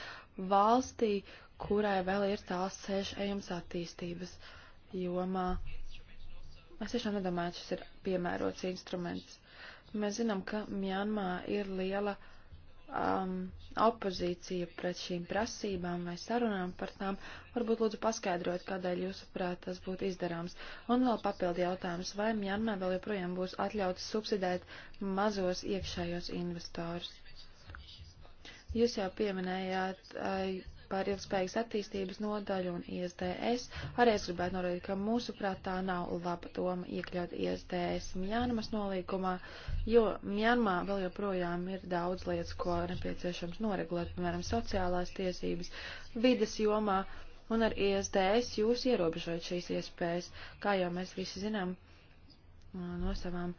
valstī, kurai vēl ir tāls ceļš ejams attīstības. Uh, jomā. Es tiešām nedomāju, ka šis ir piemērots instruments. Mēs zinām, ka Mjanmā ir liela um, opozīcija pret šīm prasībām vai sarunām par tām. Varbūt lūdzu paskaidrot, kādēļ jūsuprāt tas būtu izdarāms. Un vēl papildi jautājums, vai Mjanmā vēl joprojām būs atļauts subsidēt mazos iekšējos investors? Jūs jau pieminējāt uh, par ilgspējīgas attīstības nodaļu un ISDS. Arī es gribētu norādīt, ka mūsu prātā nav laba doma iekļaut ISDS Mjānmas nolīgumā, jo Mjānmā vēl joprojām ir daudz lietas, ko nepieciešams noregulēt, piemēram, sociālās tiesības, vides jomā, un ar ISDS jūs ierobežojat šīs iespējas, kā jau mēs visi zinām no savām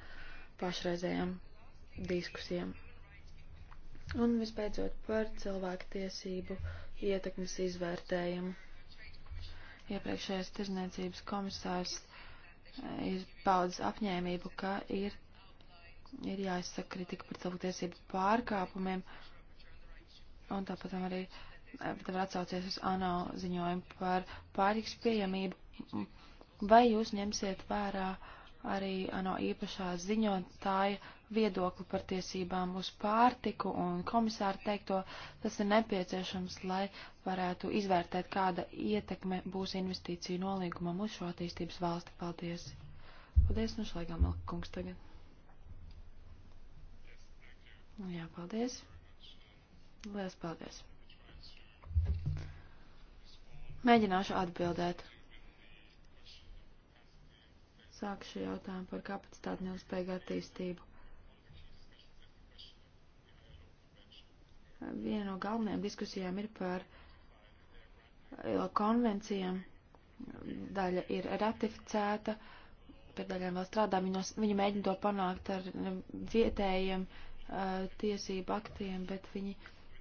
pašreizējām diskusijām. Un visbeidzot par cilvēku tiesību uh, ietekmes izvērtējumu. Iepriekšējais tirzniecības komisārs eh, ir paudzis apņēmību, ka ir, ir jāizsaka kritika par cilvēktiesību pārkāpumiem, un tāpat arī eh, tā var atsaucies uz ANO ziņojumu par pārtiks pieejamību. Vai jūs ņemsiet vērā arī ANO īpašā ziņotāja viedokli par tiesībām uz pārtiku un komisāru teikto, tas ir nepieciešams, lai varētu izvērtēt, kāda ietekme būs investīciju nolīgumam uz šo attīstības valsti. Paldies! Paldies, nu šlaigām, kungs, tagad. Nu, jā, paldies. Lielas paldies. Mēģināšu atbildēt. Sākšu jautājumu par kapacitāti neuzspēju attīstību. viena no galvenajām diskusijām ir par konvencijām. Daļa ir ratificēta, pie daļām vēl strādā. Viņi, no, viņi mēģina to panākt ar vietējiem uh, tiesību aktiem, bet viņi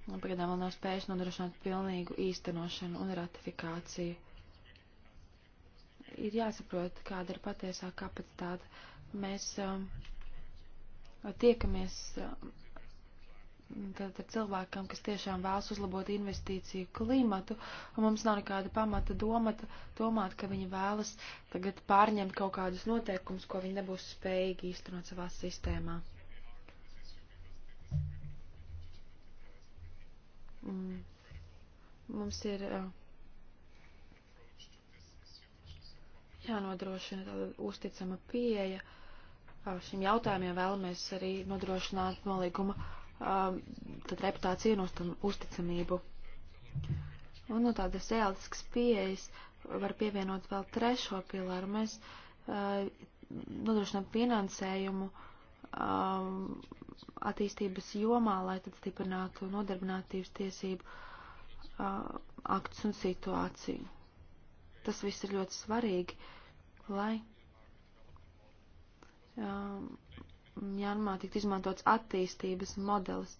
pagaidām vēl nav spējuši nodrošināt pilnīgu īstenošanu un ratifikāciju. Ir jāsaprot, kāda ir patiesā kapacitāte. Mēs um, tiekamies. Um, tad ir cilvēkam, kas tiešām vēlas uzlabot investīciju klimatu, un mums nav nekāda pamata domat, domāt, ka viņi vēlas tagad pārņemt kaut kādus noteikumus, ko viņi nebūs spējīgi īstenot savā sistēmā. Mm. Mums ir jānodrošina tāda uzticama pieeja šim jautājumiem, vēlamies arī nodrošināt nolīguma Um, tad reputāciju ienūst un uzticamību. Un no tādas realistiskas pieejas var pievienot vēl trešo pilāru. Mēs uh, nodrošinām finansējumu um, attīstības jomā, lai tad stiprinātu nodarbinātības tiesību uh, aktus un situāciju. Tas viss ir ļoti svarīgi, lai um, Janmā tikt izmantots attīstības modelis.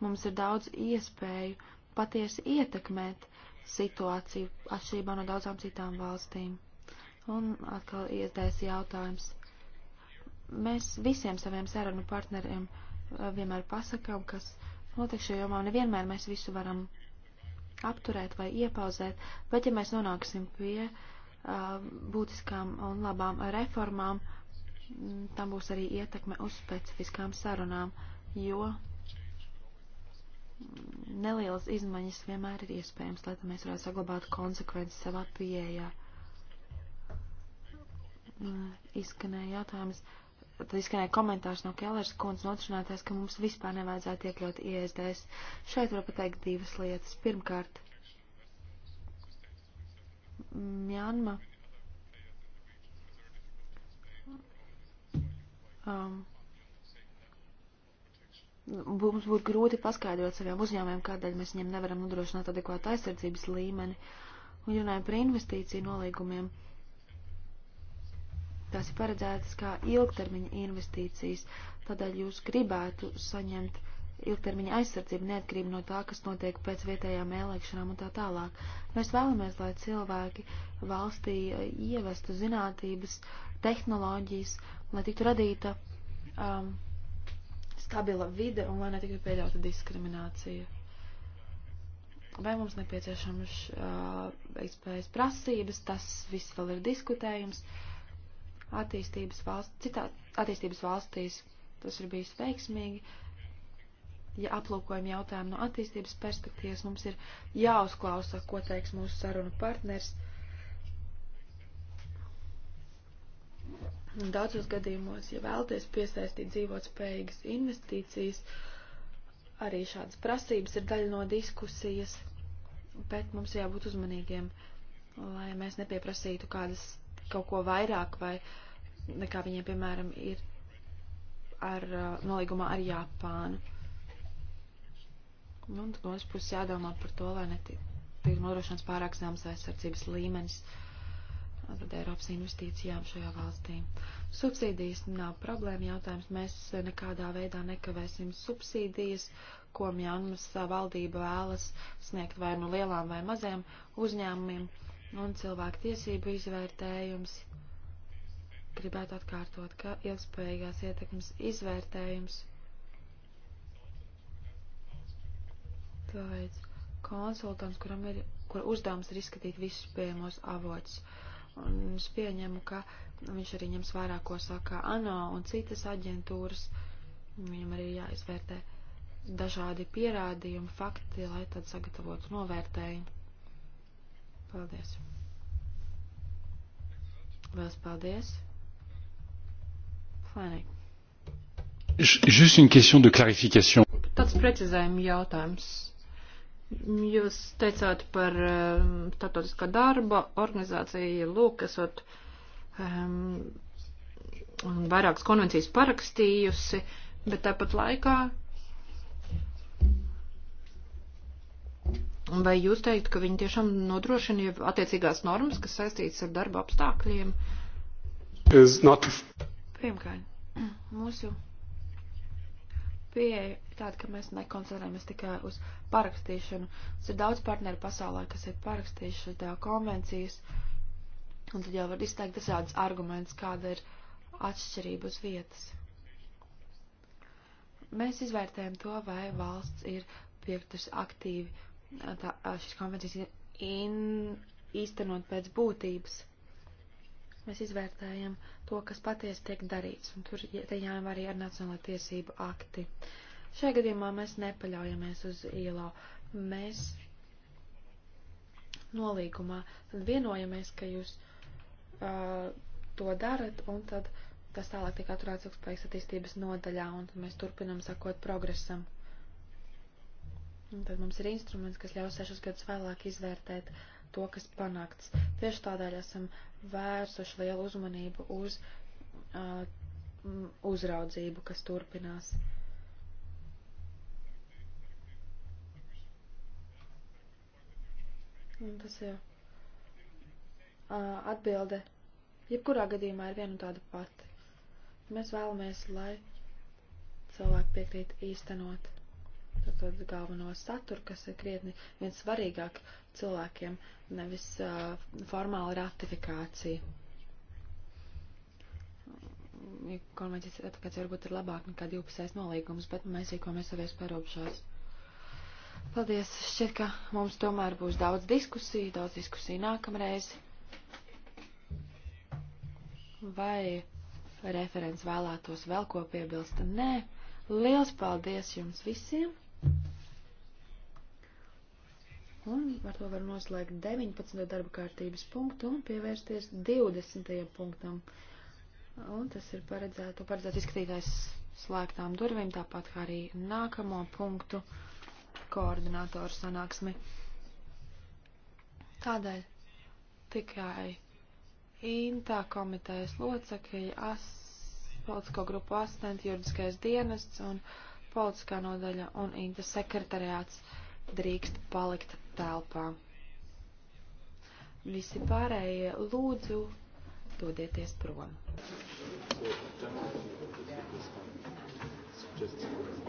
Mums ir daudz iespēju patiesi ietekmēt situāciju atšķirībā no daudzām citām valstīm. Un atkal iesdēs jautājums. Mēs visiem saviem sarunu partneriem eh, vienmēr pasakām, kas notiek šajā jomā, un nevienmēr mēs visu varam apturēt vai iepauzēt, bet ja mēs nonāksim pie uh, būtiskām un labām reformām, uh, tam būs arī ietekme uz specifiskām sarunām, jo nelielas izmaiņas vienmēr ir iespējams, lai mēs varētu saglabāt konsekvences savā pieejā. Izskanēja jautājums, tad izskanēja komentārs no Kellers kundzes notrunātājs, ka mums vispār nevajadzētu iekļaut ISDS. Šeit var pateikt divas lietas. Pirmkārt, Mjanma Um, mums būtu grūti paskaidrot saviem uzņēmumiem, kādēļ mēs viņiem nevaram nodrošināt adekvātu aizsardzības līmeni. Un runājot par investīciju nolīgumiem, tās ir paredzētas kā ilgtermiņa investīcijas, tādēļ jūs gribētu saņemt ilgtermiņa aizsardzību neatkarību no tā, kas notiek pēc vietējām vēlēšanām un tā tālāk. Mēs vēlamies, lai cilvēki valstī ievestu zinātības, tehnoloģijas, uh, lai tiktu radīta um, stabila vide un lai netiktu pieļauta diskriminācija. Vai mums nepieciešams uh, izpējas prasības, tas viss vēl ir diskutējums. Attīstības, valsts, citā, attīstības valstīs tas ir bijis veiksmīgi. Ja aplūkojam jautājumu no attīstības perspektīvas, mums ir jāuzklausa, ko teiks mūsu sarunu partners. Uh, Daudzos gadījumos, ja vēlaties piesaistīt dzīvotspējīgas investīcijas, arī šādas prasības ir daļa no diskusijas, bet mums jābūt uzmanīgiem, lai mēs nepieprasītu kādas kaut ko vairāk vai nekā viņiem, piemēram, ir ar uh, nolīgumā ar Japānu. Un tad mums būs jādomā par to, lai netiek nodrošināts pārāk zemes aizsardzības līmenis. Uh, tad Eiropas investīcijām šajā valstī. Subsīdijas nav problēma jautājums. Mēs nekādā veidā nekavēsim subsīdijas, ko Mjanmas valdība vēlas sniegt vai nu no lielām vai maziem uzņēmumiem. Un cilvēku tiesību izvērtējums. Gribētu atkārtot, ka ilgspējīgās ietekmes izvērtējums. Tāpēc konsultants, kuram ir, kura uzdevums ir izskatīt visus pieejamos avots. Uh, Un es pieņemu, ka viņš arī ņems vērā, ko saka ANO un citas aģentūras. Viņam arī jāizvērtē dažādi pierādījumi, fakti, lai tad sagatavotu novērtējumu. Paldies. Vēl paldies. Flanagan. Juste une question de clarification. Tāds precizējums jautājums Jūs teicāt par um, statotiskā darba organizāciju, lūk, esot um, vairākas konvencijas parakstījusi, bet tāpat laikā. Vai jūs teikt, ka viņi tiešām nodrošina attiecīgās normas, kas saistītas ar darba apstākļiem? Not... Pirmkārt, mūsu pieeja tāda, ka mēs nekoncentrējamies tikai uz parakstīšanu. Mums ir daudz partneri pasaulē, kas ir parakstījuši tā konvencijas, un tad jau var izteikt dažādas argumentus, kāda ir atšķirība uz vietas. Mēs izvērtējam to, vai valsts ir piekritus aktīvi tā, šīs konvencijas in, īstenot pēc būtības. Mēs izvērtējam to, kas patiesi tiek darīts, un tur te jāņem arī ar nacionālo tiesību akti. Šajā gadījumā mēs nepaļaujamies uz ILO. Mēs nolīgumā tad vienojamies, ka jūs uh, to darat, un tad tas tālāk tiek atrāts ilgspējas attīstības nodaļā, un tad mēs turpinam sakot progresam. Un tad mums ir instruments, kas ļaus sešus gadus vēlāk izvērtēt uh, to, kas panākts. Tieši tādēļ esam vērsuši lielu uzmanību uz uh, uzraudzību, kas turpinās. Un tas jau uh, atbilde jebkurā gadījumā ir viena un tāda pati. Mēs vēlamies, lai cilvēki piekrīt īstenot tātad galveno saturu, kas ir krietni viens svarīgāk cilvēkiem, nevis uh, formāla ratifikācija. Konvencijas ratifikācija varbūt ir labāk nekā divpusējs nolīgums, bet mēs rīkojamies savies pierobežās. Paldies! Šķiet, ka mums tomēr būs daudz diskusiju, daudz diskusiju nākamreiz. Vai referents vēlētos vēl ko piebilst? Nē. Liels paldies jums visiem! Un ar to var noslēgt 19. darba kārtības punktu un pievērsties 20. punktam. Un tas ir paredzēts, paredzēts izskatītājs slēgtām durvīm, tāpat kā arī nākamo punktu koordinātoru sanāksmi. Tādēļ tikai Intā komitejas locekļi, as, politisko grupu asistenti, juridiskais dienests un politiskā nodaļa un Inta sekretariāts drīkst palikt telpā. Visi pārējie lūdzu dodieties prom. Just